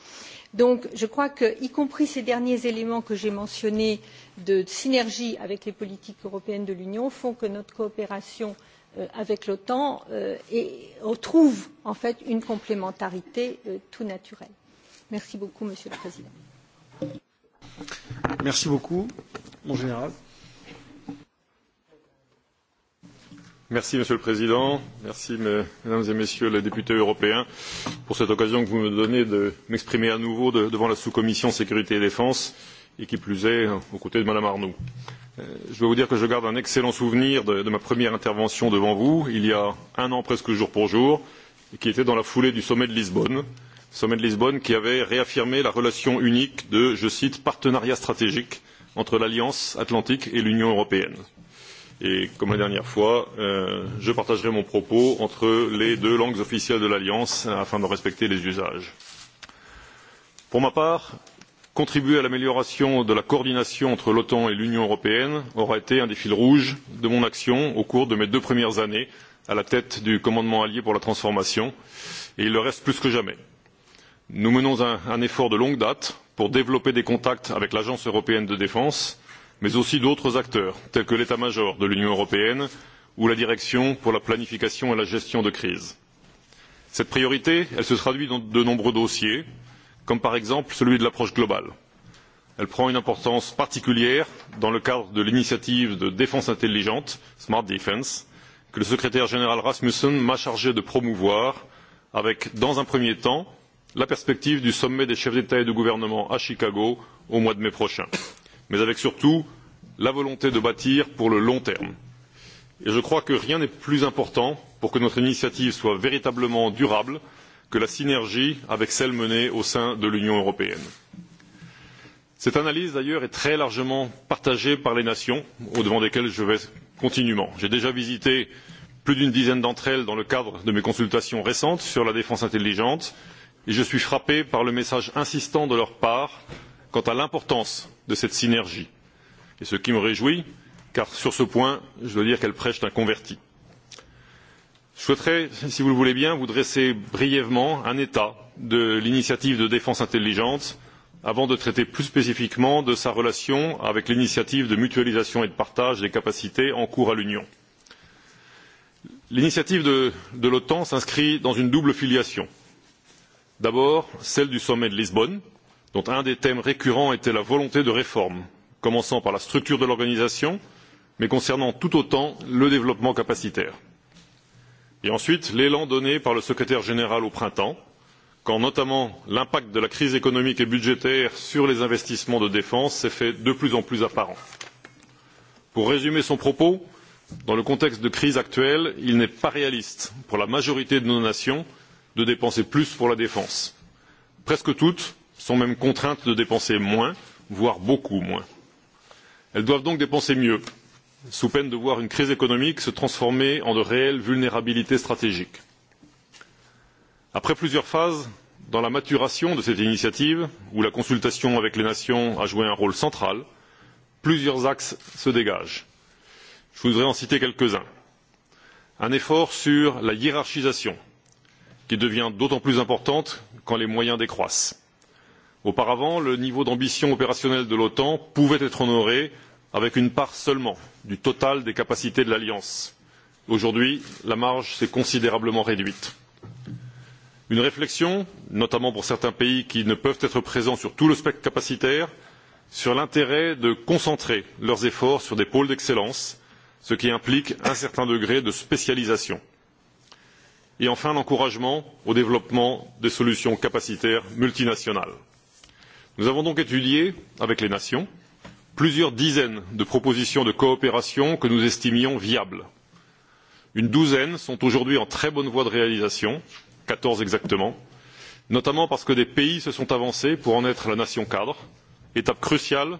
donc je crois que y compris ces derniers éléments que j'ai mentionnés de synergie avec les politiques européennes de l'union font que notre coopération avec l'otan trouve en fait une complémentarité tout naturelle. merci beaucoup monsieur le président. merci beaucoup mon général. monsieur le président merci mesdames et messieurs les députés européens pour cette occasion que vous me donnez de m'exprimer à nouveau devant la sous commission sécurité et défense et qui plus est aux côtés de mme Arnoux. je dois vous dire que je garde un excellent souvenir de ma première intervention devant vous il y a un an presque jour pour jour et qui était dans la foulée du sommet de lisbonne sommet de lisbonne qui avait réaffirmé la relation unique de je cite partenariat stratégique entre l'alliance atlantique et l'union européenne. Et comme la dernière fois, je partagerai mon propos entre les deux langues officielles de l'Alliance afin de respecter les usages. Pour ma part, contribuer à l'amélioration de la coordination entre l'OTAN et l'Union européenne aura été un des fils rouges de mon action au cours de mes deux premières années à la tête du commandement allié pour la transformation, et il le reste plus que jamais. Nous menons un effort de longue date pour développer des contacts avec l'Agence européenne de défense, mais aussi d'autres acteurs tels que l'état major de l'union européenne ou la direction pour la planification et la gestion de crise. cette priorité se traduit dans de nombreux dossiers comme par exemple celui de l'approche globale. elle prend une importance particulière dans le cadre de l'initiative de défense intelligente smart defence que le secrétaire général rasmussen m'a chargé de promouvoir avec dans un premier temps la perspective du sommet des chefs d'état et de gouvernement à chicago au mois de mai prochain mais avec surtout la volonté de bâtir pour le long terme. Et je crois que rien n'est plus important pour que notre initiative soit véritablement durable que la synergie avec celle menée au sein de l'Union européenne. Cette analyse, d'ailleurs, est très largement partagée par les nations, au devant desquelles je vais continuellement. J'ai déjà visité plus d'une dizaine d'entre elles dans le cadre de mes consultations récentes sur la défense intelligente, et je suis frappé par le message insistant de leur part quant à l'importance de cette synergie. Et ce qui me réjouit, car sur ce point, je dois dire qu'elle prêche un converti. Je souhaiterais, si vous le voulez bien, vous dresser brièvement un état de l'initiative de défense intelligente avant de traiter plus spécifiquement de sa relation avec l'initiative de mutualisation et de partage des capacités en cours à l'Union. L'initiative de l'OTAN s'inscrit dans une double filiation. D'abord, celle du sommet de Lisbonne, dont un des thèmes récurrents était la volonté de réforme commençant par la structure de l'organisation mais concernant tout autant le développement capacitaire et ensuite l'élan donné par le secrétaire général au printemps quand notamment l'impact de la crise économique et budgétaire sur les investissements de défense s'est fait de plus en plus apparent. pour résumer son propos dans le contexte de crise actuelle il n'est pas réaliste pour la majorité de nos nations de dépenser plus pour la défense. presque toutes sont même contraintes de dépenser moins, voire beaucoup moins. Elles doivent donc dépenser mieux, sous peine de voir une crise économique se transformer en de réelles vulnérabilités stratégiques. Après plusieurs phases, dans la maturation de cette initiative, où la consultation avec les nations a joué un rôle central, plusieurs axes se dégagent. Je voudrais en citer quelques-uns. Un effort sur la hiérarchisation, qui devient d'autant plus importante quand les moyens décroissent. Auparavant, le niveau d'ambition opérationnelle de l'OTAN pouvait être honoré avec une part seulement du total des capacités de l'Alliance. Aujourd'hui, la marge s'est considérablement réduite. Une réflexion, notamment pour certains pays qui ne peuvent être présents sur tout le spectre capacitaire, sur l'intérêt de concentrer leurs efforts sur des pôles d'excellence, ce qui implique un certain degré de spécialisation. Et enfin, l'encouragement au développement des solutions capacitaires multinationales. Nous avons donc étudié, avec les nations, plusieurs dizaines de propositions de coopération que nous estimions viables. Une douzaine sont aujourd'hui en très bonne voie de réalisation, quatorze exactement, notamment parce que des pays se sont avancés pour en être la nation cadre, étape cruciale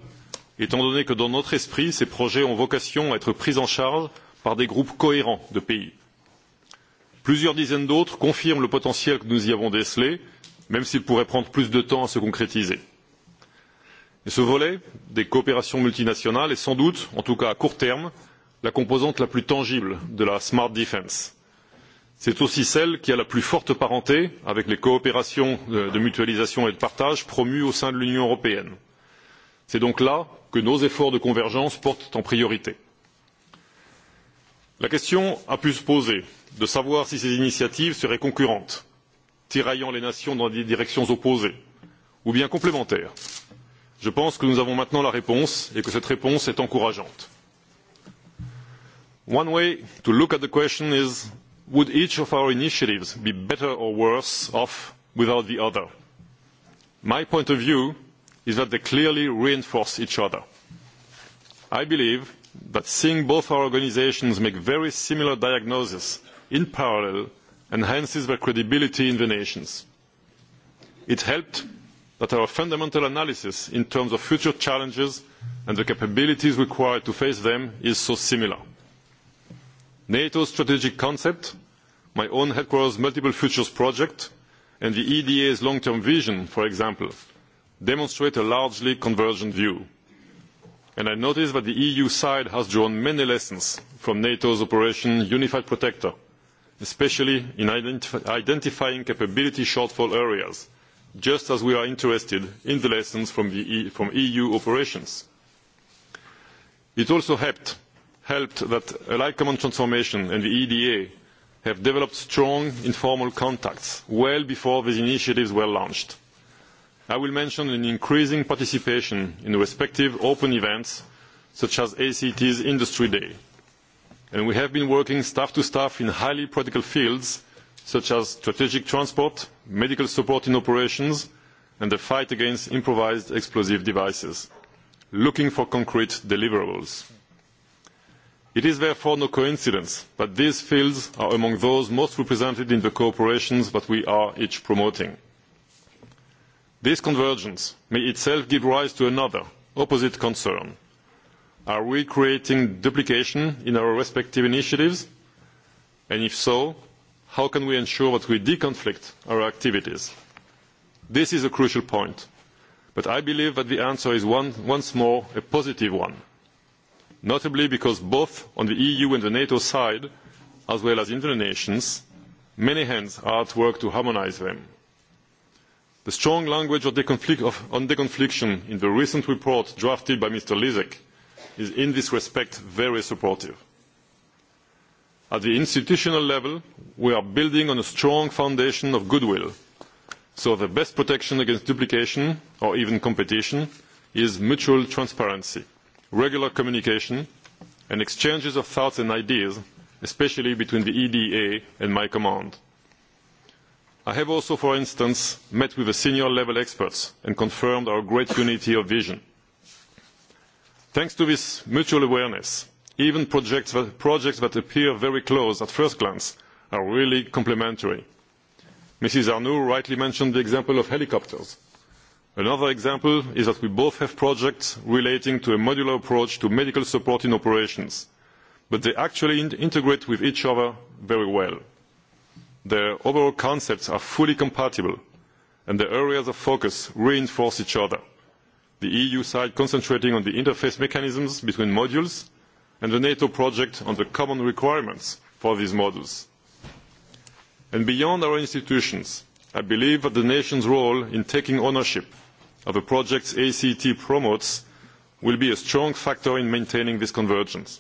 étant donné que dans notre esprit, ces projets ont vocation à être pris en charge par des groupes cohérents de pays. Plusieurs dizaines d'autres confirment le potentiel que nous y avons décelé, même s'il pourrait prendre plus de temps à se concrétiser ce volet des coopérations multinationales est sans doute en tout cas à court terme la composante la plus tangible de la smart defence. c'est aussi celle qui a la plus forte parenté avec les coopérations de mutualisation et de partage promues au sein de l'union européenne. c'est donc là que nos efforts de convergence portent en priorité. la question a pu se poser de savoir si ces initiatives seraient concurrentes tiraillant les nations dans des directions opposées ou bien complémentaires je pense que nous avons maintenant la réponse et que cette réponse est encourageante. one way to look at the question is would each of our initiatives be better or worse off without the other? my point of view is that they clearly reinforce each other. i believe that seeing both our organisations make very similar diagnoses in parallel enhances their credibility in the nations. it helped that our fundamental analysis in terms of future challenges and the capabilities required to face them is so similar. NATO's strategic concept, my own headquarters' multiple futures project, and the EDA's long-term vision, for example, demonstrate a largely convergent view. And I notice that the EU side has drawn many lessons from NATO's Operation Unified Protector, especially in identifying capability shortfall areas – just as we are interested in the lessons from, EU operations. It also helped, that Allied Common Transformation and the EDA have developed strong informal contacts well before these initiatives were launched. I will mention an increasing participation in the respective open events such as ACT's Industry Day. And we have been working staff to staff in highly practical fields such as strategic transport, medical support in operations, and the fight against improvised explosive devices, looking for concrete deliverables. It is therefore no coincidence that these fields are among those most represented in the cooperations that we are each promoting. This convergence may itself give rise to another, opposite concern. Are we creating duplication in our respective initiatives? And if so, how can we ensure that we deconflict our activities? This is a crucial point, but I believe that the answer is once more a positive one, notably because both on the EU and the NATO side, as well as in the nations, many hands are at work to harmonise them. The strong language on deconfliction in the recent report drafted by Mr. Lisek is in this respect very supportive. At the institutional level, we are building on a strong foundation of goodwill. So the best protection against duplication or even competition is mutual transparency, regular communication, and exchanges of thoughts and ideas, especially between the EDA and my command. I have also, for instance, met with the senior level experts and confirmed our great unity of vision. Thanks to this mutual awareness, even projects that appear very close at first glance are really complementary. Mrs Arnoux rightly mentioned the example of helicopters. Another example is that we both have projects relating to a modular approach to medical support in operations, but they actually integrate with each other very well. Their overall concepts are fully compatible, and their areas of focus reinforce each other. The EU side concentrating on the interface mechanisms between modules, and the NATO project on the common requirements for these models. And beyond our institutions, I believe that the nation's role in taking ownership of the projects ACT promotes will be a strong factor in maintaining this convergence.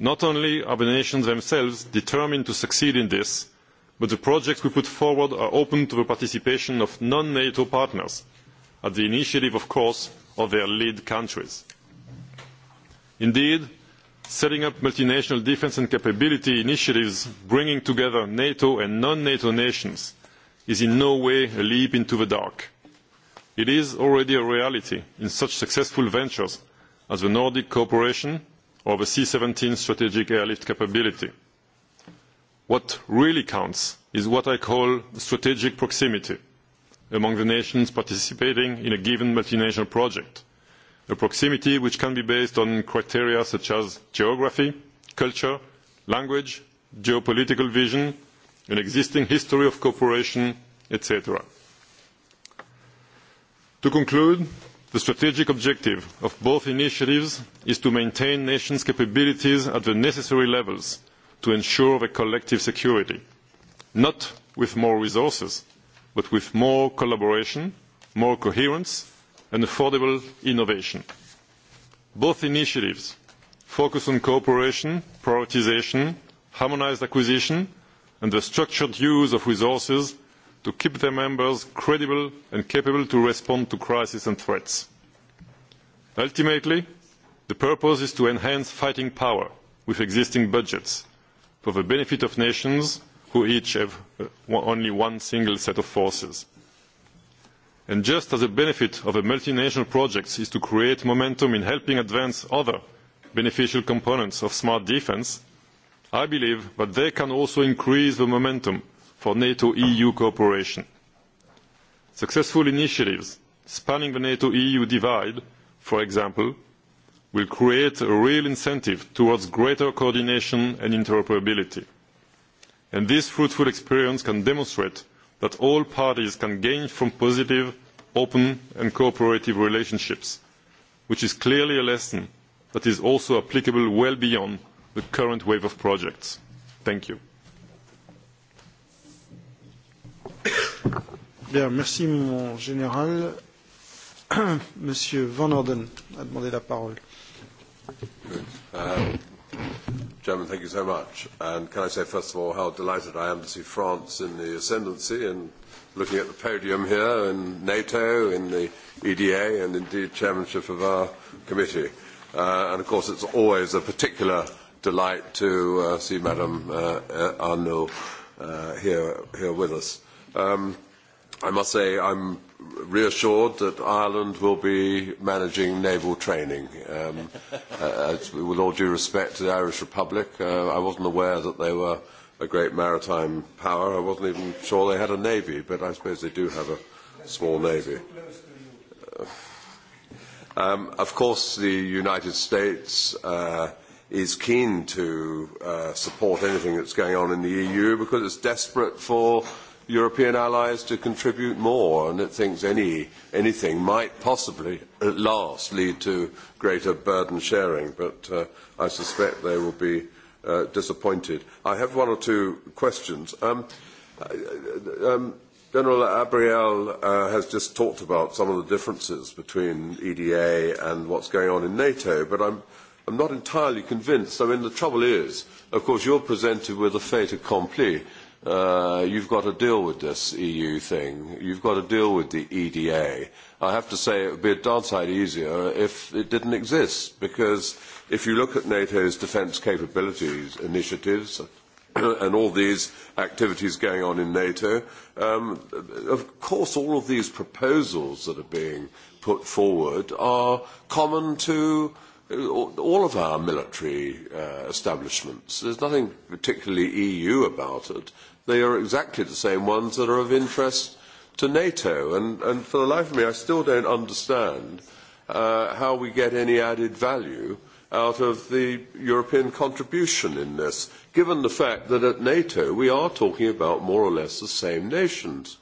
Not only are the nations themselves determined to succeed in this, but the projects we put forward are open to the participation of non-NATO partners, at the initiative, of course, of their lead countries. Indeed, setting up multinational defence and capability initiatives bringing together NATO and non-NATO nations is in no way a leap into the dark. It is already a reality in such successful ventures as the Nordic cooperation or the C-17 strategic airlift capability. What really counts is what I call strategic proximity among the nations participating in a given multinational project a proximity which can be based on criteria such as geography, culture, language, geopolitical vision, an existing history of cooperation, etc. To conclude, the strategic objective of both initiatives is to maintain nations' capabilities at the necessary levels to ensure their collective security, not with more resources, but with more collaboration, more coherence, and affordable innovation. Both initiatives focus on cooperation, prioritisation, harmonised acquisition, and the structured use of resources to keep their members credible and capable to respond to crises and threats. Ultimately, the purpose is to enhance fighting power with existing budgets for the benefit of nations who each have only one single set of forces and just as the benefit of a multinational project is to create momentum in helping advance other beneficial components of smart defence, I believe that they can also increase the momentum for NATO-EU cooperation. Successful initiatives spanning the NATO-EU divide, for example, will create a real incentive towards greater coordination and interoperability. And this fruitful experience can demonstrate that all parties can gain from positive open and cooperative relationships, which is clearly a lesson that is also applicable well beyond the current wave of projects. Thank you. merci mon général. Monsieur Van Orden a demandé la parole. Chairman, thank you so much. And can I say, first of all, how delighted I am to see France in the ascendancy and looking at the podium here in NATO, in the EDA, and indeed chairmanship of our committee. Uh, and of course, it's always a particular delight to uh, see Madame uh, Arnaud uh, here, here with us. Um, I must say I'm reassured that Ireland will be managing naval training. Um, uh, with all due respect to the Irish Republic, uh, I wasn't aware that they were a great maritime power. I wasn't even sure they had a navy, but I suppose they do have a small navy. Um, of course, the United States uh, is keen to uh, support anything that's going on in the EU because it's desperate for European allies to contribute more, and it thinks any, anything might possibly at last lead to greater burden sharing, but uh, I suspect they will be uh, disappointed. I have one or two questions. Um, um, General Abriel uh, has just talked about some of the differences between EDA and what's going on in NATO, but I'm, I'm not entirely convinced. I mean, the trouble is, of course, you're presented with a fait accompli uh, you've got to deal with this EU thing. You've got to deal with the EDA. I have to say it would be a darn sight easier if it didn't exist, because if you look at NATO's defence capabilities initiatives and all these activities going on in NATO, um, of course all of these proposals that are being put forward are common to all of our military establishments. There is nothing particularly EU about it they are exactly the same ones that are of interest to NATO. And, and for the life of me, I still don't understand uh, how we get any added value out of the European contribution in this, given the fact that at NATO we are talking about more or less the same nations.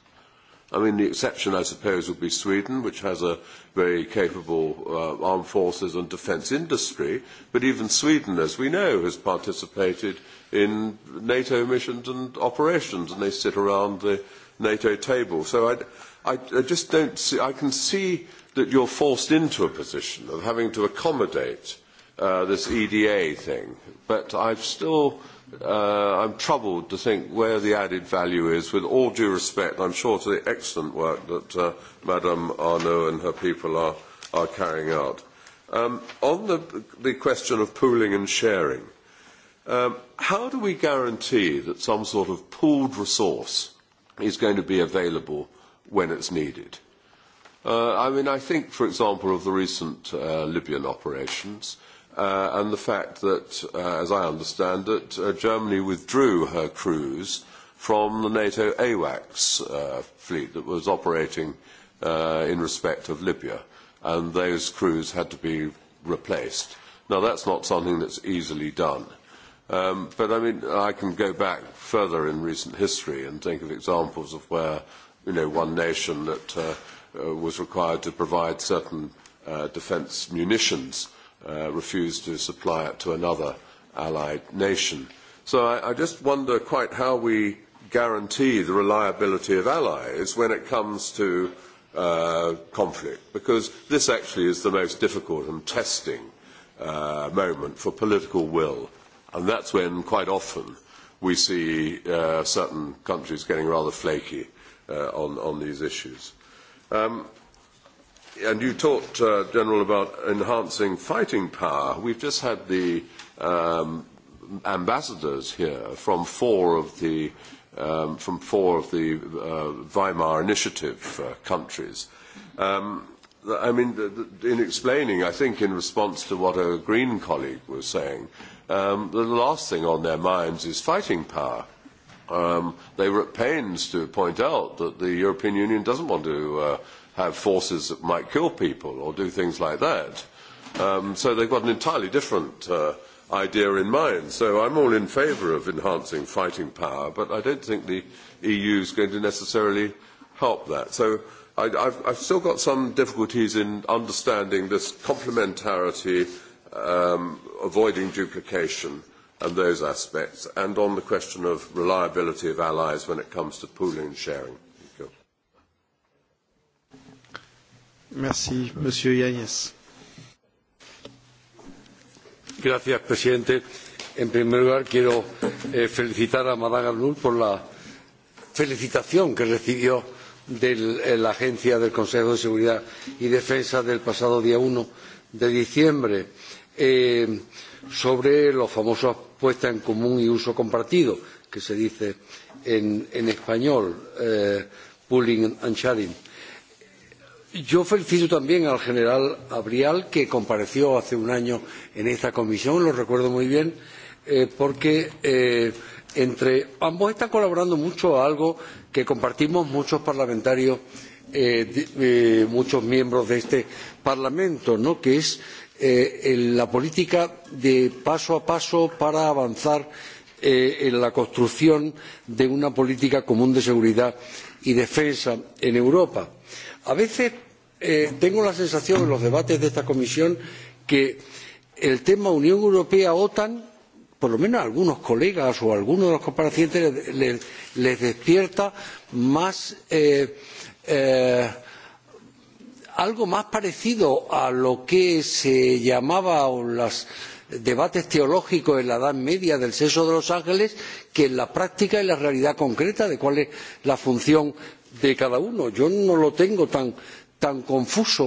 I mean, the exception, I suppose, would be Sweden, which has a very capable armed forces and defence industry, but even Sweden, as we know, has participated in NATO missions and operations, and they sit around the NATO table. So I, I, I just don't see. I can see that you're forced into a position of having to accommodate uh, this EDA thing, but I've still. Uh, I'm troubled to think where the added value is, with all due respect, I'm sure, to the excellent work that uh, Madame Arnaud and her people are, are carrying out. Um, on the, the question of pooling and sharing, how do we guarantee that some sort of pooled resource is going to be available when it's needed? I mean, I think, for example, of the recent Libyan operations and the fact that, as I understand it, Germany withdrew her crews from the NATO AWACS fleet that was operating in respect of Libya, and those crews had to be replaced. Now, that's not something that's easily done Um, but I mean, I can go back further in recent history and think of examples of where, you know, one nation that uh, uh, was required to provide certain uh, defence munitions uh, refused to supply it to another allied nation. So I, I just wonder quite how we guarantee the reliability of allies when it comes to uh, conflict, because this actually is the most difficult and testing uh, moment for political will And that's when, quite often, we see uh, certain countries getting rather flaky uh, on, on these issues. Um, and you talked, uh, General, about enhancing fighting power. We've just had the um, ambassadors here from four of the um, from four of the uh, Weimar Initiative uh, countries. Um, I mean, in explaining, I think in response to what a Green colleague was saying, um, the last thing on their minds is fighting power. Um, they were at pains to point out that the European Union doesn't want to uh, have forces that might kill people or do things like that. Um, so they've got an entirely different uh, idea in mind. So I'm all in favour of enhancing fighting power, but I don't think the EU is going to necessarily help that. So I, I've, I've still got some difficulties in understanding this complementarity avoiding duplication and those aspects, and on the question of reliability of allies when it comes to pooling and sharing. presidente en primer lugar quiero felicitar a mme arnault por la felicitación que recibió de la agencia del consejo de seguridad y defensa del pasado día uno de diciembre sobre los famosos puestas en común y uso compartido, que se dice en, en español, eh, pooling and sharing. Yo felicito también al general Abrial, que compareció hace un año en esta comisión, lo recuerdo muy bien, eh, porque eh, entre ambos están colaborando mucho a algo que compartimos muchos parlamentarios, eh, de, eh, muchos miembros de este Parlamento, ¿no? que es en la política de paso a paso para avanzar en la construcción de una política común de seguridad y defensa en Europa. A veces tengo la sensación en los debates de esta comisión que el tema Unión Europea-OTAN, por lo menos a algunos colegas o a algunos de los comparecientes, les, despierta más. Eh, eh, algo más parecido a lo que se llamaba los debates teológicos en la Edad Media del sexo de los ángeles que en la práctica y la realidad concreta de cuál es la función de cada uno. Yo no lo tengo tan, tan confuso,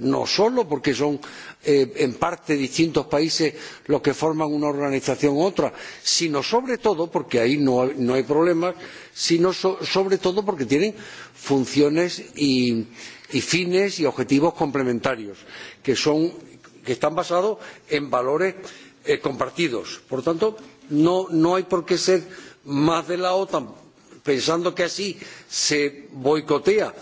no solo porque son en parte distintos países los que forman una organización u otra, sino sobre todo porque ahí no, hay problemas, sino sobre todo porque tienen funciones y y fines y objetivos complementarios que están basados en valores compartidos. por lo tanto no hay por qué ser más de la otan pensando que así se boicotea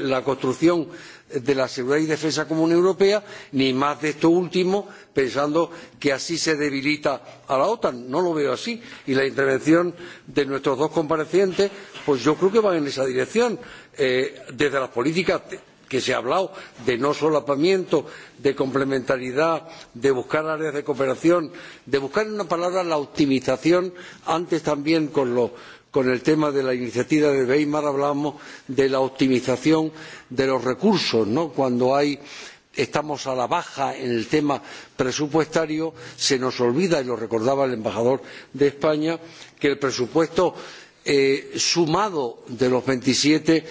la construcción de la seguridad y defensa común europea ni más de esto último pensando que así se debilita a la otan. no lo veo así y la intervención de nuestros dos comparecientes pues yo creo que va en esa dirección desde las políticas que se ha hablado de no solapamiento, de complementariedad, de buscar áreas de cooperación, de buscar, en una palabra, la optimización. Antes también con el tema de la iniciativa de Weimar hablábamos de la optimización de los recursos, cuando hay estamos a la baja en el tema presupuestario, se nos olvida, y lo recordaba el embajador de España, que el presupuesto sumado de los veintisiete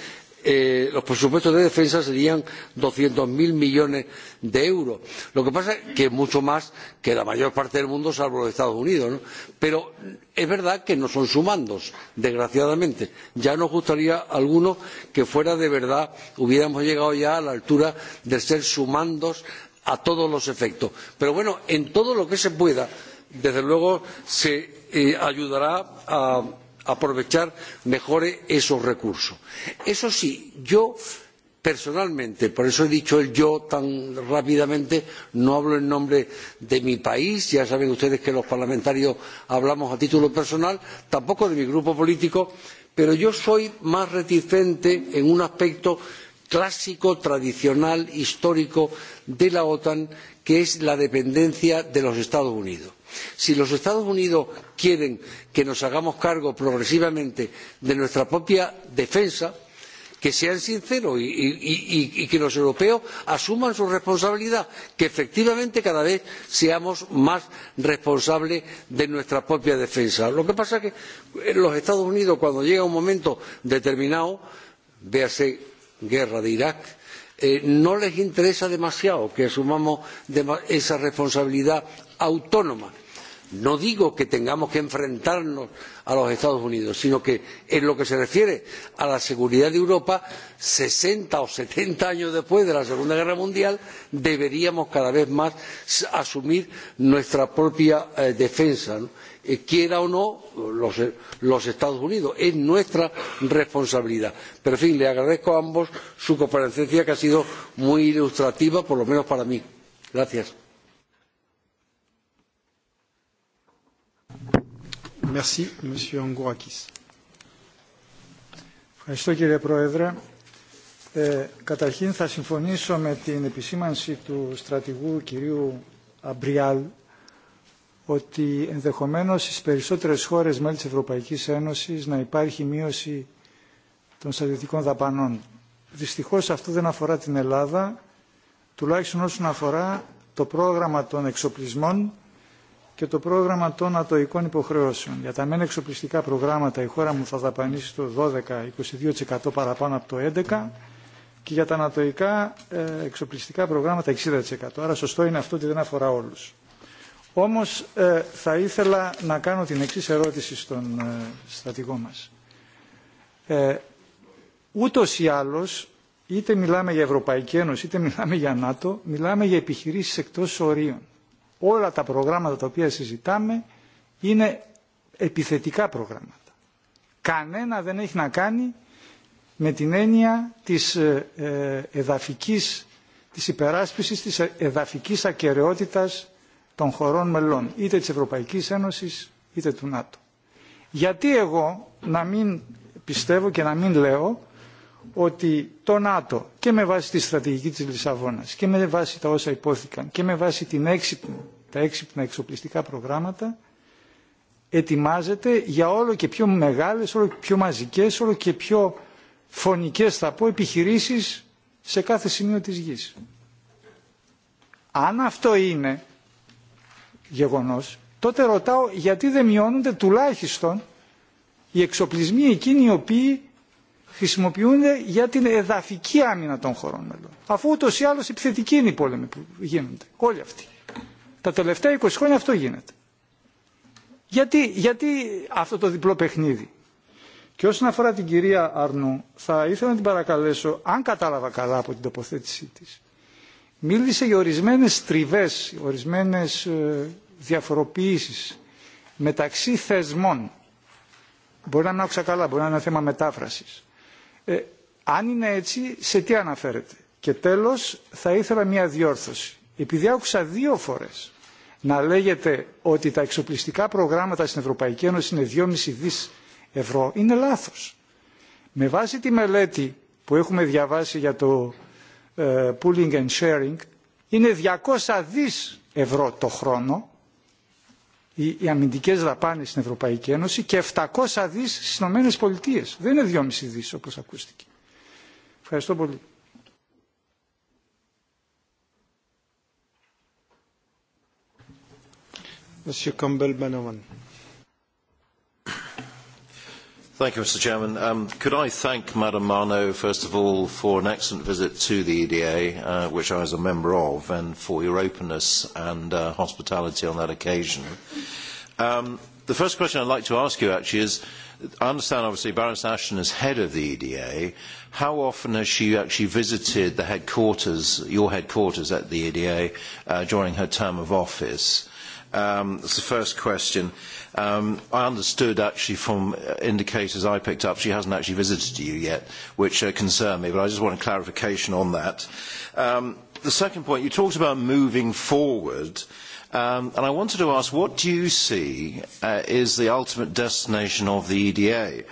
los presupuestos de defensa serían doscientos cero millones de euros. Lo que pasa es que es mucho más que la mayor parte del mundo, salvo los Estados Unidos. Pero es verdad que no son sumandos, desgraciadamente. Ya nos gustaría a algunos que fuera de verdad, hubiéramos llegado ya a la altura de ser sumandos a todos los efectos. Pero bueno, en todo lo que se pueda, desde luego se ayudará a aprovechar mejor esos recursos. Eso sí, yo personalmente por eso he dicho el yo tan rápidamente no hablo en nombre de mi país ya saben ustedes que los parlamentarios hablamos a título personal tampoco de mi grupo político pero yo soy más reticente en un aspecto clásico tradicional histórico de la otan que es la dependencia de los estados unidos si los estados unidos quieren que nos hagamos cargo progresivamente de nuestra propia defensa que sean sinceros y que los europeos asuman su responsabilidad que efectivamente cada vez seamos más responsables de nuestra propia defensa. lo que pasa es que los estados unidos cuando llega un momento determinado véase guerra de irak no les interesa demasiado que asumamos esa responsabilidad autónoma No digo que tengamos que enfrentarnos a los Estados Unidos, sino que en lo que se refiere a la seguridad de Europa, sesenta o setenta años después de la Segunda Guerra Mundial, deberíamos cada vez más asumir nuestra propia defensa. quiera o no los, Estados Unidos, es nuestra responsabilidad. Pero, en fin, le agradezco a ambos su comparecencia que ha sido muy ilustrativa, por lo menos para mí. Gracias. Merci, Monsieur Angourakis. Ευχαριστώ κύριε Πρόεδρε. Ε, καταρχήν θα συμφωνήσω με την επισήμανση του στρατηγού κυρίου Αμπριάλ ότι ενδεχομένως στις περισσότερες χώρες μέλη της Ευρωπαϊκής Ένωσης να υπάρχει μείωση των στρατιωτικών δαπανών. Δυστυχώς αυτό δεν αφορά την Ελλάδα, τουλάχιστον όσον αφορά το πρόγραμμα των εξοπλισμών και το πρόγραμμα των ατοικών υποχρεώσεων. Για τα μεν εξοπλιστικά προγράμματα η χώρα μου θα δαπανίσει το 12-22% παραπάνω από το 11% και για τα ανατοϊκά εξοπλιστικά προγράμματα 60%. Άρα σωστό είναι αυτό ότι δεν αφορά όλους. Όμως ε, θα ήθελα να κάνω την εξής ερώτηση στον ε, στρατηγό μας. Ε, ούτως ή άλλως, είτε μιλάμε για Ευρωπαϊκή Ένωση, είτε μιλάμε για ΝΑΤΟ, μιλάμε για επιχειρήσεις εκτός ορίων όλα τα προγράμματα τα οποία συζητάμε είναι επιθετικά προγράμματα. Κανένα δεν έχει να κάνει με την έννοια της, εδαφικής, της υπεράσπισης της εδαφικής ακαιρεότητας των χωρών μελών, είτε της Ευρωπαϊκής Ένωσης είτε του ΝΑΤΟ. Γιατί εγώ να μην πιστεύω και να μην λέω ότι το ΝΑΤΟ και με βάση τη στρατηγική της Λισαβόνας και με βάση τα όσα υπόθηκαν και με βάση την έξυπνη, τα έξυπνα εξοπλιστικά προγράμματα ετοιμάζεται για όλο και πιο μεγάλες, όλο και πιο μαζικές, όλο και πιο φωνικές θα πω επιχειρήσεις σε κάθε σημείο της γης. Αν αυτό είναι γεγονός, τότε ρωτάω γιατί δεν μειώνονται τουλάχιστον οι εξοπλισμοί εκείνοι οι οποίοι χρησιμοποιούνται για την εδαφική άμυνα των χωρών μελών. Αφού ούτω ή άλλω επιθετικοί είναι οι πόλεμοι που γίνονται. Όλοι αυτοί. Τα τελευταία 20 χρόνια αυτό γίνεται. Γιατί, γιατί αυτό το διπλό παιχνίδι. Και όσον αφορά την κυρία Αρνού, θα ήθελα να την παρακαλέσω, αν κατάλαβα καλά από την τοποθέτησή της, μίλησε για ορισμένες στριβές, ορισμένες διαφοροποιήσεις μεταξύ θεσμών. Μπορεί να μην άκουσα καλά, μπορεί να είναι ένα θέμα μετάφρασης αν είναι έτσι, σε τι αναφέρεται. Και τέλος, θα ήθελα μια διόρθωση. Επειδή άκουσα δύο φορές να λέγεται ότι τα εξοπλιστικά προγράμματα στην Ευρωπαϊκή Ένωση είναι 2,5 δις ευρώ, είναι λάθος. Με βάση τη μελέτη που έχουμε διαβάσει για το pooling and sharing, είναι 200 δις ευρώ το χρόνο οι, οι αμυντικές δαπάνες στην Ευρωπαϊκή Ένωση και 700 δις στις Ηνωμένες Πολιτείες. Δεν είναι 2,5 δις όπως ακούστηκε. Ευχαριστώ πολύ. Monsieur Campbell Bannerman. Mr President. could I thank Madam Marno, first of all, for an excellent visit to the EDA, which I was a member of, and for your openness and hospitality on that occasion. the first question I would like to ask you, actually, is I understand, obviously, Baroness Ashton is head of the EDA. How often has she actually visited the headquarters, your headquarters at the EDA, during her term of office? Um, that's the first question. Um, I understood actually from indicators I picked up she hasn't actually visited you yet, which uh, concerned me, but I just want a clarification on that. Um, the second point, you talked about moving forward. Um, and I wanted to ask, what do you see uh, is the ultimate destination of the EDA?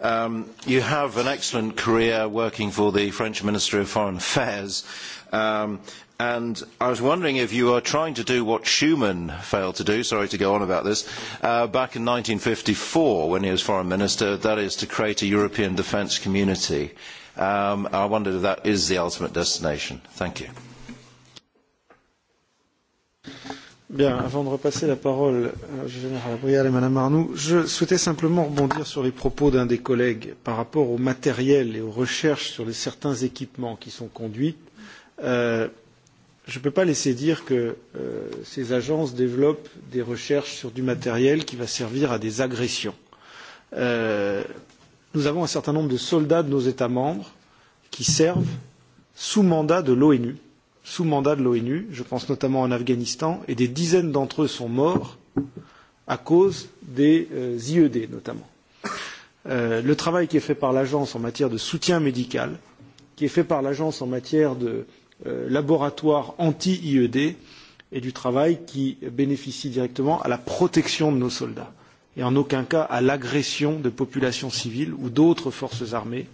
Um, you have an excellent career working for the French Ministry of Foreign Affairs, um, and I was wondering if you are trying to do what Schuman failed to do, sorry to go on about this, uh, back in fifty four when he was foreign minister, that is to create a European defence community. I wondered if that is the ultimate destination. Thank you. Bien, avant de repasser la parole au général Abrial et Madame Arnoux, je souhaitais simplement rebondir sur les propos d'un des collègues par rapport au matériel et aux recherches sur certains équipements qui sont conduits. Euh, je ne peux pas laisser dire que ces agences développent des recherches sur du matériel qui va servir à des agressions. nous avons un certain nombre de soldats de nos États membres qui servent sous mandat de l'ONU. Sous mandat de l'ONU, je pense notamment en Afghanistan, et des dizaines d'entre eux sont morts à cause des IED notamment. le travail qui est fait par l'agence en matière de soutien médical, qui est fait par l'agence en matière de laboratoire anti-IED et du travail qui bénéficie directement à la protection de nos soldats et en aucun cas à l'agression de populations civiles ou d'autres forces armées,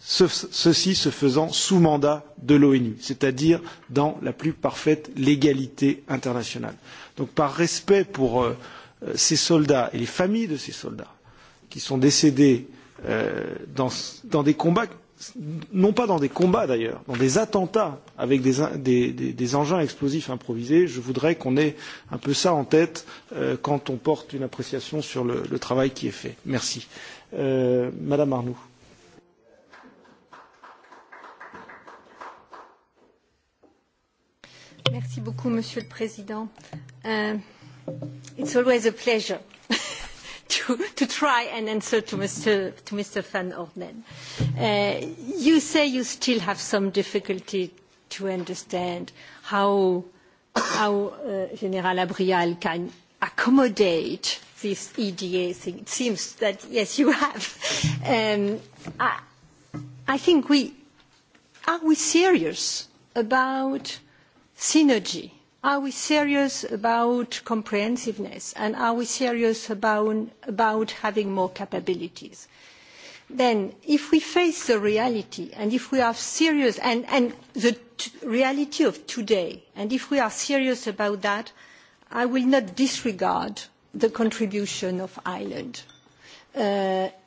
ceci se faisant sous mandat de l'ONU, c'est-à-dire dans la plus parfaite légalité internationale. Donc par respect pour ces soldats et les familles de ces soldats qui sont décédés dans des combats non pas dans des combats d'ailleurs, dans des attentats avec des, engins explosifs improvisés. Je voudrais qu'on ait un peu ça en tête quand on porte une appréciation sur le, travail qui est fait. Merci. Madame Arnoux. Merci beaucoup, Monsieur le Président. it's always a pleasure to, try and answer to Mr. to Mr. Van Orden. you say you still have some difficulty to understand how how General Abrial can accommodate this EDA thing. It seems that yes, you have. I, I think we are we serious about synergy Are we serious about comprehensiveness? And are we serious about, having more capabilities? Then, if we face the reality, and if we are serious, and, and the reality of today, and if we are serious about that, I will not disregard the contribution of Ireland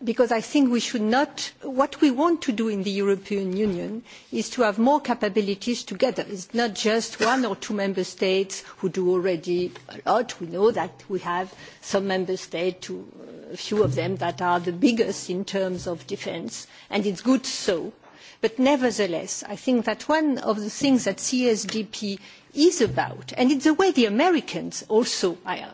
because I think we should not, what we want to do in the European Union is to have more capabilities together. It is not just one or two member states who do already a lot. We know that we have some member states, a few of them, that are the biggest in terms of defence, and it is good so. But nevertheless, I think that one of the things that CSDP is about, and it is the way the Americans also, I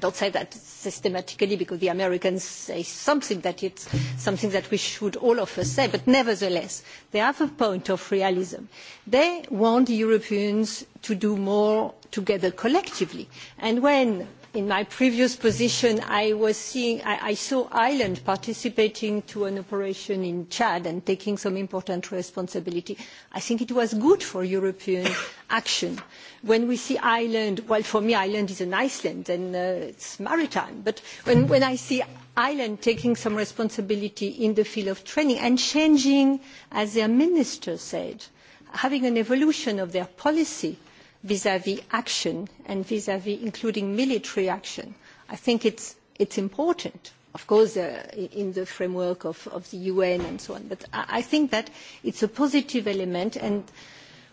don't say that systematically because the Americans say something that it's something that we should all of us say, but nevertheless, they have a point of realism. They want Europeans to do more together collectively. And when in my previous position, I, was seeing, I, I saw Ireland participating to an operation in Chad and taking some important responsibility. I think it was good for European action. When we see Ireland, well, for me, Ireland is an Iceland and uh, it's maritime, but when, when I see Ireland taking some responsibility in the field of training and changing, as their minister said, having an evolution of their policy, uh, vis-à-vis action and vis-à-vis including military action. I think it's, it's important, of course, uh, in the framework of, of the UN and so on, but I, I think that it's a positive element and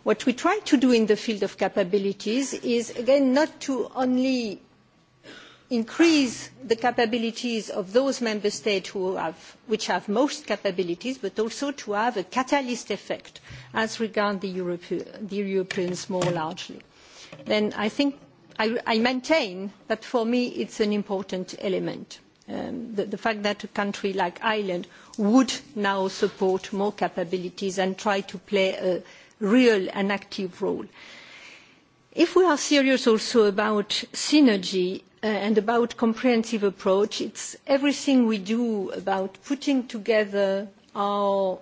what we try to do in the field of capabilities is, again, not to only increase the capabilities of those member states which have most capabilities, but also to have a catalyst effect as regards the, Europeans more largely. Then I think I, maintain that for me it is an important element. the, fact that a country like Ireland would now support more capabilities and try to play a real and active role. If we are serious also about synergy, and about comprehensive approach. It's everything we do about putting together our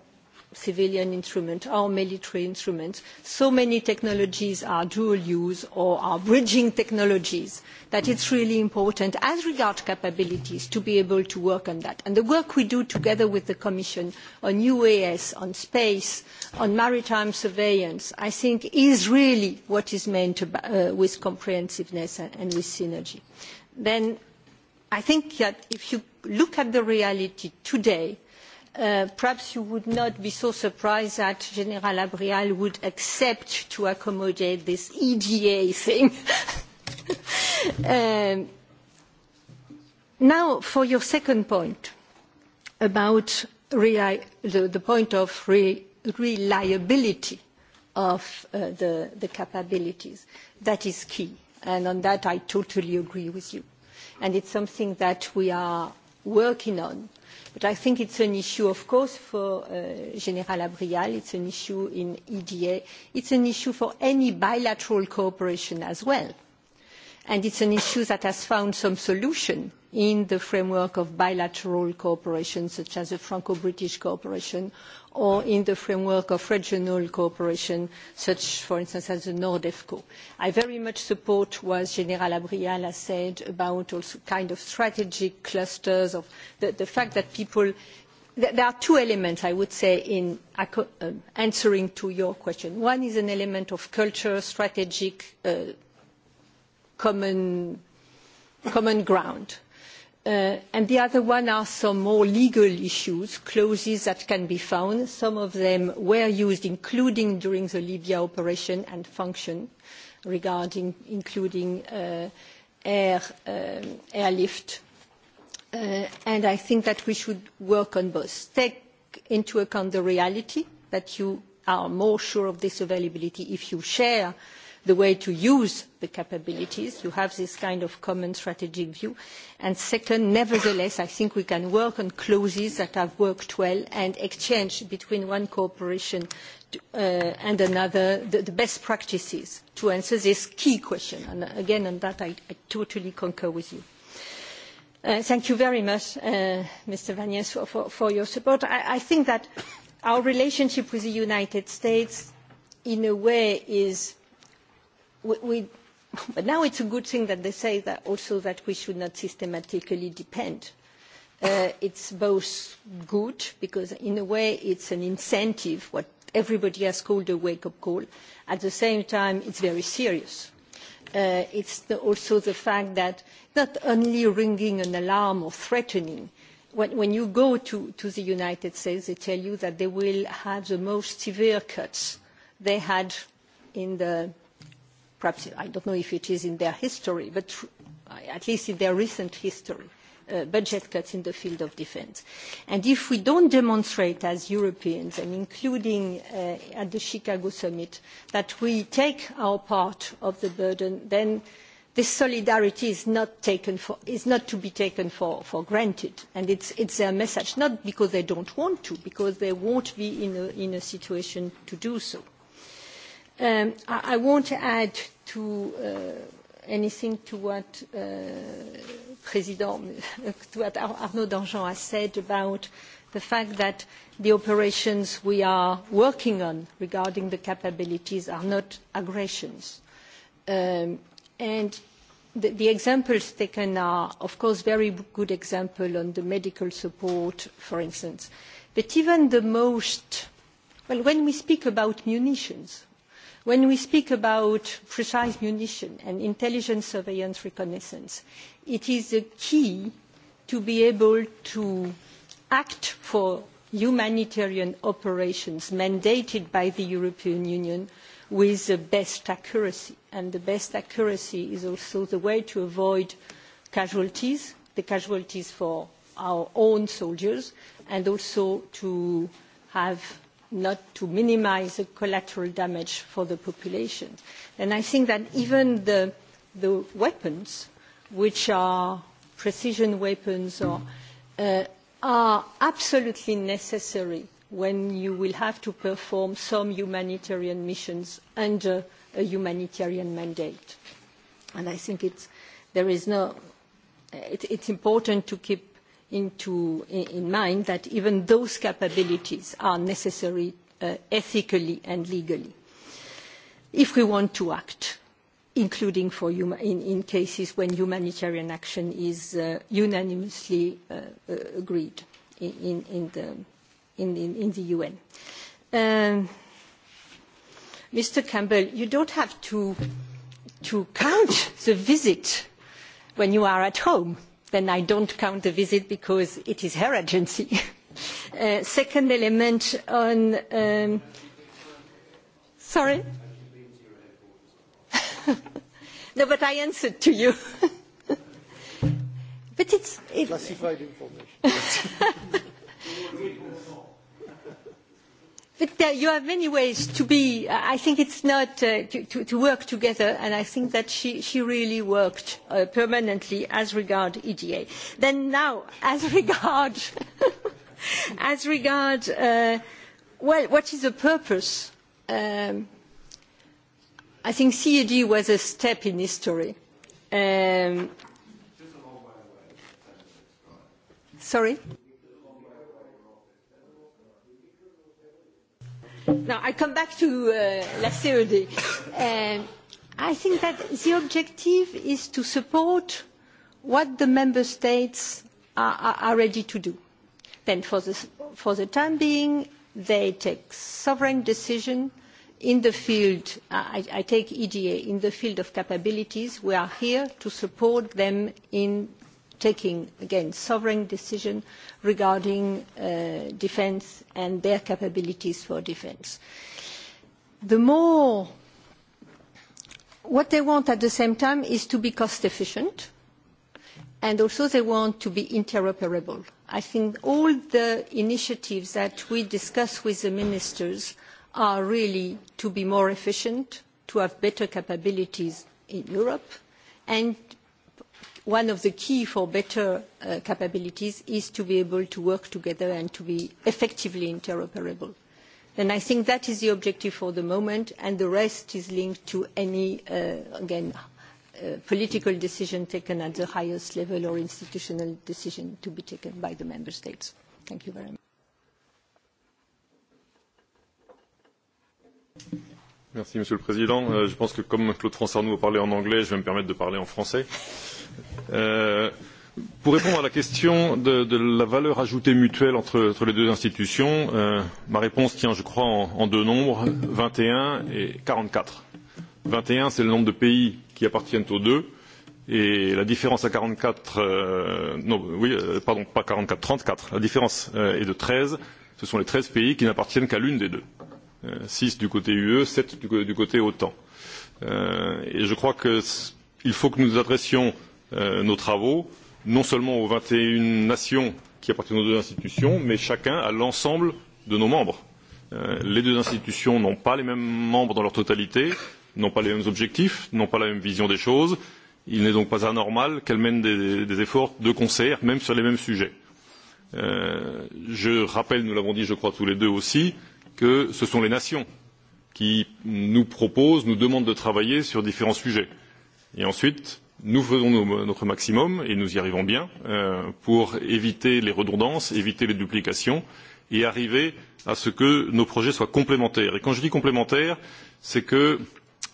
civilian instruments or military instruments. So many technologies are dual use or are bridging technologies that it is really important as regards capabilities to be able to work on that. And the work we do together with the Commission on UAS, on space, on maritime surveillance, I think is really what is meant with comprehensiveness and with synergy. Then I think that if you look at the reality today, perhaps you would not be so surprised that General Abrial would accept to accommodate this EDA thing. now, for your second point about the, point of reliability of the, capabilities, that is key. And on that, I totally agree with you. And it's something that we are working on But I think it's an issue, of course, for uh, General Abrial, it's an issue in EDA, it's an issue for any bilateral cooperation as well. And it's an issue that has found some solution in the framework of bilateral cooperation such as the Franco-British cooperation or in the framework of regional cooperation such, for instance, as the NORDEFCO. I very much support what General Abrial said about also kind of strategic clusters of the fact that people there are two elements i would say in answering to your question one is an element of culture strategic common ground and the other one are some more legal issues, clauses that can be found. Some of them were used, including during the Libya operation and function, regarding including air, airlift. and I think that we should work on both. Take into account the reality that you are more sure of this availability if you share uh, the way to use the capabilities. You have this kind of common strategic view. And second, nevertheless, I think we can work on clauses that have worked well and exchange between one cooperation and another the, best practices to answer this key question. And again, on that, I, I totally concur with you. thank you very much, Mr. Vanias, for, your support. I, I think that our relationship with the United States, in a way, is we, but now it's a good thing that they say that also that we should not systematically depend. Uh, it's both good because in a way it's an incentive, what everybody has called a wake-up call. At the same time, it's very serious. Uh, it's the, also the fact that not only ringing an alarm or threatening, when, when you go to, to the United States, they tell you that they will have the most severe cuts they had in the perhaps I don't know if it is in their history, but at least in their recent history, budget cuts in the field of defence. And if we don't demonstrate as Europeans, and including at the Chicago summit, that we take our part of the burden, then this solidarity is not, to be taken for, granted. And it's, it's their message, not because they don't want to, because they won't be in a situation to do so I, I want to add to uh, anything to what uh, President, to what Arnaud Dangean has said about the fact that the operations we are working on regarding the capabilities are not aggressions. and the, examples taken are, of course, very good examples on the medical support, for instance. But even the most, well, when we speak about munitions, when we speak about precise munition and intelligence surveillance reconnaissance it is the key to be able to act for humanitarian operations mandated by the european union with the best accuracy and the best accuracy is also the way to avoid casualties the casualties for our own soldiers and also to have not to minimise the collateral damage for the population. And I think that even the, the weapons, which are precision weapons, or, uh, are absolutely necessary when you will have to perform some humanitarian missions under a humanitarian mandate. And I think it's, there is no, it, it's important to keep into in mind that even those capabilities are necessary ethically and legally if we want to act including for in, in cases when humanitarian action is uh, unanimously uh, agreed in, in, the, in, in, in the UN. Um, Mr. Campbell, you don't have to, to count the visit when you are at home then I don't count the visit because it is her agency. second element on... sorry? no, but I answered to you. but it's... Classified information But there, you have many ways to be. I think it's not uh, to, to, to work together, and I think that she, she really worked uh, permanently as regard EDA. Then now, as regard, as regard, uh, well, what is the purpose? Um, I think CAD was a step in history. Um, sorry. Now, I come back to uh, la CED. Uh, I think that the objective is to support what the member states are, are ready to do. Then for the, for the time being, they take sovereign decision in the field, I, I take EDA, in the field of capabilities, we are here to support them in taking, again, sovereign decisions regarding defence and their capabilities for defence. The more what they want at the same time is to be cost efficient and also they want to be interoperable. I think all the initiatives that we discuss with the ministers are really to be more efficient, to have better capabilities in Europe and one of the key for better capabilities is to be able to work together and to be effectively interoperable. And I think that is the objective for the moment, and the rest is linked to any, again, political decision taken at the highest level or institutional decision to be taken by the member states. Thank you very much. Merci Monsieur le Président. je pense que comme Claude François nous a parlé en anglais, je vais me permettre de parler en français pour répondre à la question de, la valeur ajoutée mutuelle entre, les deux institutions, ma réponse tient, je crois, en, deux nombres, vingt et un et quarante quatre. Vingt et un, c'est le nombre de pays qui appartiennent aux deux, et la différence à quarante quatre, non, oui, pardon, pas quarante quatre, trente quatre. la différence est de treize, ce sont les treize pays qui n'appartiennent qu'à l'une des deux. Six du côté UE, sept du, côté OTAN. et je crois qu'il faut que nous nous adressions nos travaux, non seulement aux vingt et une nations qui appartiennent aux deux institutions, mais chacun à l'ensemble de nos membres. les deux institutions n'ont pas les mêmes membres dans leur totalité, n'ont pas les mêmes objectifs, n'ont pas la même vision des choses. Il n'est donc pas anormal qu'elles mènent des, efforts de concert, même sur les mêmes sujets. je rappelle, nous l'avons dit, je crois, tous les deux aussi, que ce sont les nations qui nous proposent, nous demandent de travailler sur différents sujets. Et ensuite, Nous faisons notre maximum, et nous y arrivons bien, pour éviter les redondances, éviter les duplications et arriver à ce que nos projets soient complémentaires. Et quand je dis complémentaires, c'est qu'il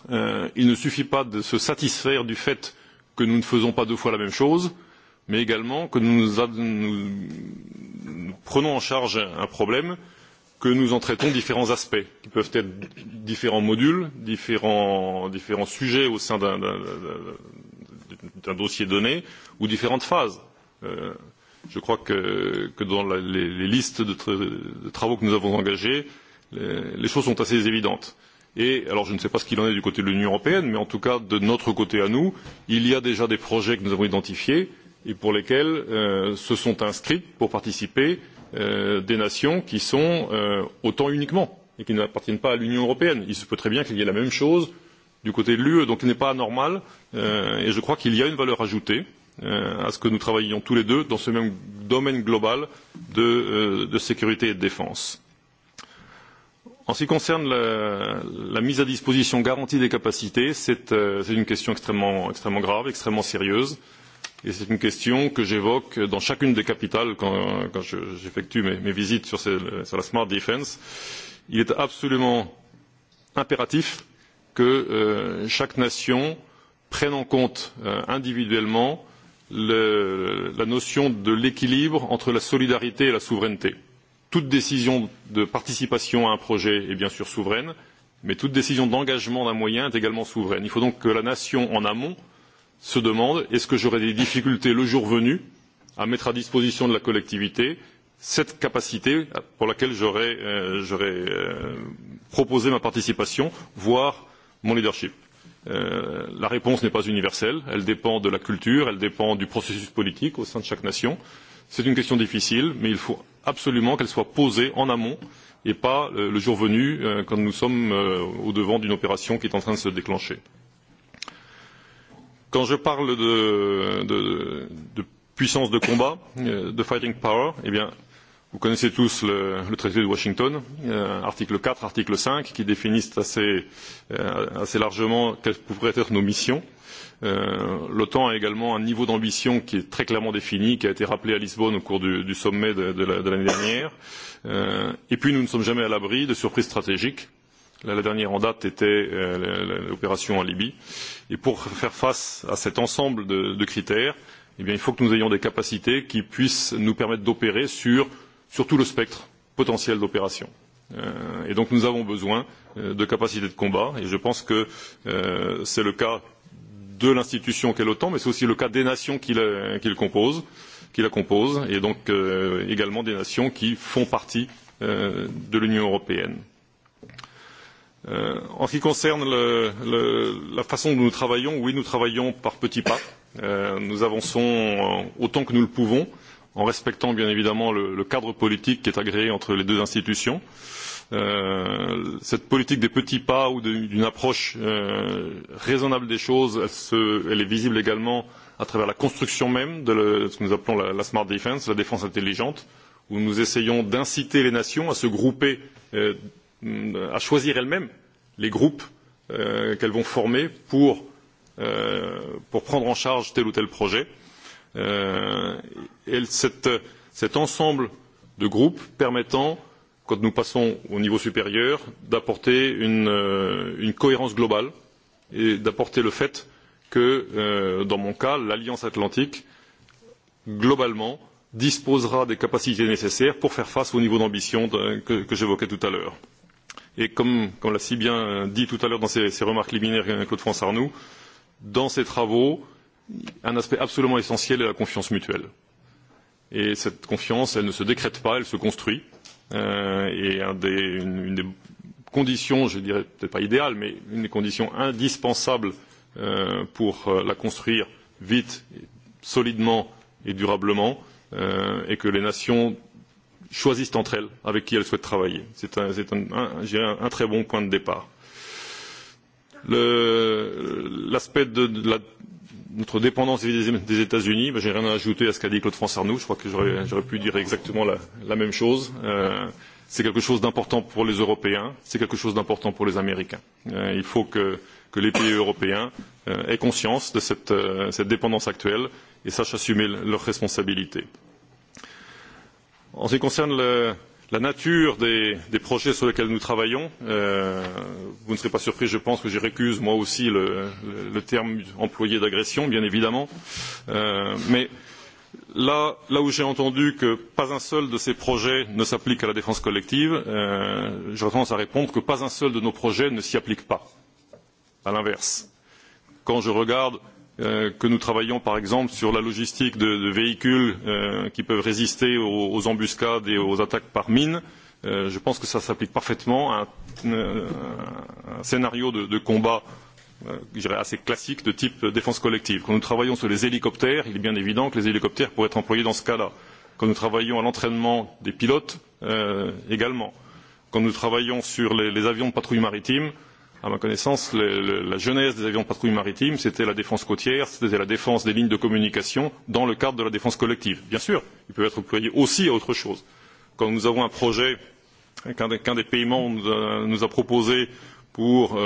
ne suffit pas de se satisfaire du fait que nous ne faisons pas deux fois la même chose, mais également que nous, prenons en charge un problème, que nous en traitons différents aspects, qui peuvent être différents modules, différents, sujets au sein d'un un dossier donné ou différentes phases. je crois que, dans les, listes de, travaux que nous avons engagés, les, choses sont assez évidentes. Et alors je ne sais pas ce qu'il en est du côté de l'Union européenne, mais en tout cas de notre côté à nous, il y a déjà des projets que nous avons identifiés et pour lesquels se sont inscrites pour participer des nations qui sont autant uniquement et qui n'appartiennent pas à l'Union européenne. Il se peut très bien qu'il y ait la même chose du côté de l'UE, donc il n'est pas anormal et je crois qu'il y a une valeur ajoutée à ce que nous travaillions tous les deux dans ce même domaine global de, sécurité et de défense. En ce qui concerne la, mise à disposition garantie des capacités, c'est une question extrêmement, grave, extrêmement sérieuse. Et c'est une question que j'évoque dans chacune des capitales quand, j'effectue mes, visites sur, la Smart Defense. Il est absolument impératif que chaque nation prenne en compte individuellement la notion de l'équilibre entre la solidarité et la souveraineté. Toute décision de participation à un projet est bien sûr souveraine, mais toute décision d'engagement d'un moyen est également souveraine. Il faut donc que la nation en amont se demande est ce que j'aurai des difficultés le jour venu à mettre à disposition de la collectivité cette capacité pour laquelle j'aurais proposé ma participation, voire mon leadership. la réponse n'est pas universelle, elle dépend de la culture, elle dépend du processus politique au sein de chaque nation. C'est une question difficile, mais il faut absolument qu'elle soit posée en amont et pas le jour venu quand nous sommes au devant d'une opération qui est en train de se déclencher. Quand je parle de, de puissance de combat, de fighting power, eh bien, Vous connaissez tous le, traité de Washington, article quatre, article cinq, qui définissent assez, largement quelles pourraient être nos missions. L'OTAN a également un niveau d'ambition qui est très clairement défini, qui a été rappelé à Lisbonne au cours du, sommet de, l'année dernière. et puis nous ne sommes jamais à l'abri de surprises stratégiques. La dernière en date était l'opération en Libye. Et pour faire face à cet ensemble de, critères, il faut que nous ayons des capacités qui puissent nous permettre d'opérer sur sur tout le spectre potentiel d'opération. et donc nous avons besoin de capacités de combat et je pense que c'est le cas de l'institution qu'est l'OTAN, mais c'est aussi le cas des nations qui, composent, qui la composent et donc également des nations qui font partie de l'Union européenne. en ce qui concerne la façon dont nous travaillons, oui, nous travaillons par petits pas. nous avançons autant que nous le pouvons. Euh, en respectant bien évidemment le, cadre politique qui est agréé entre les deux institutions. cette politique des petits pas ou d'une approche raisonnable des choses, elle, est visible également à travers la construction même de ce que nous appelons la, smart defence, la défense intelligente, où nous essayons d'inciter les nations à se grouper, à choisir elles-mêmes les groupes qu'elles vont former pour, prendre en charge tel ou tel projet et cet ensemble de groupes permettant, quand nous passons au niveau supérieur, d'apporter une, cohérence globale et d'apporter le fait que, dans mon cas, l'Alliance atlantique, globalement, disposera des capacités nécessaires pour faire face au niveau d'ambition que, j'évoquais tout à l'heure. Et comme, l'a si bien dit tout à l'heure dans ses, remarques liminaires Claude-France Arnoux, dans ses travaux, un aspect absolument essentiel est la confiance mutuelle. Et cette confiance, elle ne se décrète pas, elle se construit. Euh, et un des, une, une des conditions, je dirais peut-être pas idéale, mais une des conditions indispensables euh, pour la construire vite, solidement et durablement, euh, est que les nations choisissent entre elles avec qui elles souhaitent travailler. C'est un, un, un, un très bon point de départ. L'aspect de, de la notre dépendance des États Unis, je n'ai rien à ajouter à ce qu'a dit Claude France Arnoux, je crois que j'aurais pu dire exactement la, même chose. c'est quelque chose d'important pour les Européens, c'est quelque chose d'important pour les Américains. il faut que, les pays européens aient conscience de cette, dépendance actuelle et sachent assumer leurs responsabilités. En ce qui concerne la nature des, projets sur lesquels nous travaillons. vous ne serez pas surpris, je pense, que j'y récuse moi aussi le, terme employé d'agression, bien évidemment. mais là, où j'ai entendu que pas un seul de ces projets ne s'applique à la défense collective, j'aurais tendance à répondre que pas un seul de nos projets ne s'y applique pas. À l'inverse, quand je regarde que nous travaillons par exemple sur la logistique de, véhicules qui peuvent résister aux, embuscades et aux attaques par mine. je pense que cela s'applique parfaitement à un, scénario de, combat je dirais assez classique de type défense collective. Quand nous travaillons sur les hélicoptères, il est bien évident que les hélicoptères pourraient être employés dans ce cas-là. Quand nous travaillons à l'entraînement des pilotes, également. Quand nous travaillons sur les, avions de patrouille maritime, À ma connaissance, la genèse des avions de patrouille maritime, c'était la défense côtière, c'était la défense des lignes de communication dans le cadre de la défense collective. Bien sûr, ils peuvent être employés aussi à autre chose. Quand nous avons un projet qu'un des pays membres nous a proposé pour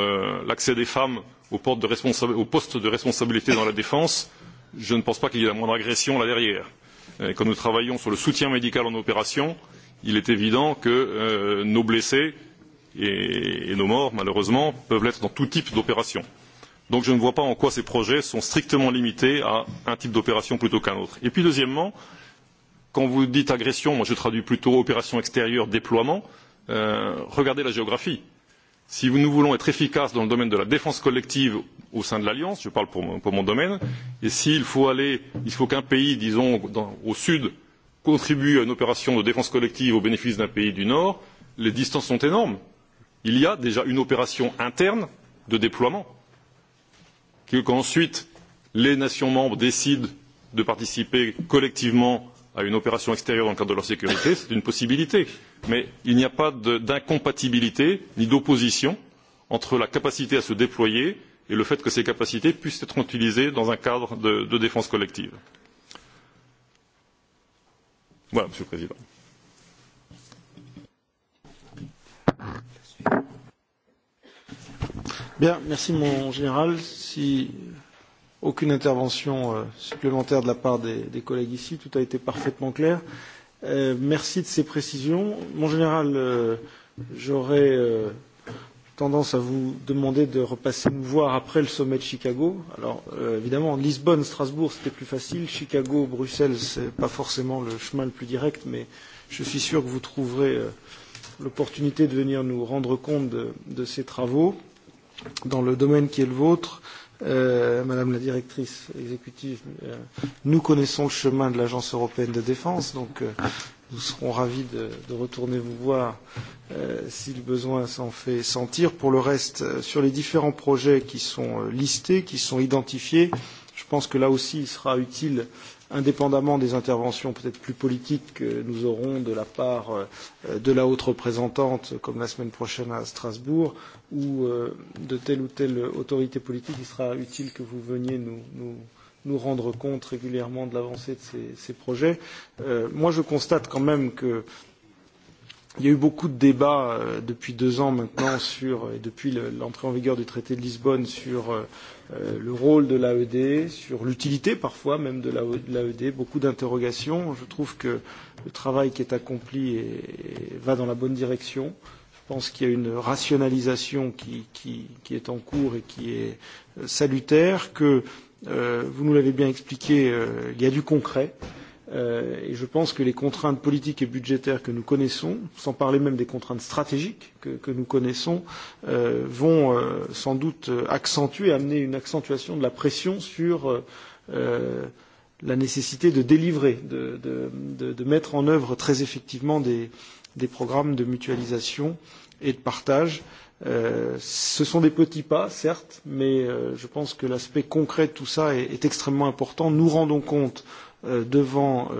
l'accès des femmes aux, postes de responsabilité dans la défense, je ne pense pas qu'il y ait la moindre agression là derrière. quand nous travaillons sur le soutien médical en opération, il est évident que nos blessés et, nos morts, malheureusement, peuvent l'être dans tout type d'opération. Donc je ne vois pas en quoi ces projets sont strictement limités à un type d'opération plutôt qu'un autre. Et puis deuxièmement, quand vous dites agression, moi je traduis plutôt opération extérieure, déploiement, regardez la géographie. Si nous voulons être efficaces dans le domaine de la défense collective au sein de l'Alliance, je parle pour mon, domaine, et s'il faut aller, il faut qu'un pays, disons, au sud, contribue à une opération de défense collective au bénéfice d'un pays du nord, les distances sont énormes il y a déjà une opération interne de déploiement qu'ensuite les nations membres décident de participer collectivement à une opération extérieure dans le cadre de leur sécurité, c'est une possibilité. Mais il n'y a pas d'incompatibilité ni d'opposition entre la capacité à se déployer et le fait que ces capacités puissent être utilisées dans un cadre de, défense collective. Voilà, Monsieur le Président. Bien, merci mon général. Si aucune intervention supplémentaire de la part des, des collègues ici, tout a été parfaitement clair. Euh, merci de ces précisions. Mon général, euh, j'aurais euh, tendance à vous demander de repasser nous voir après le sommet de Chicago. Alors euh, évidemment, Lisbonne, Strasbourg, c'était plus facile. Chicago, Bruxelles, ce n'est pas forcément le chemin le plus direct, mais je suis sûr que vous trouverez euh, l'opportunité de venir nous rendre compte de, de ces travaux dans le domaine qui est le vôtre, euh, Madame la directrice exécutive, euh, nous connaissons le chemin de l'Agence européenne de défense, donc euh, nous serons ravis de, de retourner vous voir euh, si le besoin s'en fait sentir. Pour le reste, sur les différents projets qui sont listés, qui sont identifiés, je pense que là aussi il sera utile indépendamment des interventions peut-être plus politiques que nous aurons de la part de la haute représentante, comme la semaine prochaine à Strasbourg, ou de telle ou telle autorité politique, il sera utile que vous veniez nous, nous, nous rendre compte régulièrement de l'avancée de ces, ces projets. Euh, moi, je constate quand même que il y a eu beaucoup de débats euh, depuis deux ans maintenant sur, et depuis l'entrée en vigueur du traité de Lisbonne sur euh, le rôle de l'AED, sur l'utilité parfois même de l'AED, beaucoup d'interrogations. Je trouve que le travail qui est accompli est, va dans la bonne direction. Euh, pense qu'il y a une rationalisation qui, qui, qui est en cours et qui est salutaire, que euh, vous nous l'avez bien expliqué, euh, il y a du concret. Euh, et je pense que les contraintes politiques et budgétaires que nous connaissons, sans parler même des contraintes stratégiques que, que nous connaissons, euh, vont euh, sans doute accentuer, amener une accentuation de la pression sur euh, la nécessité de délivrer, de, de, de, de mettre en œuvre très effectivement des, euh, des programmes de mutualisation et de partage. ce sont des petits pas, certes, mais je pense que l'aspect concret de tout cela est, extrêmement important. Nous rendons compte devant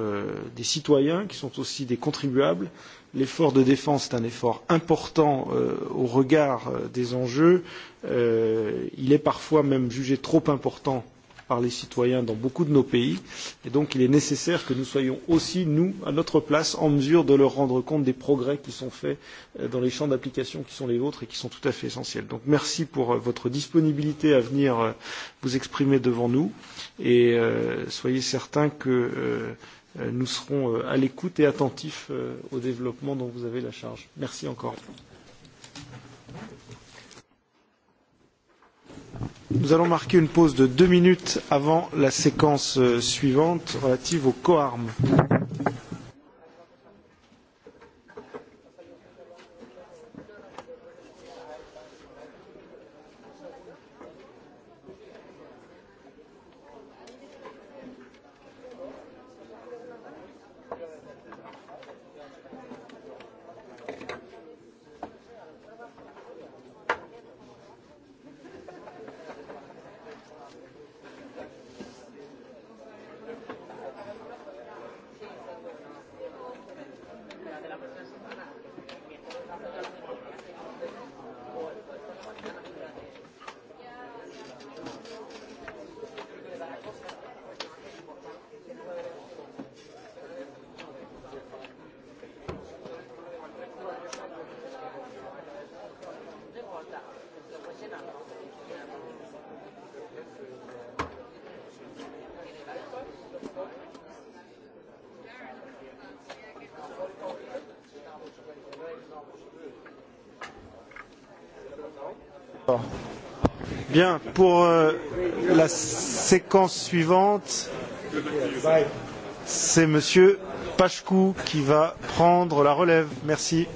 des citoyens qui sont aussi des contribuables. L'effort de défense est un effort important au regard des enjeux. il est parfois même jugé trop important par les citoyens dans beaucoup de nos pays. Et donc, il est nécessaire que nous soyons aussi, nous, à notre place, en mesure de leur rendre compte des progrès qui sont faits dans les champs d'application qui sont les vôtres et qui sont tout à fait essentiels. Donc, merci pour votre disponibilité à venir vous exprimer devant nous. Et soyez certains que nous serons à l'écoute et attentifs au développement dont vous avez la charge. Merci encore. Nous allons marquer une pause de deux minutes avant la séquence suivante relative aux coarmes. Bien, pour la séquence suivante, c'est Monsieur Pachkou qui va prendre la relève. Merci.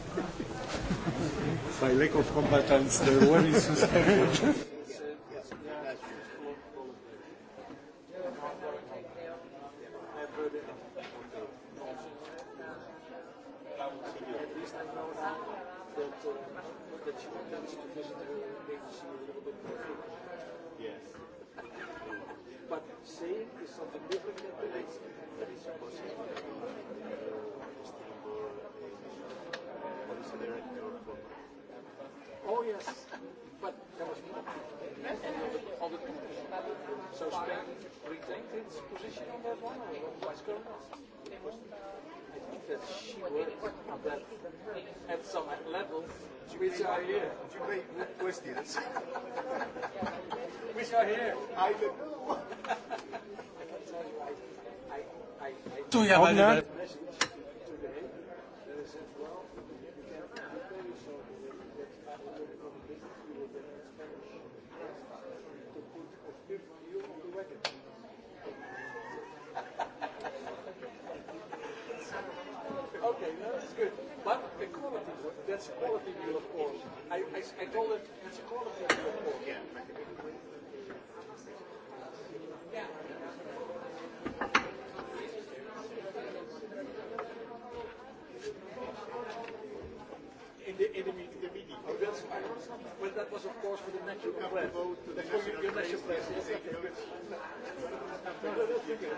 that she managed to visit her baby she was a little bit confused. Yes. but saying is something different than doing. That is possible. What is the director Oh yes, but there was on the So Spain retained its position on that one, or what's going on? benefit of that at some level, which are here. We're questions. which are here. I don't know. I, I, I, I, that's a quality view, of course. I, I, I call it, that's a quality view, of course. Yeah. yeah. In the, in the meeting, the meeting. Oh, that's fine. But that was, of course, for the national press. The for your, your national press. Yes, okay. Thank you that's okay.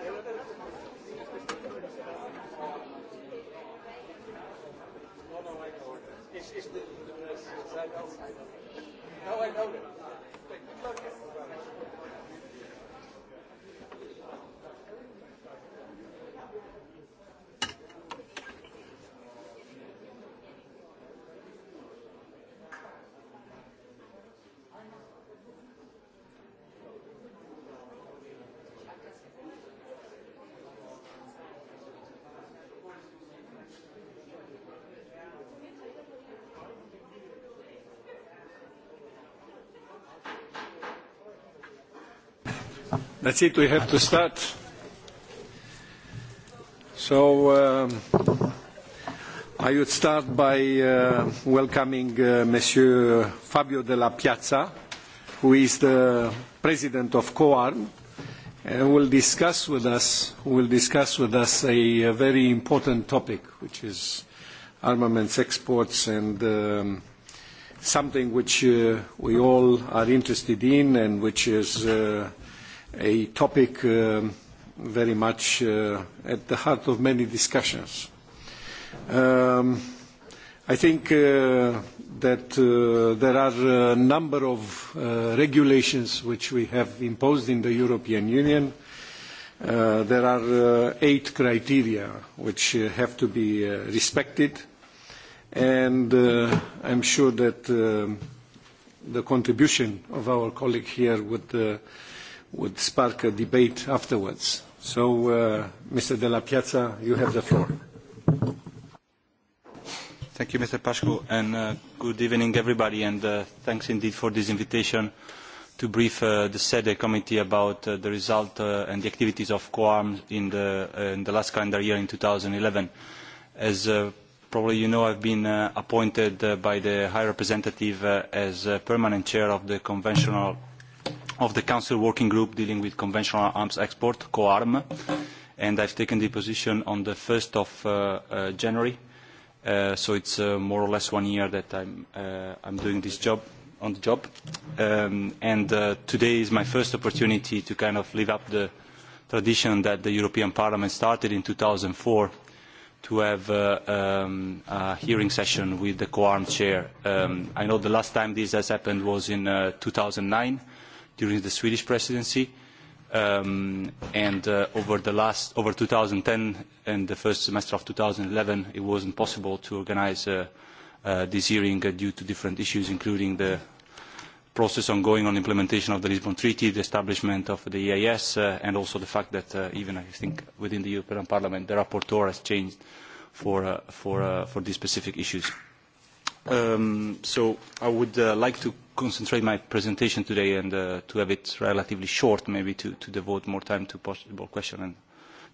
No, no, I is, is the, the, the, the, the, the, the, That's it. We have to start. So I would start by welcoming Monsieur Fabio Della Piazza, who is the president of COARM, and will discuss with us will discuss with us a very important topic, which is armaments exports and something which we all are interested in and which is a topic very much at the heart of many discussions. I think that there are a number of regulations which we have imposed in the European Union. there are eight criteria which have to be respected, and I am sure that the contribution of our colleague here would would spark a debate afterwards. So, uh, Mr. De La Piazza, you have the floor. Thank you, Mr. Pashku, and uh, good evening, everybody, and uh, thanks indeed for this invitation to brief uh, the SEDE committee about uh, the result uh, and the activities of COARM in the, uh, in the last calendar year in 2011. As uh, probably you know, I've been uh, appointed uh, by the High Representative uh, as uh, permanent chair of the Conventional of the Council Working Group dealing with conventional arms export, COARM, and I've taken the position on the 1st of January. so it's more or less one year that I'm, uh, I'm doing this job, on the job. and today is my first opportunity to kind of live up the tradition that the European Parliament started in two thousand four to have a hearing session with the COARM chair. I know the last time this has happened was in two thousand nine during the Swedish presidency. and over the last, over 2010 and the first semester of 2011, it wasn't possible to organise this hearing due to different issues, including the process ongoing on implementation of the Lisbon Treaty, the establishment of the EIS, and also the fact that even, I think, within the European Parliament, the rapporteur has changed for, these specific issues. so I would like to concentrate my presentation today and uh, to have it relatively short, maybe to, to devote more time to possible questions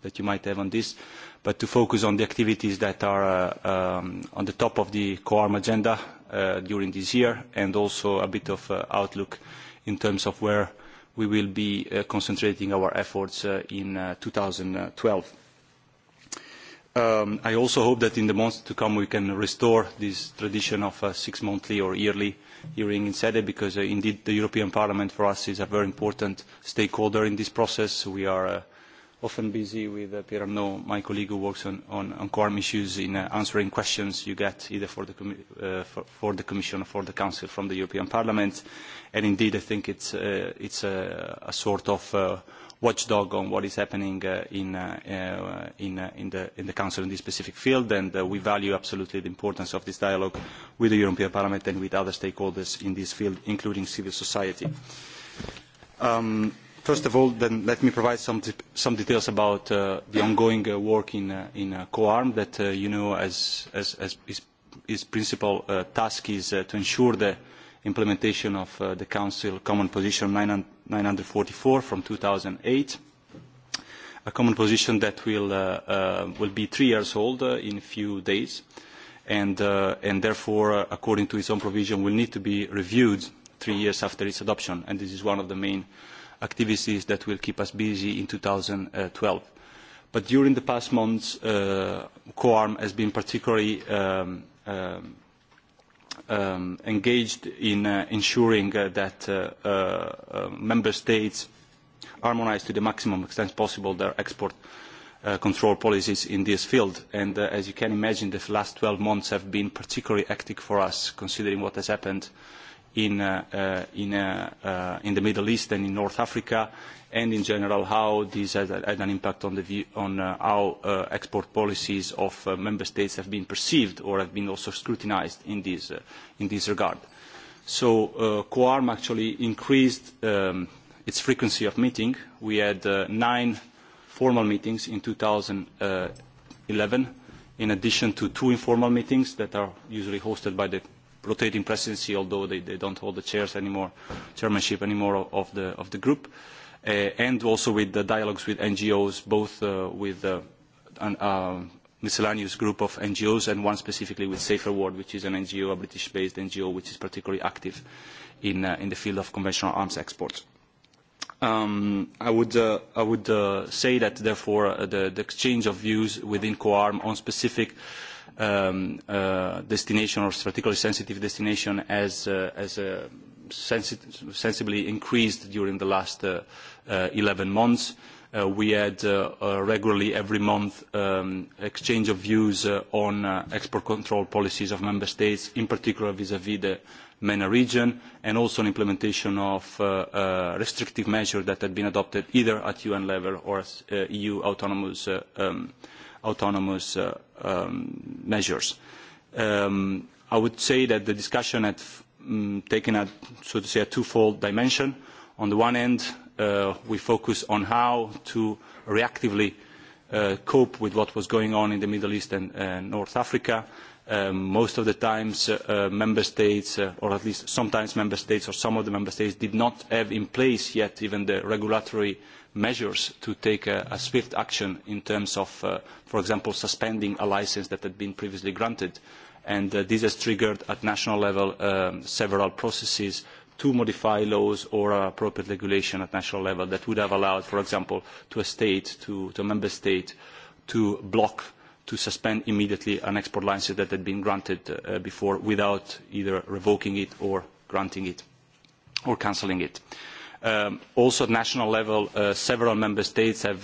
that you might have on this, but to focus on the activities that are uh, um, on the top of the COARM agenda uh, during this year and also a bit of uh, outlook in terms of where we will be uh, concentrating our efforts uh, in uh, 2012. Um, I also hope that in the months to come we can restore this tradition of uh, six-monthly or yearly uh, hearing in SEDE because indeed the European Parliament for us is a very important stakeholder in this process. We are often busy with uh, Pierre Arnaud, my colleague who works on, on, on quorum issues in answering questions you get either for the, for, the Commission or for the Council from the European Parliament. And indeed, I think it's, uh, it's a, a sort of watchdog on what is happening in, the, Council in this specific field, and we value absolutely the importance of this dialogue with the European Parliament and with other stakeholders in this field, including civil society. first of all, then let me provide some, some details about the ongoing work in, in COARM that you know as, as, as is, its principal task is to ensure that implementation of the Council Common Position nine hundred and forty four from two thousand eight, a common position that will, be three years old in a few days and, therefore, according to its own provision, will need to be reviewed three years after its adoption. And this is one of the main activities that will keep us busy in twelve. But during the past months, COARM has been particularly engaged in ensuring that member states harmonise to the maximum extent possible their export control policies in this field. And as you can imagine, the last twelve months have been particularly hectic for us, considering what has happened in, uh, in, uh, uh, in the Middle East and in North Africa, and in general how this has had an impact on, the view, on uh, how uh, export policies of uh, member states have been perceived or have been also scrutinized in this, uh, in this regard. So uh, COARM actually increased um, its frequency of meeting. We had uh, nine formal meetings in 2011, in addition to two informal meetings that are usually hosted by the rotating presidency, although they, they don't hold the chairs anymore, chairmanship anymore of the, of the group, uh, and also with the dialogues with NGOs, both uh, with uh, an, uh, miscellaneous group of NGOs and one specifically with Safer World, which is an NGO, a British-based NGO, which is particularly active in, uh, in the field of conventional arms exports. Um, I would, uh, I would uh, say that, therefore, uh, the, the exchange of views within COARM on specific destination or strategically sensitive destination as, sensibly increased during the last eleven months. we had regularly every month exchange of views on export control policies of member states, in particular vis-à-vis the MENA region, and also an implementation of restrictive measures that had been adopted either at UN level or as EU autonomous um, autonomous measures. I would say that the discussion had taken a, so to say, a twofold dimension. On the one hand, we focus on how to reactively cope with what was going on in the Middle East and North Africa. Most of the times, member states, or at least sometimes member states or some of the member states, did not have in place yet even the regulatory uh, measures to take a, swift action in terms of, for example, suspending a licence that had been previously granted. And this has triggered at national level several processes to modify laws or appropriate regulation at national level that would have allowed, for example, to a state, to, a member state, to block, to suspend immediately an export licence that had been granted before without either revoking it or granting it or cancelling it also at national level, several member states have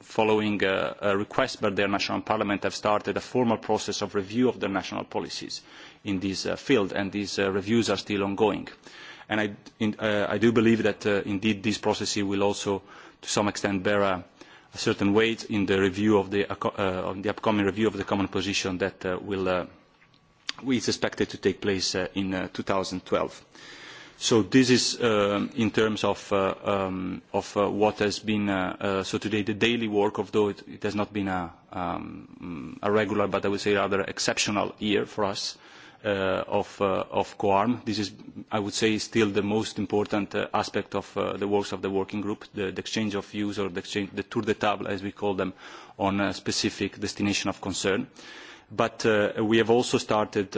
following a request by their national parliament have started a formal process of review of their national policies in this field and these reviews are still ongoing. I, do believe that indeed these processes will also to some extent bear a, certain weight in the review of the, upcoming review of the common position that will, is expected to take place in and twelve So this is in terms of, what has been, so today the daily work, although it, it has not been a, regular, but I would say rather exceptional year for us of, of COARM. This is, I would say, still the most important aspect of the works of the working group, the, exchange of views or the, exchange, the tour de table, as we call them, on a specific destination of concern but we have also started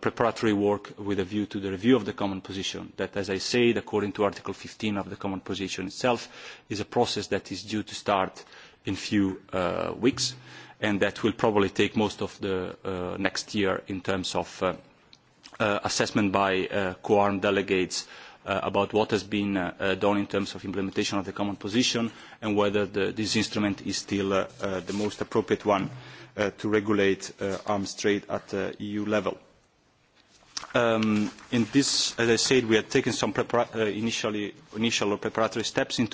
preparatory work with a view to the review of the common position that, as I said, according to Article fifteen of the common position itself, is a process that is due to start in a few weeks, and that will probably take most of the next year in terms of assessment by uh, co-armed delegates about what has been done in terms of implementation of the common position and whether this instrument is still the most appropriate one to regulate arms trade at EU level. in this, as I said, we had taken some initial or preparatory steps in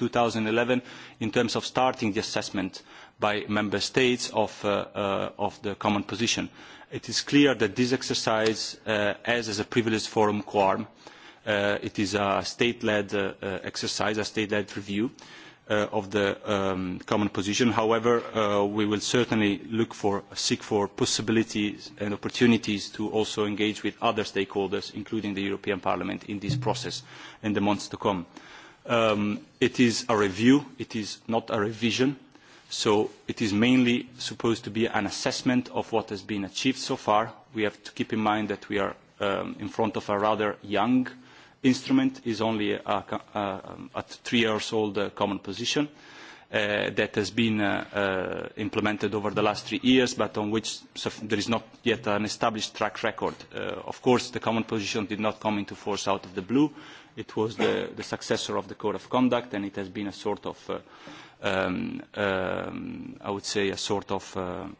eleven in terms of starting the assessment by member states of, the common position. It is clear that this exercise has as a privileged forum quorum, uh, it is a state-led exercise, a state-led review of the common position. However, we will certainly look for, seek for possibilities and opportunities to also engage with other stakeholders, including the European Parliament, in this process in the months to come. it is a review, it is not a revision, so it is mainly supposed to be an assessment of what has been achieved so far. We have to keep in mind that we are in front of a rather young instrument is only a, at three years old uh, common position that has been implemented over the last three years, but on which there is not yet an established track record. of course, the common position did not come into force out of the blue. It was the, successor of the Code of Conduct, and it has been a sort of, I would say, a sort of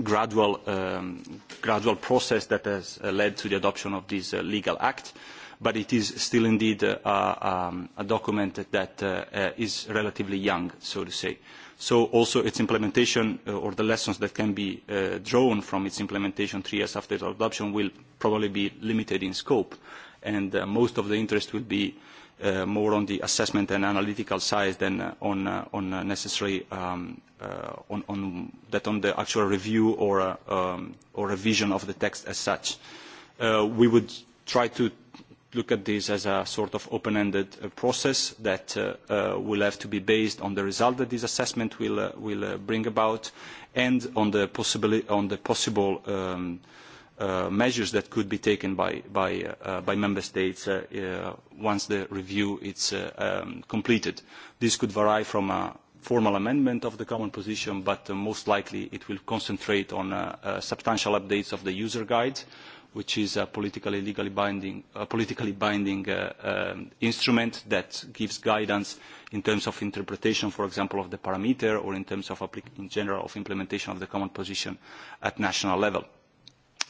gradual, process that has led to the adoption of this legal act but it is still indeed a document that is relatively young, so to say. So also its implementation or the lessons that can be drawn from its implementation three years after its adoption will probably be limited in scope, and most of the interest will be more on the assessment and analytical side than on necessarily that on the actual review or revision of the text as such. We would try to look at this as a sort of open-ended process that will have to be based on the result that this assessment will, bring about and on the, possible measures that could be taken by, member states once the review is completed. This could vary from a formal amendment of the common position, but most likely it will concentrate on substantial updates of the user guide, which is a politically legally binding, a politically binding uh, um, instrument that gives guidance in terms of interpretation, for example, of the parameter or in terms of, in general, of implementation of the common position at national level.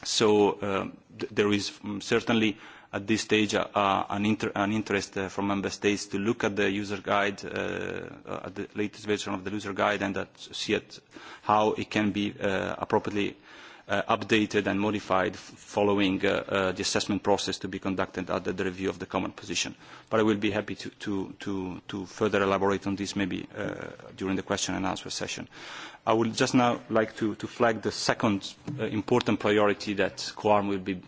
So th there is certainly at this stage uh, an, inter an interest uh, from member states to look at the user guide, uh, at the latest version of the user guide and that, see it, how it can be uh, appropriately updated and modified following the assessment process to be conducted under the review of the common position. But I will be happy to, further elaborate on this maybe during the question and answer session. I would just now like to, flag the second important priority that COARM will be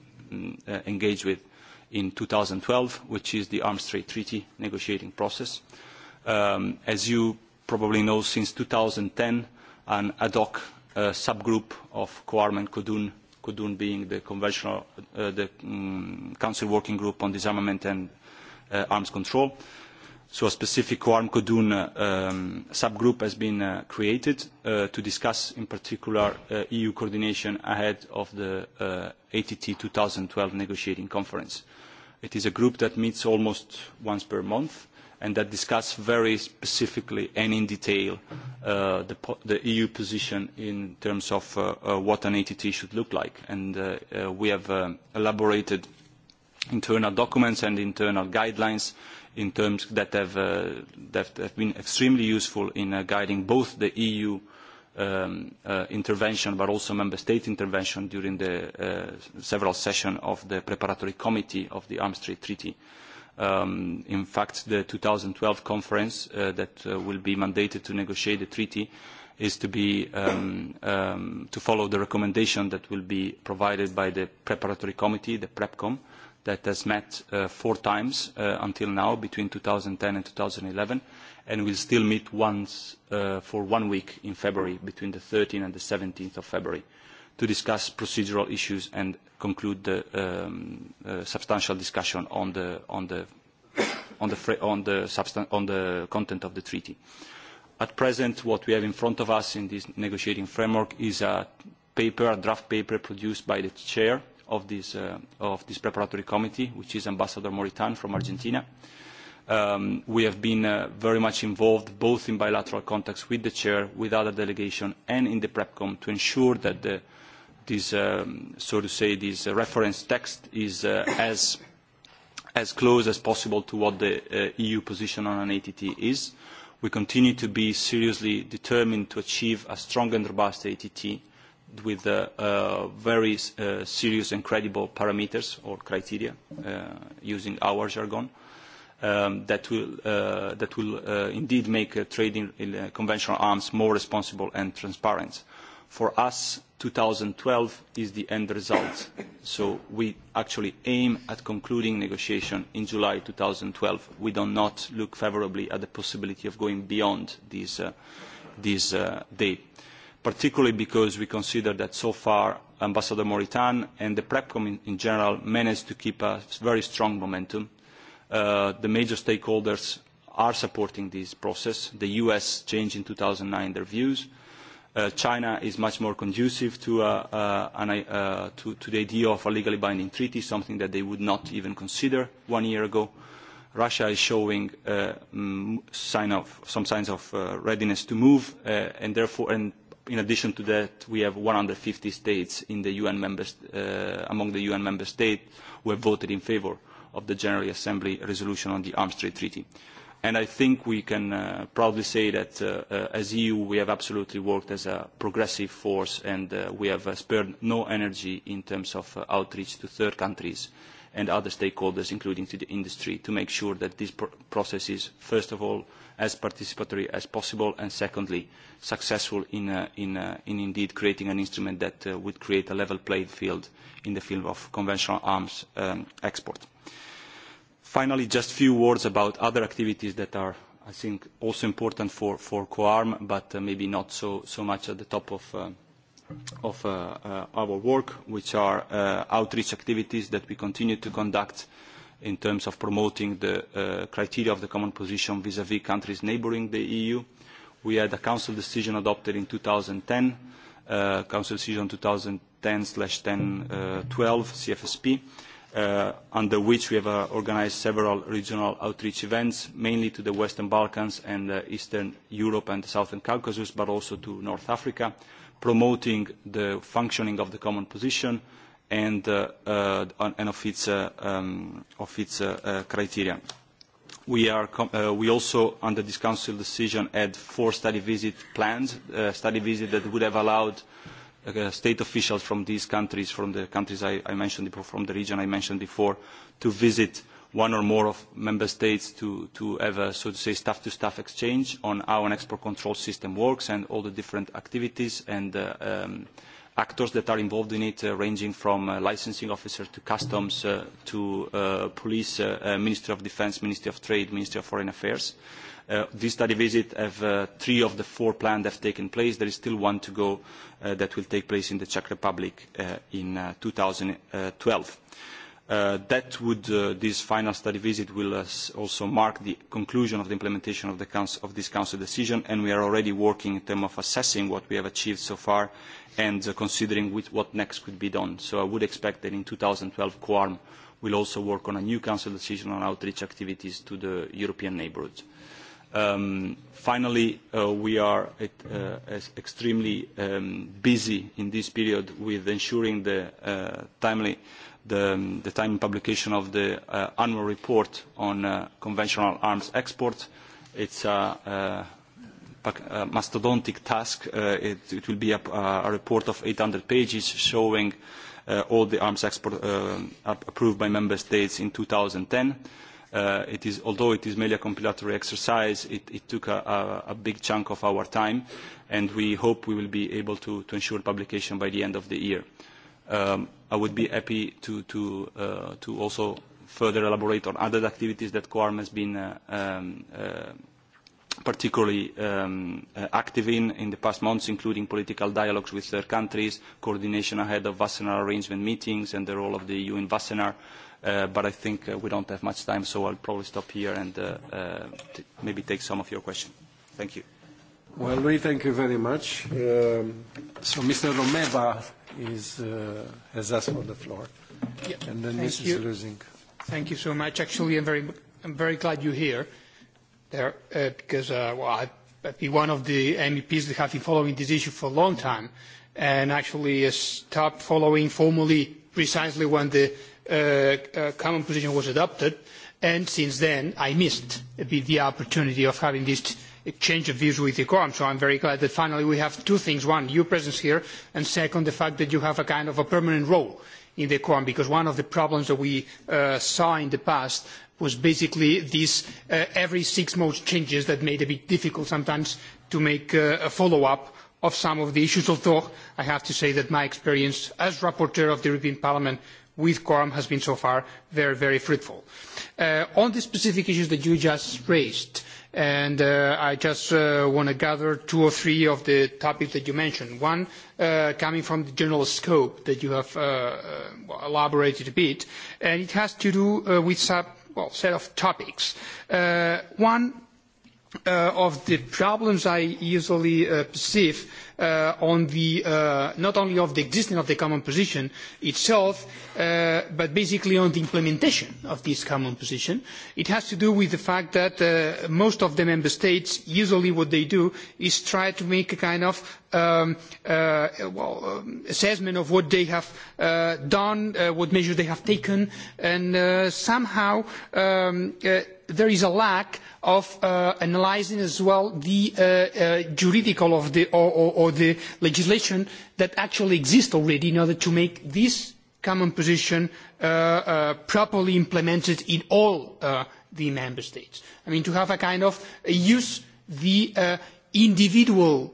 engaged with in twelve, which is the Arms Trade Treaty negotiating process. as you probably know, since ten an ad hoc subgroup of Coarm and Kodun, Kodun being the conventional, the Council Working Group on Disarmament and Arms Control. So a specific Coarm Kudun subgroup has been created to discuss, in particular, EU coordination ahead of the uh, ATT twelve negotiating conference. It is a group that meets almost once per month and that discuss very specifically and in detail the, EU position in terms of what an ATT should look like. And we have elaborated internal documents and internal guidelines in terms that have, been extremely useful in guiding both the EU intervention but also member state intervention during the several sessions of the preparatory committee of the Arms Trade Treaty in fact, the twelve conference that will be mandated to negotiate the treaty is to be to follow the recommendation that will be provided by the preparatory committee, the PrepCom, that has met four times until now between 2010 and 2011 and will still meet once for one week in February between the 13 and the 17th of February to discuss procedural issues and conclude the um, uh, substantial discussion on the on the on the on the, on the content of the treaty. At present, what we have in front of us in this negotiating framework is a paper, a draft paper produced by the chair of this uh, of this preparatory committee, which is Ambassador Moritan from Argentina. Um, we have been uh, very much involved both in bilateral contacts with the chair, with other delegation, and in the PrepCom to ensure that the this, so to say, this reference text is as as close as possible to what the EU position on an ATT is. We continue to be seriously determined to achieve a strong and robust ATT with very serious and credible parameters or criteria, using our jargon, that will, indeed make trading in conventional arms more responsible and transparent For us, twelve is the end result. So we actually aim at concluding negotiations in July twelve. We do not look favourably at the possibility of going beyond this, date, particularly because we consider that so far Ambassador Moritan and the PrepCom in, general managed to keep a very strong momentum. the major stakeholders are supporting this process. The US changed in two thousand nine their views China is much more conducive to, the idea of a legally binding treaty, something that they would not even consider one year ago. Russia is showing some signs of readiness to move, and therefore, and in addition to that, we have one hundred fifty states in the UN members, among the UN member states who have voted in favour of the General Assembly resolution on the Arms Trade Treaty. Uh, and I think we can proudly say that as the EU we have absolutely worked as a progressive force and we have spared no energy in terms of outreach to third countries and other stakeholders, including to the industry, to make sure that this process is, first of all, as participatory as possible, and secondly, successful in, indeed creating an instrument that would create a level playing field in the field of conventional arms export. Finally, just a few words about other activities that are, I think, also important for, for COARM, but maybe not so, so much at the top of, of our work, which are outreach activities that we continue to conduct in terms of promoting the criteria of the common position vis-à-vis countries neighbouring the EU. We had a Council decision adopted in 2010, uh, Council decision 2010-1012 CFSP, under which we have organised several regional outreach events, mainly to the Western Balkans and Eastern Europe and the Southern Caucasus, but also to North Africa, promoting the functioning of the common position and, of its, criteria. We, also, under this Council decision, had four study visit plans, study visits that would have allowed uh, state officials from these countries, from the countries I, I mentioned before, from the region I mentioned before, to visit one or more of member states to, to have a, so to say, staff-to-staff exchange on how an export control system works and all the different activities and actors that are involved in it, ranging from uh, licensing officers to customs to police, Ministry of Defence, Ministry of Trade, Ministry of Foreign Affairs. Uh, this study visit, have, three of the four planned have taken place. There is still one to go that will take place in the Czech Republic in uh, 2012. Uh, that would, this final study visit will also mark the conclusion of the implementation of, the council, of this Council decision, and we are already working in terms of assessing what we have achieved so far and considering what next could be done. So I would expect that in twelve QARM will also work on a new Council decision on outreach activities to the European neighbourhood. Finally, we are extremely busy in this period with ensuring the timely publication of the annual report on conventional arms exports. It's a mastodontic task. It will be a report of eight hundred pages showing all the arms exports approved by member states in 2010. ten it is, although it is merely a compilatory exercise, it, it took a, a, a big chunk of our time, and we hope we will be able to, to ensure publication by the end of the year. Um, I would be happy to, to, uh, to also further elaborate on other activities that Coarm has been uh, um, uh, particularly um, uh, active in in the past months, including political dialogues with third countries, coordination ahead of Wassenaar arrangement meetings, and the role of the EU in Wassenaar but I think we don't have much time, so I'll probably stop here and maybe take some of your questions. Thank you. Well, Louis, thank you very much. So Mr. Romeva is has asked for the floor. Yeah. And then Mrs. Lusing. Thank you so much. Actually, I'm very I'm very glad you're here there, because, well, I've been one of the MEPs that have been following this issue for a long time, and actually stopped following formally precisely when the common position was adopted, and since then I missed a bit the opportunity of having this exchange of views with ECOM. So I am very glad that finally we have two things. One, your presence here, and second, the fact that you have a kind of a permanent role in the ECOM, because one of the problems that we saw in the past was basically these every six months changes that made it a bit difficult sometimes to make a follow-up of some of the issues, although I have to say that my experience as rapporteur of the European Parliament with Quorum has been so far very, very fruitful. on the specific issues that you just raised, and I just want to gather two or three of the topics that you mentioned. One, coming from the general scope that you have elaborated a bit, and it has to do with some set of topics. one of the problems I usually perceive on the not only of the existence of the common position itself, but basically on the implementation of this common position. It has to do with the fact that most of the member states usually what they do is try to make a kind of assessment of what they have done, what measures they have taken, and somehow there is a lack of analysing as well the juridical or the legislation that actually exists already in order to make this common position properly implemented in all the member states. I mean, to have a kind of use the individual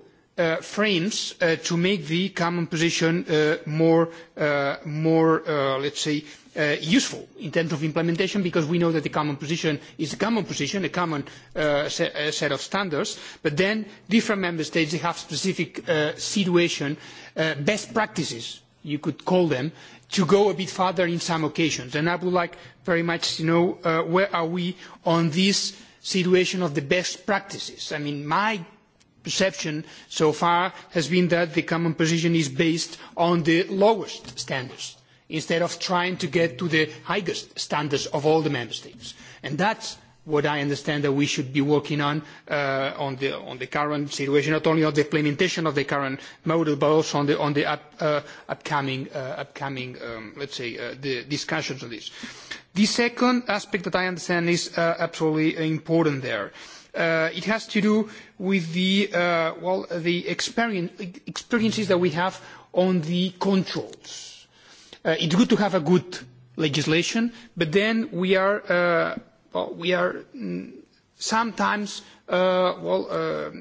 frames to make the common position more, let's say, useful in terms of implementation because we know that the common position is a common position, a common set of standards, but then different member states have specific situation, best practices, you could call them, to go a bit further in some occasions. And I would like very much to know where are we on this situation of the best practices. I mean, my perception so far has been that the common position is based on the lowest standards instead of trying to get to the highest standards of all the member states. And that's what I understand that we should be working on on the current situation, not only on the implementation of the current model, but also on the upcoming, let's say, the discussions on this. The second aspect that I understand is absolutely important there. It has to do with the well, the experiences that we have on the controls it's good to have a good legislation, but then we are, we are sometimes well,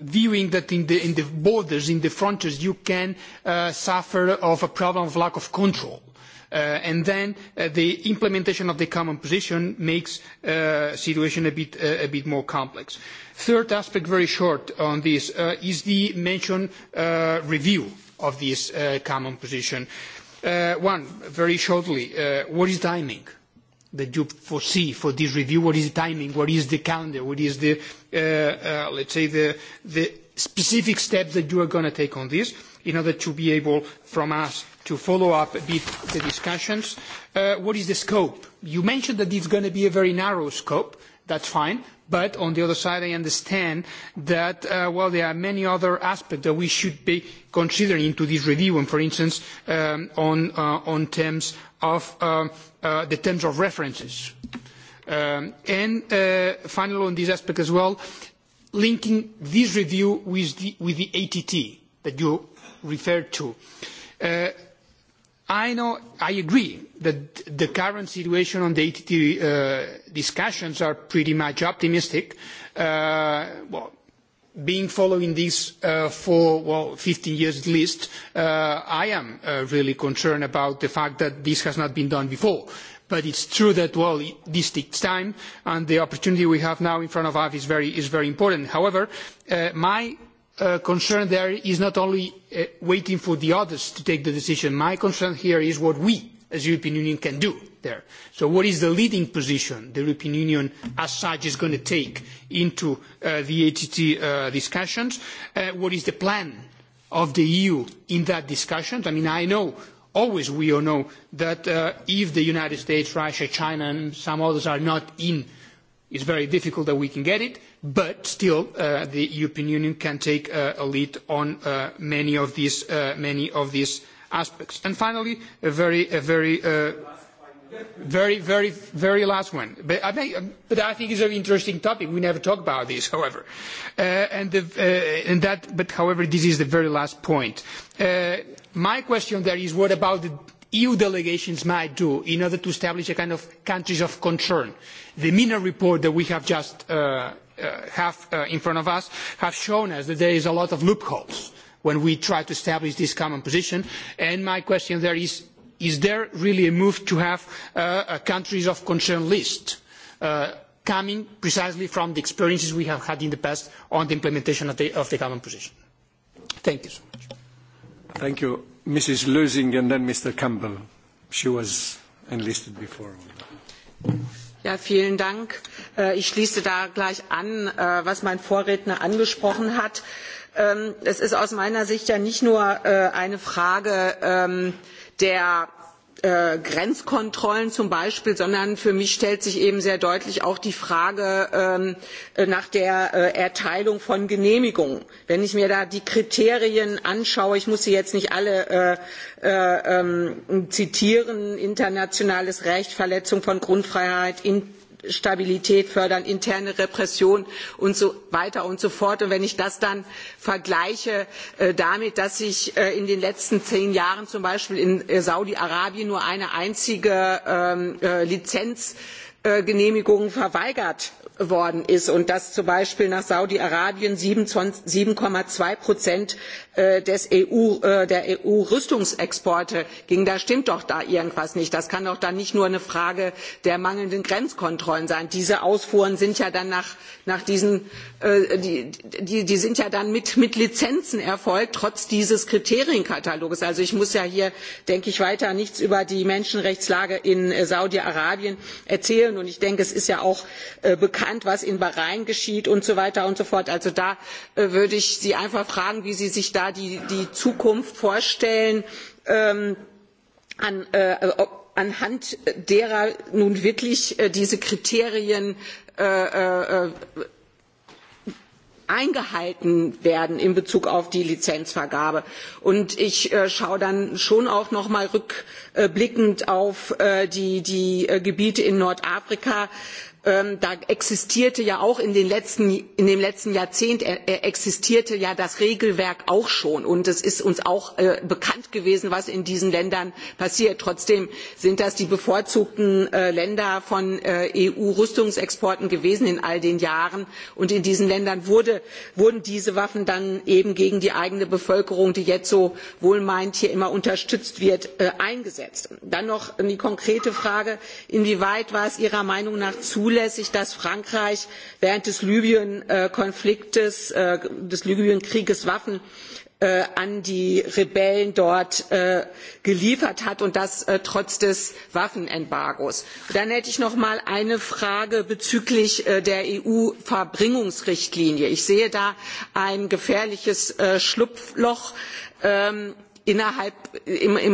viewing that in the, in the borders, in the frontiers, you can suffer of a problem of lack of control. and then the implementation of the common position makes the situation a bit, a bit more complex. Third aspect, very short on this, is the mentioned review of this common position One, very shortly, what is timing that you foresee for this review? What is the timing? What is the calendar? What is the, let's say, the specific steps that you are going to take on this in order to be able from us to follow up a bit the discussions? What is the scope? You mentioned that it's going to be a very narrow scope. That's fine But on the other side, I understand that, well, there are many other aspects that we should be considering into this review, and for instance, on, terms of the terms of references. and finally, on this aspect as well, linking this review with the, ATT that you referred to I know I agree that the current situation on the ATT discussions are pretty much optimistic. well, being following this for well, 15 years at least, I am really concerned about the fact that this has not been done before. But it's true that well, this takes time, and the opportunity we have now in front of us is very important. However, my concern there is not only waiting for the others to take the decision. My concern here is what we, as the European Union, can do there. So what is the leading position the European Union as such is going to take into the ATT discussions? what is the plan of the EU in that discussion? I mean, I know always we all know that if the United States, Russia, China and some others are not in uh, It is very difficult that we can get it, but still the European Union can take a lead on many of these aspects. And finally, a very, very, very, very, very last one. But I, think but I think it's an interesting topic. We never talk about this, however. and, that, but however, this is the very last point. my question there is: What about the EU delegations might do in order to establish a kind of countries of concern. The MENA report that we have just have in front of us has shown us that there is a lot of loopholes when we try to establish this common position. And my question there is, is there really a move to have a countries of concern list coming precisely from the experiences we have had in the past on the implementation of the, common position? Thank you so much. Thank you. Mrs. Lösing and then Mr. Campbell. She was enlisted before. Ja, vielen Dank. Ich schließe da gleich an, was mein Vorredner angesprochen hat. Es ist aus meiner Sicht ja nicht nur eine Frage der Grenzkontrollen zum Beispiel, sondern für mich stellt sich eben sehr deutlich auch die Frage nach der Erteilung von Genehmigungen. Wenn ich mir da die Kriterien anschaue, ich muss sie jetzt nicht alle zitieren, internationales Recht, Verletzung von Grundfreiheit, Stabilität fördern, interne Repression und so weiter und so fort. Und wenn ich das dann vergleiche damit, dass sich in den letzten zehn Jahren zum Beispiel in Saudi-Arabien nur eine einzige Lizenz genehmigung verweigert worden ist und dass zum beispiel nach saudi arabien sieben zwei der eu rüstungsexporte gingen da stimmt doch da irgendwas nicht. das kann doch dann nicht nur eine frage der mangelnden grenzkontrollen sein. diese ausfuhren sind ja dann mit lizenzen erfolgt trotz dieses kriterienkatalogs. also ich muss ja hier denke ich weiter nichts über die menschenrechtslage in saudi arabien erzählen erfüllen. Und ich denke, es ist ja auch bekannt, was in Bahrain geschieht und so weiter und so fort. Also da würde ich Sie einfach fragen, wie Sie sich da die, Zukunft vorstellen anhand derer nun wirklich diese Kriterien eingehalten werden in Bezug auf die Lizenzvergabe. Und ich schaue dann schon auch noch mal rückblickend auf die, Gebiete in Nordafrika, da existierte ja auch in, dem letzten Jahrzehnt existierte ja das Regelwerk auch schon und es ist uns auch bekannt gewesen, was in diesen Ländern passiert. Trotzdem sind das die bevorzugten Länder von EU-Rüstungsexporten gewesen in all den Jahren und in diesen Ländern wurden diese Waffen dann eben gegen die eigene Bevölkerung, die jetzt so wohlmeint hier immer unterstützt wird, eingesetzt. Dann noch die konkrete Frage, inwieweit war es Ihrer Meinung nach zulässig dass frankreich während des libyen konfliktes des libyen krieges waffen an die rebellen dort geliefert hat und das trotz des waffenembargos. dann hätte ich noch einmal eine frage bezüglich der eu verbringungsrichtlinie. ich sehe da ein gefährliches schlupfloch im,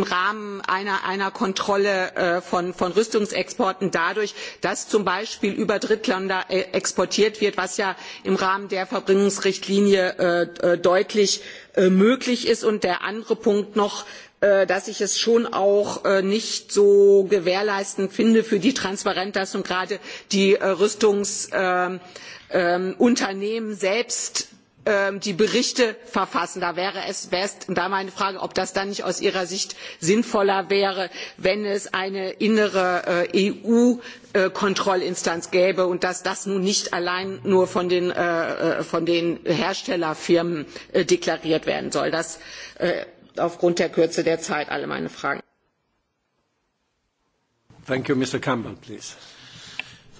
Rahmen einer, Kontrolle von, Rüstungsexporten dadurch, dass zum Beispiel über Drittländer exportiert wird, was ja im Rahmen der Verbringungsrichtlinie deutlich möglich ist. Und der andere Punkt noch, dass ich es schon auch nicht so gewährleistend finde für die Transparenz, dass nun gerade die Rüstungsunternehmen selbst die Berichte verfassen. Da wäre es meine Frage, ob das dann nicht aus Ihrer Sicht sinnvoller wäre, wenn es eine innere EU Kontrollinstanz gäbe und dass das nun nicht allein nur von den, Herstellerfirmen deklariert werden soll. Das aufgrund der Kürze der Zeit alle meine Fragen.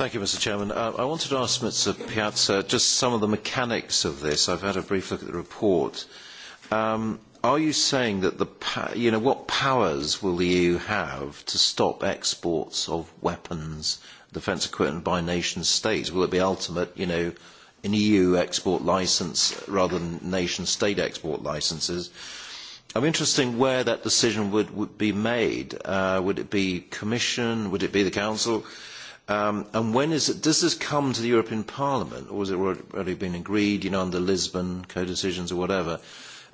Thank you, Mr. Chairman. Uh, I wanted to ask Mr. Piazza just some of the mechanics of this. I've had a brief look at the report. Um, are you saying that the, you know, what powers will the EU have to stop exports of weapons, defence equipment by nation states? Will it be ultimate, you know, an EU export licence rather than nation state export licences? I'm interested in where that decision would, would be made. Uh, would it be Commission? Would it be the Council? Um, and when is it, does this come to the European Parliament, or has it already been agreed, you know, under Lisbon, co-decisions or whatever?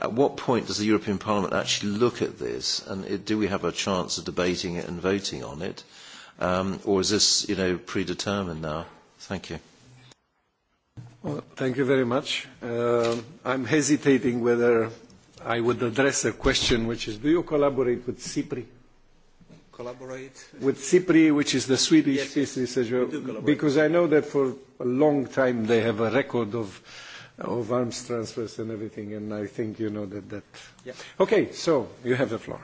At what point does the European Parliament actually look at this, and it, do we have a chance of debating it and voting on it, um, or is this, you know, predetermined now? Thank you. Well, thank you very much. Uh, I'm hesitating whether I would address a question, which is, do you collaborate with CIPRI? collaborate with CIPRI, which is the Swedish yes, as Research Bureau, because I know that for a long time they have a record of of arms transfers and everything, and I think you know that. that. Yeah. Okay, so you have the floor.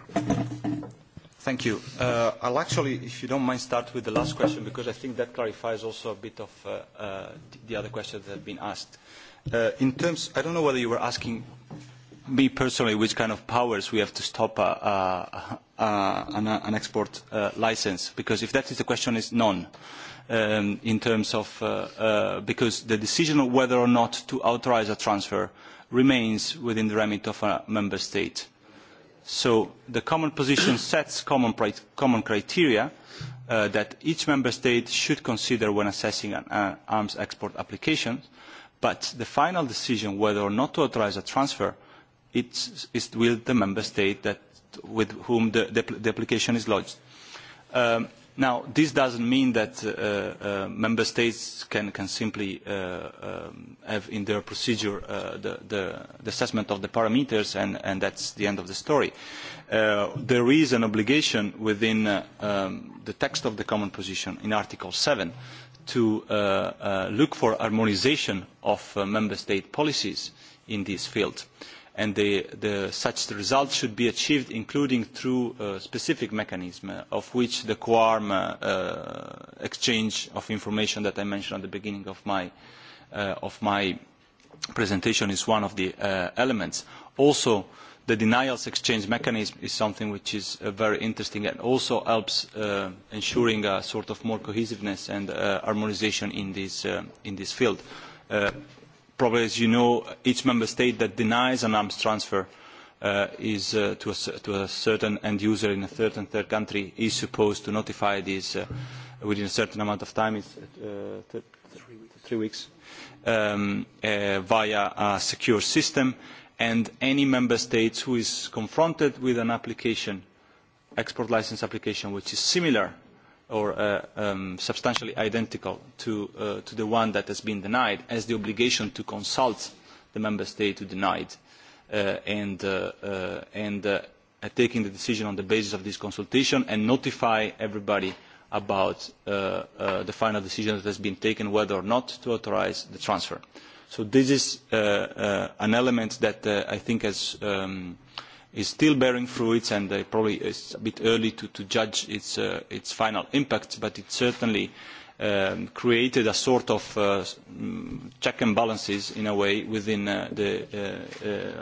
Thank you. Uh, I'll actually, if you don't mind, start with the last question because I think that clarifies also a bit of uh, uh, the other questions that have been asked. Uh, in terms, I don't know whether you were asking me personally which kind of powers we have to stop a, a, an, export licence, because if that is the question, is none in terms of because the decision of whether or not to authorise a transfer remains within the remit of a member state. So the common position sets common, criteria that each member state should consider when assessing an arms export application, but the final decision whether or not to authorise a transfer is with the member state that with whom the, the application is lodged. now, this doesn't mean that member states can, can simply have in their procedure the, the, assessment of the parameters and, and that's the end of the story. there is an obligation within the text of the common position in Article seven to look for harmonisation of member state policies in this field. Uh, and such results should be achieved including through a specific mechanism of which the QARM exchange of information that I mentioned at the beginning of my, presentation is one of the elements. Also, the denials exchange mechanism is something which is very interesting and also helps ensuring a sort of more cohesiveness and harmonisation in this, field probably as you know, each member state that denies an arms transfer is to, a, to a certain end user in a third and third country is supposed to notify this within a certain amount of time, it's uh, three weeks, via a secure system. And any member state who is confronted with an application, export license application, which is similar or substantially identical to, the one that has been denied as the obligation to consult the member state who denied and, taking the decision on the basis of this consultation and notify everybody about the final decision that has been taken whether or not to authorise the transfer. So this is an element that I think has is still bearing fruit, and probably it's a bit early to judge its final impact, but it certainly created a sort of check and balances in a way within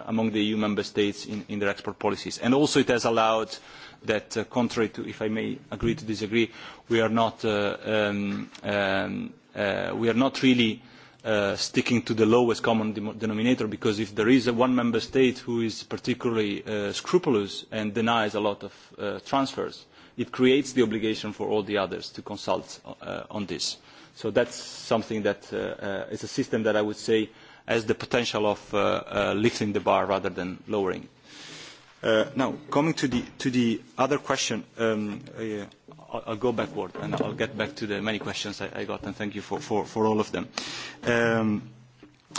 among the EU member states in their export policies. And also it has allowed that contrary to, if I may agree to disagree, we are not really sticking to the lowest common denominator because if there is one member state who is particularly scrupulous and denies a lot of transfers, it creates the obligation for all the others to consult on this. So that's something that is a system that I would say has the potential of lifting the bar rather than lowering it. now, coming to the, other question, I'll go backward, and I'll get back to the many questions I got, and thank you for all of them.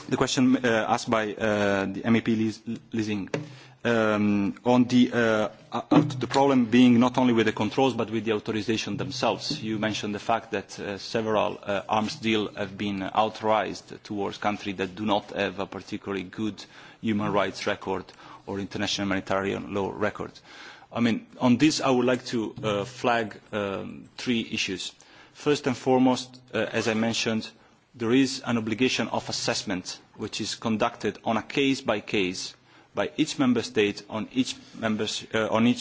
The question asked by the MEP Lising on the problem being not only with the controls but with the authorization themselves. You mentioned the fact that several arms deals have been authorized towards countries that do not have a particularly good human rights record or international humanitarian law record I mean, on this, I would like to flag three issues. First and foremost, as I mentioned, there is an obligation of assessment which is conducted on a case-by-case by each member state on each,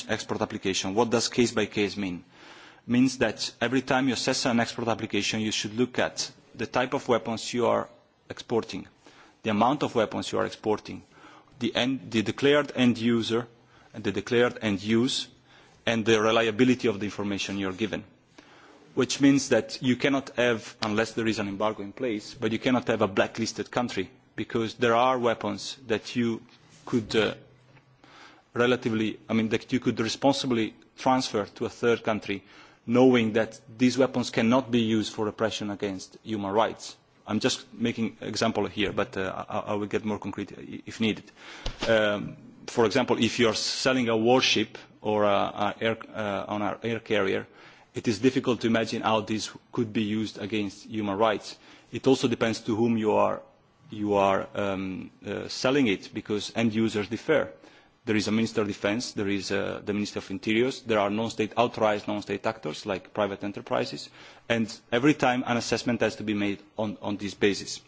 export application. What does case-by-case mean? It means that every time you assess an export application, you should look at the type of weapons you are exporting, the amount of weapons you are exporting, the, declared end user, the declared end use, and the reliability of the information you are given. Which means that you cannot have, unless there is an embargo in place, but you cannot have a blacklisted country because there are weapons that you could relatively, I mean, that you could responsibly transfer to a third country knowing that these weapons cannot be used for repression against human rights. I am just making an example here, but I, will get more concrete if needed for example, if you are selling a warship or a, air, on an air carrier, it is difficult to imagine how this could be used against human rights. It also depends to whom you are, you are um, uh, selling it, because end users differ. There is a Minister of Defence, there is uh, the Minister of Interiors, there are non-state authorised non-state actors like private enterprises, and every time an assessment has to be made on, on this basis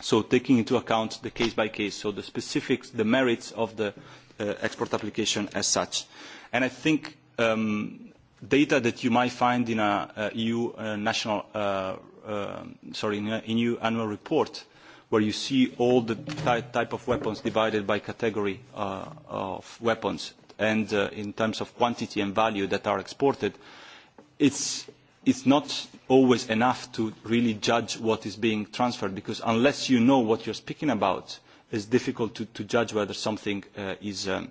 so taking into account the case by case, so the specifics, the merits of the export application as such. And I think data that you might find in a EU national, sorry, in an EU annual report, where you see all the type of weapons divided by category of weapons and in terms of quantity and value that are exported, it's it's not always enough to really judge what is being transferred because unless you know what you're speaking about, it's difficult to, to judge whether something uh, is, um,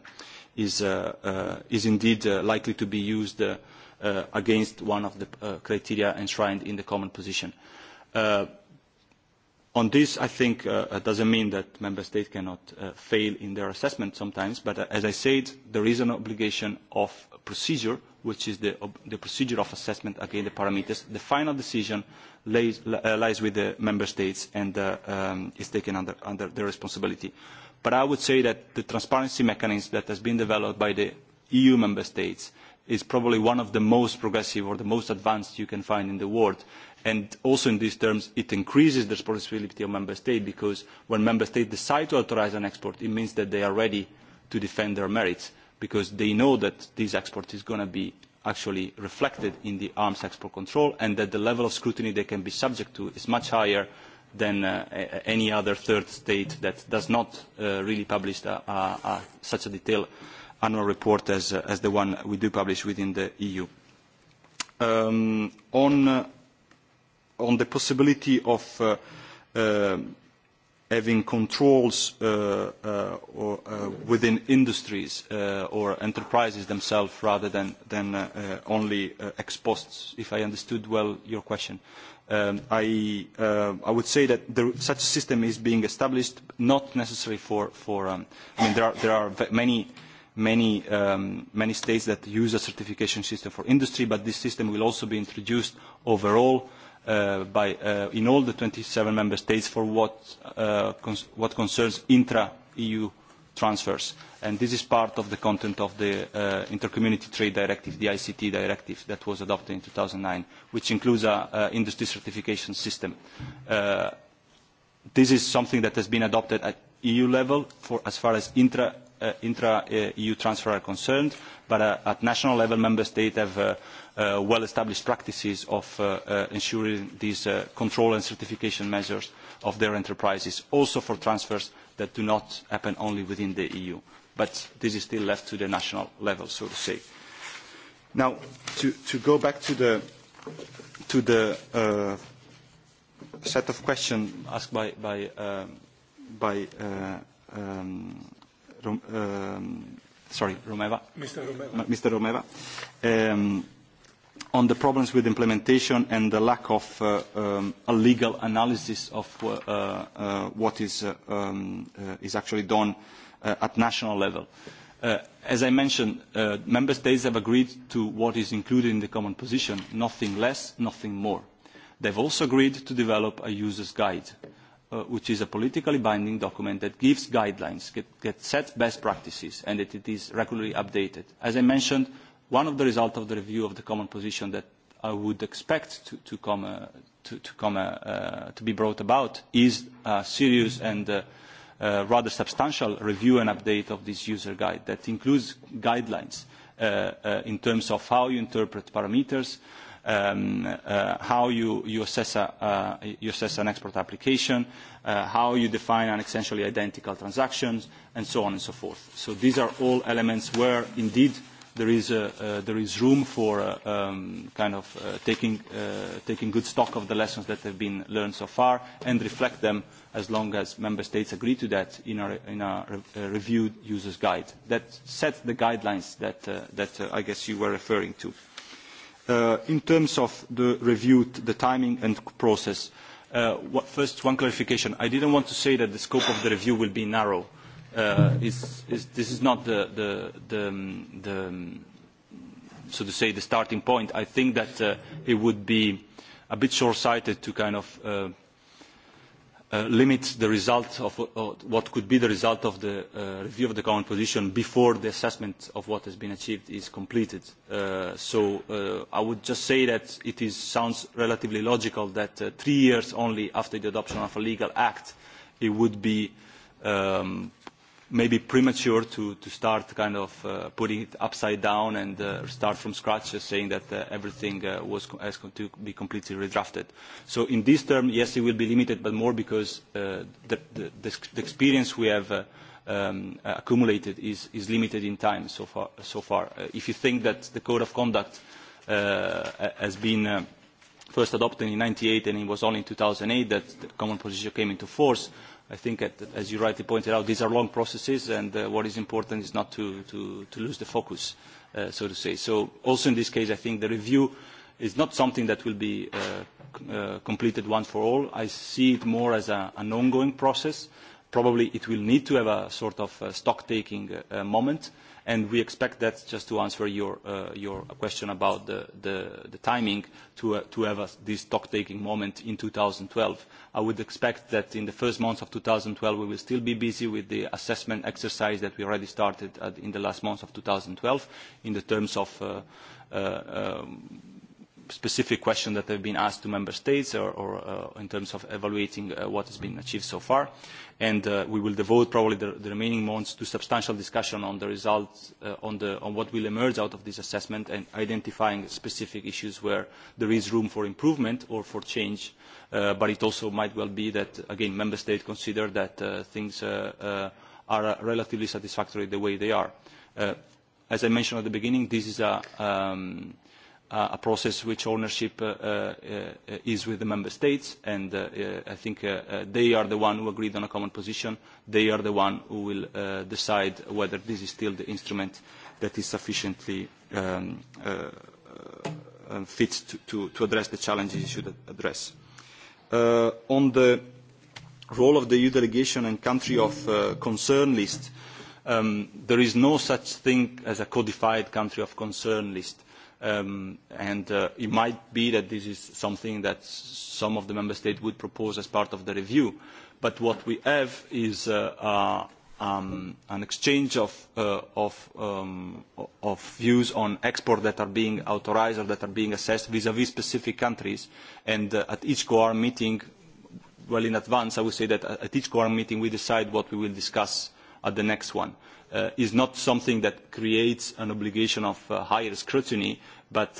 is, uh, uh, is indeed uh, likely to be used uh, uh, against one of the uh, criteria enshrined in the common position. Uh, on this, I think uh, it doesn't mean that member states cannot uh, fail in their assessment sometimes, but uh, as I said, there is an obligation of procedure, which is the, the procedure of assessment against the parameters. The final decision lays, lies with the member states and is taken under, under their responsibility. But I would say that the transparency mechanism that has been developed by the EU member states is probably one of the most progressive or the most advanced you can find in the world. And also in these terms, it increases the responsibility of member states because when member states decide to authorise an export, it means that they are ready to defend their merits because they know that this export is going to be actually reflected in the arms export control and that the level of scrutiny they can be subject to is much higher than any other third state that does not really publish such a detailed annual report as, the one we do publish within the EU. on, the possibility of having controls within industries or enterprises themselves rather than only ex post, if I understood well your question. I would say that such a system is being established, not necessarily for... I mean, there are many many, many states that use a certification system for industry, but this system will also be introduced overall in all the twenty seven member states for what, concerns intra-EU transfers. And this is part of the content of the Intercommunity Trade Directive, the ICT Directive, that was adopted in two thousand nine, which includes an industry certification system. this is something that has been adopted at EU level for as far as intra intra-EU transfer are concerned, but at national level, member states have well-established practices of ensuring these control and certification measures of their enterprises, also for transfers that do not happen only within the EU. But this is still left to the national level, so to say. Now, to go back to the set of questions asked by sorry, Romeva. Mr. Romeva. Mr. Romeva. on the problems with implementation and the lack of a legal analysis of what is, actually done at national level. as I mentioned, member states have agreed to what is included in the common position, nothing less, nothing more. They have also agreed to develop a user's guide which is a politically binding document that gives guidelines, that sets best practices, and that it is regularly updated. As I mentioned, one of the results of the review of the common position that I would expect to, come, to, be brought about is a serious and rather substantial review and update of this user guide that includes guidelines in terms of how you interpret parameters, uh, how you, assess, an export application, how you define an essentially identical transactions, and so on and so forth. So these are all elements where, indeed, there is, there is room for kind of taking, taking good stock of the lessons that have been learned so far and reflect them as long as member states agree to that in our, in our reviewed user's guide that sets the guidelines that, I guess you were referring to in terms of the review, the timing and process, first, one clarification. I didn't want to say that the scope of the review will be narrow. This is not the, so to say, the starting point. I think that it would be a bit short-sighted to kind of limit the result of what could be the result of the review of the common position before the assessment of what has been achieved is completed. so I would just say that it sounds relatively logical that three years only after the adoption of a legal act it would be um, maybe premature to, to start kind of uh, putting it upside down and uh, start from scratch, just saying that uh, everything uh, was has to be completely redrafted. So in this term, yes, it will be limited, but more because uh, the, the, the experience we have uh, um, accumulated is, is limited in time so far. So far. Uh, if you think that the code of conduct uh, has been uh, first adopted in 1998 and it was only in 2008 that the common position came into force, I think, at, as you rightly pointed out, these are long processes, and uh, what is important is not to, to, to lose the focus, uh, so to say. So also in this case, I think the review is not something that will be uh, uh, completed once for all. I see it more as a, an ongoing process. Probably it will need to have a sort of uh, stock-taking uh, moment, uh, and we expect that, just to answer your question about the timing, to have this stock-taking moment in 2012. I would expect that in the first months of 2012, we will still be busy with the assessment exercise that we already started in the last months of 2012 in the terms of specific questions that have been asked to member states or, or uh, in terms of evaluating uh, what has been achieved so far. And uh, we will devote probably the, the remaining months to substantial discussion on the results, uh, on, the, on what will emerge out of this assessment and identifying specific issues where there is room for improvement or for change. Uh, but it also might well be that, again, member states consider that uh, things uh, uh, are relatively satisfactory the way they are. Uh, as I mentioned at the beginning, this is a... Um, a process which ownership is with the member states, and I think they are the one who agreed on a common position. They are the one who will decide whether this is still the instrument that is sufficiently fit to, address the challenges it should address. on the role of the EU delegation and country of concern list, there is no such thing as a codified country of concern list and it might be that this is something that some of the member states would propose as part of the review. But what we have is an exchange of, views on exports that are being authorised or that are being assessed vis-à-vis specific countries. And at each COAR meeting, well in advance, I would say that at each COAR meeting we decide what we will discuss at the next one is not something that creates an obligation of higher scrutiny, but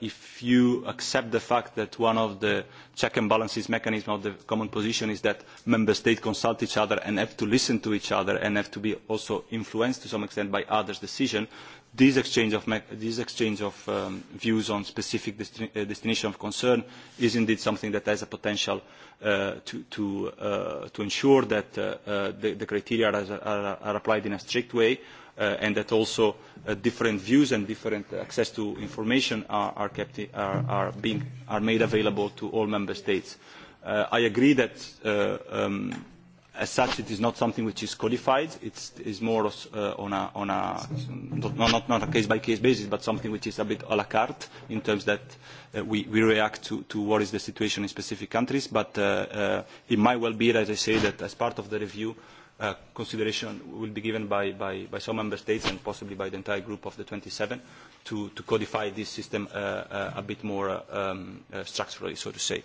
if you accept the fact that one of the check and balances mechanisms of the common position is that member states consult each other and have to listen to each other and have to be also influenced to some extent by others' decisions, This exchange of, this exchange of um, views on specific desti destination of concern is indeed something that has a potential uh, to, to, uh, to ensure that uh, uh, the, the criteria are, are, are applied in a strict way uh, and that also uh, different views and different access to information are, are, kept, are, are, being, are made available to all member states. Uh, I agree that uh, um, as such, it is not something which is codified. It is more on a, on a not, not, a case-by-case basis, but something which is a bit a la carte in terms that we, we react to, to what is the situation in specific countries. But it might well be, as I say, that as part of the review, consideration will be given by, by, by some member states and possibly by the entire group of the 27 to, to codify this system a bit more structurally, so to say.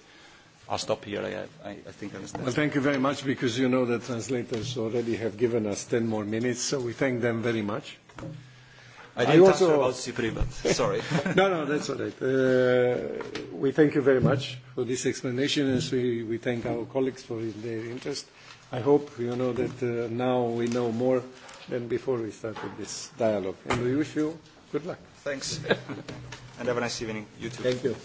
I'll stop here. I, I, I think I understand. Well, thank you very much because you know the translators already have given us 10 more minutes, so we thank them very much. I didn't I also... about Cypri, but sorry. no, no, that's all right. Uh, we thank you very much for this explanation, and we, we thank our colleagues for their interest. I hope you know that uh, now we know more than before we started this dialogue. And we wish you good luck. Thanks. and have a nice evening. You too. Thank you.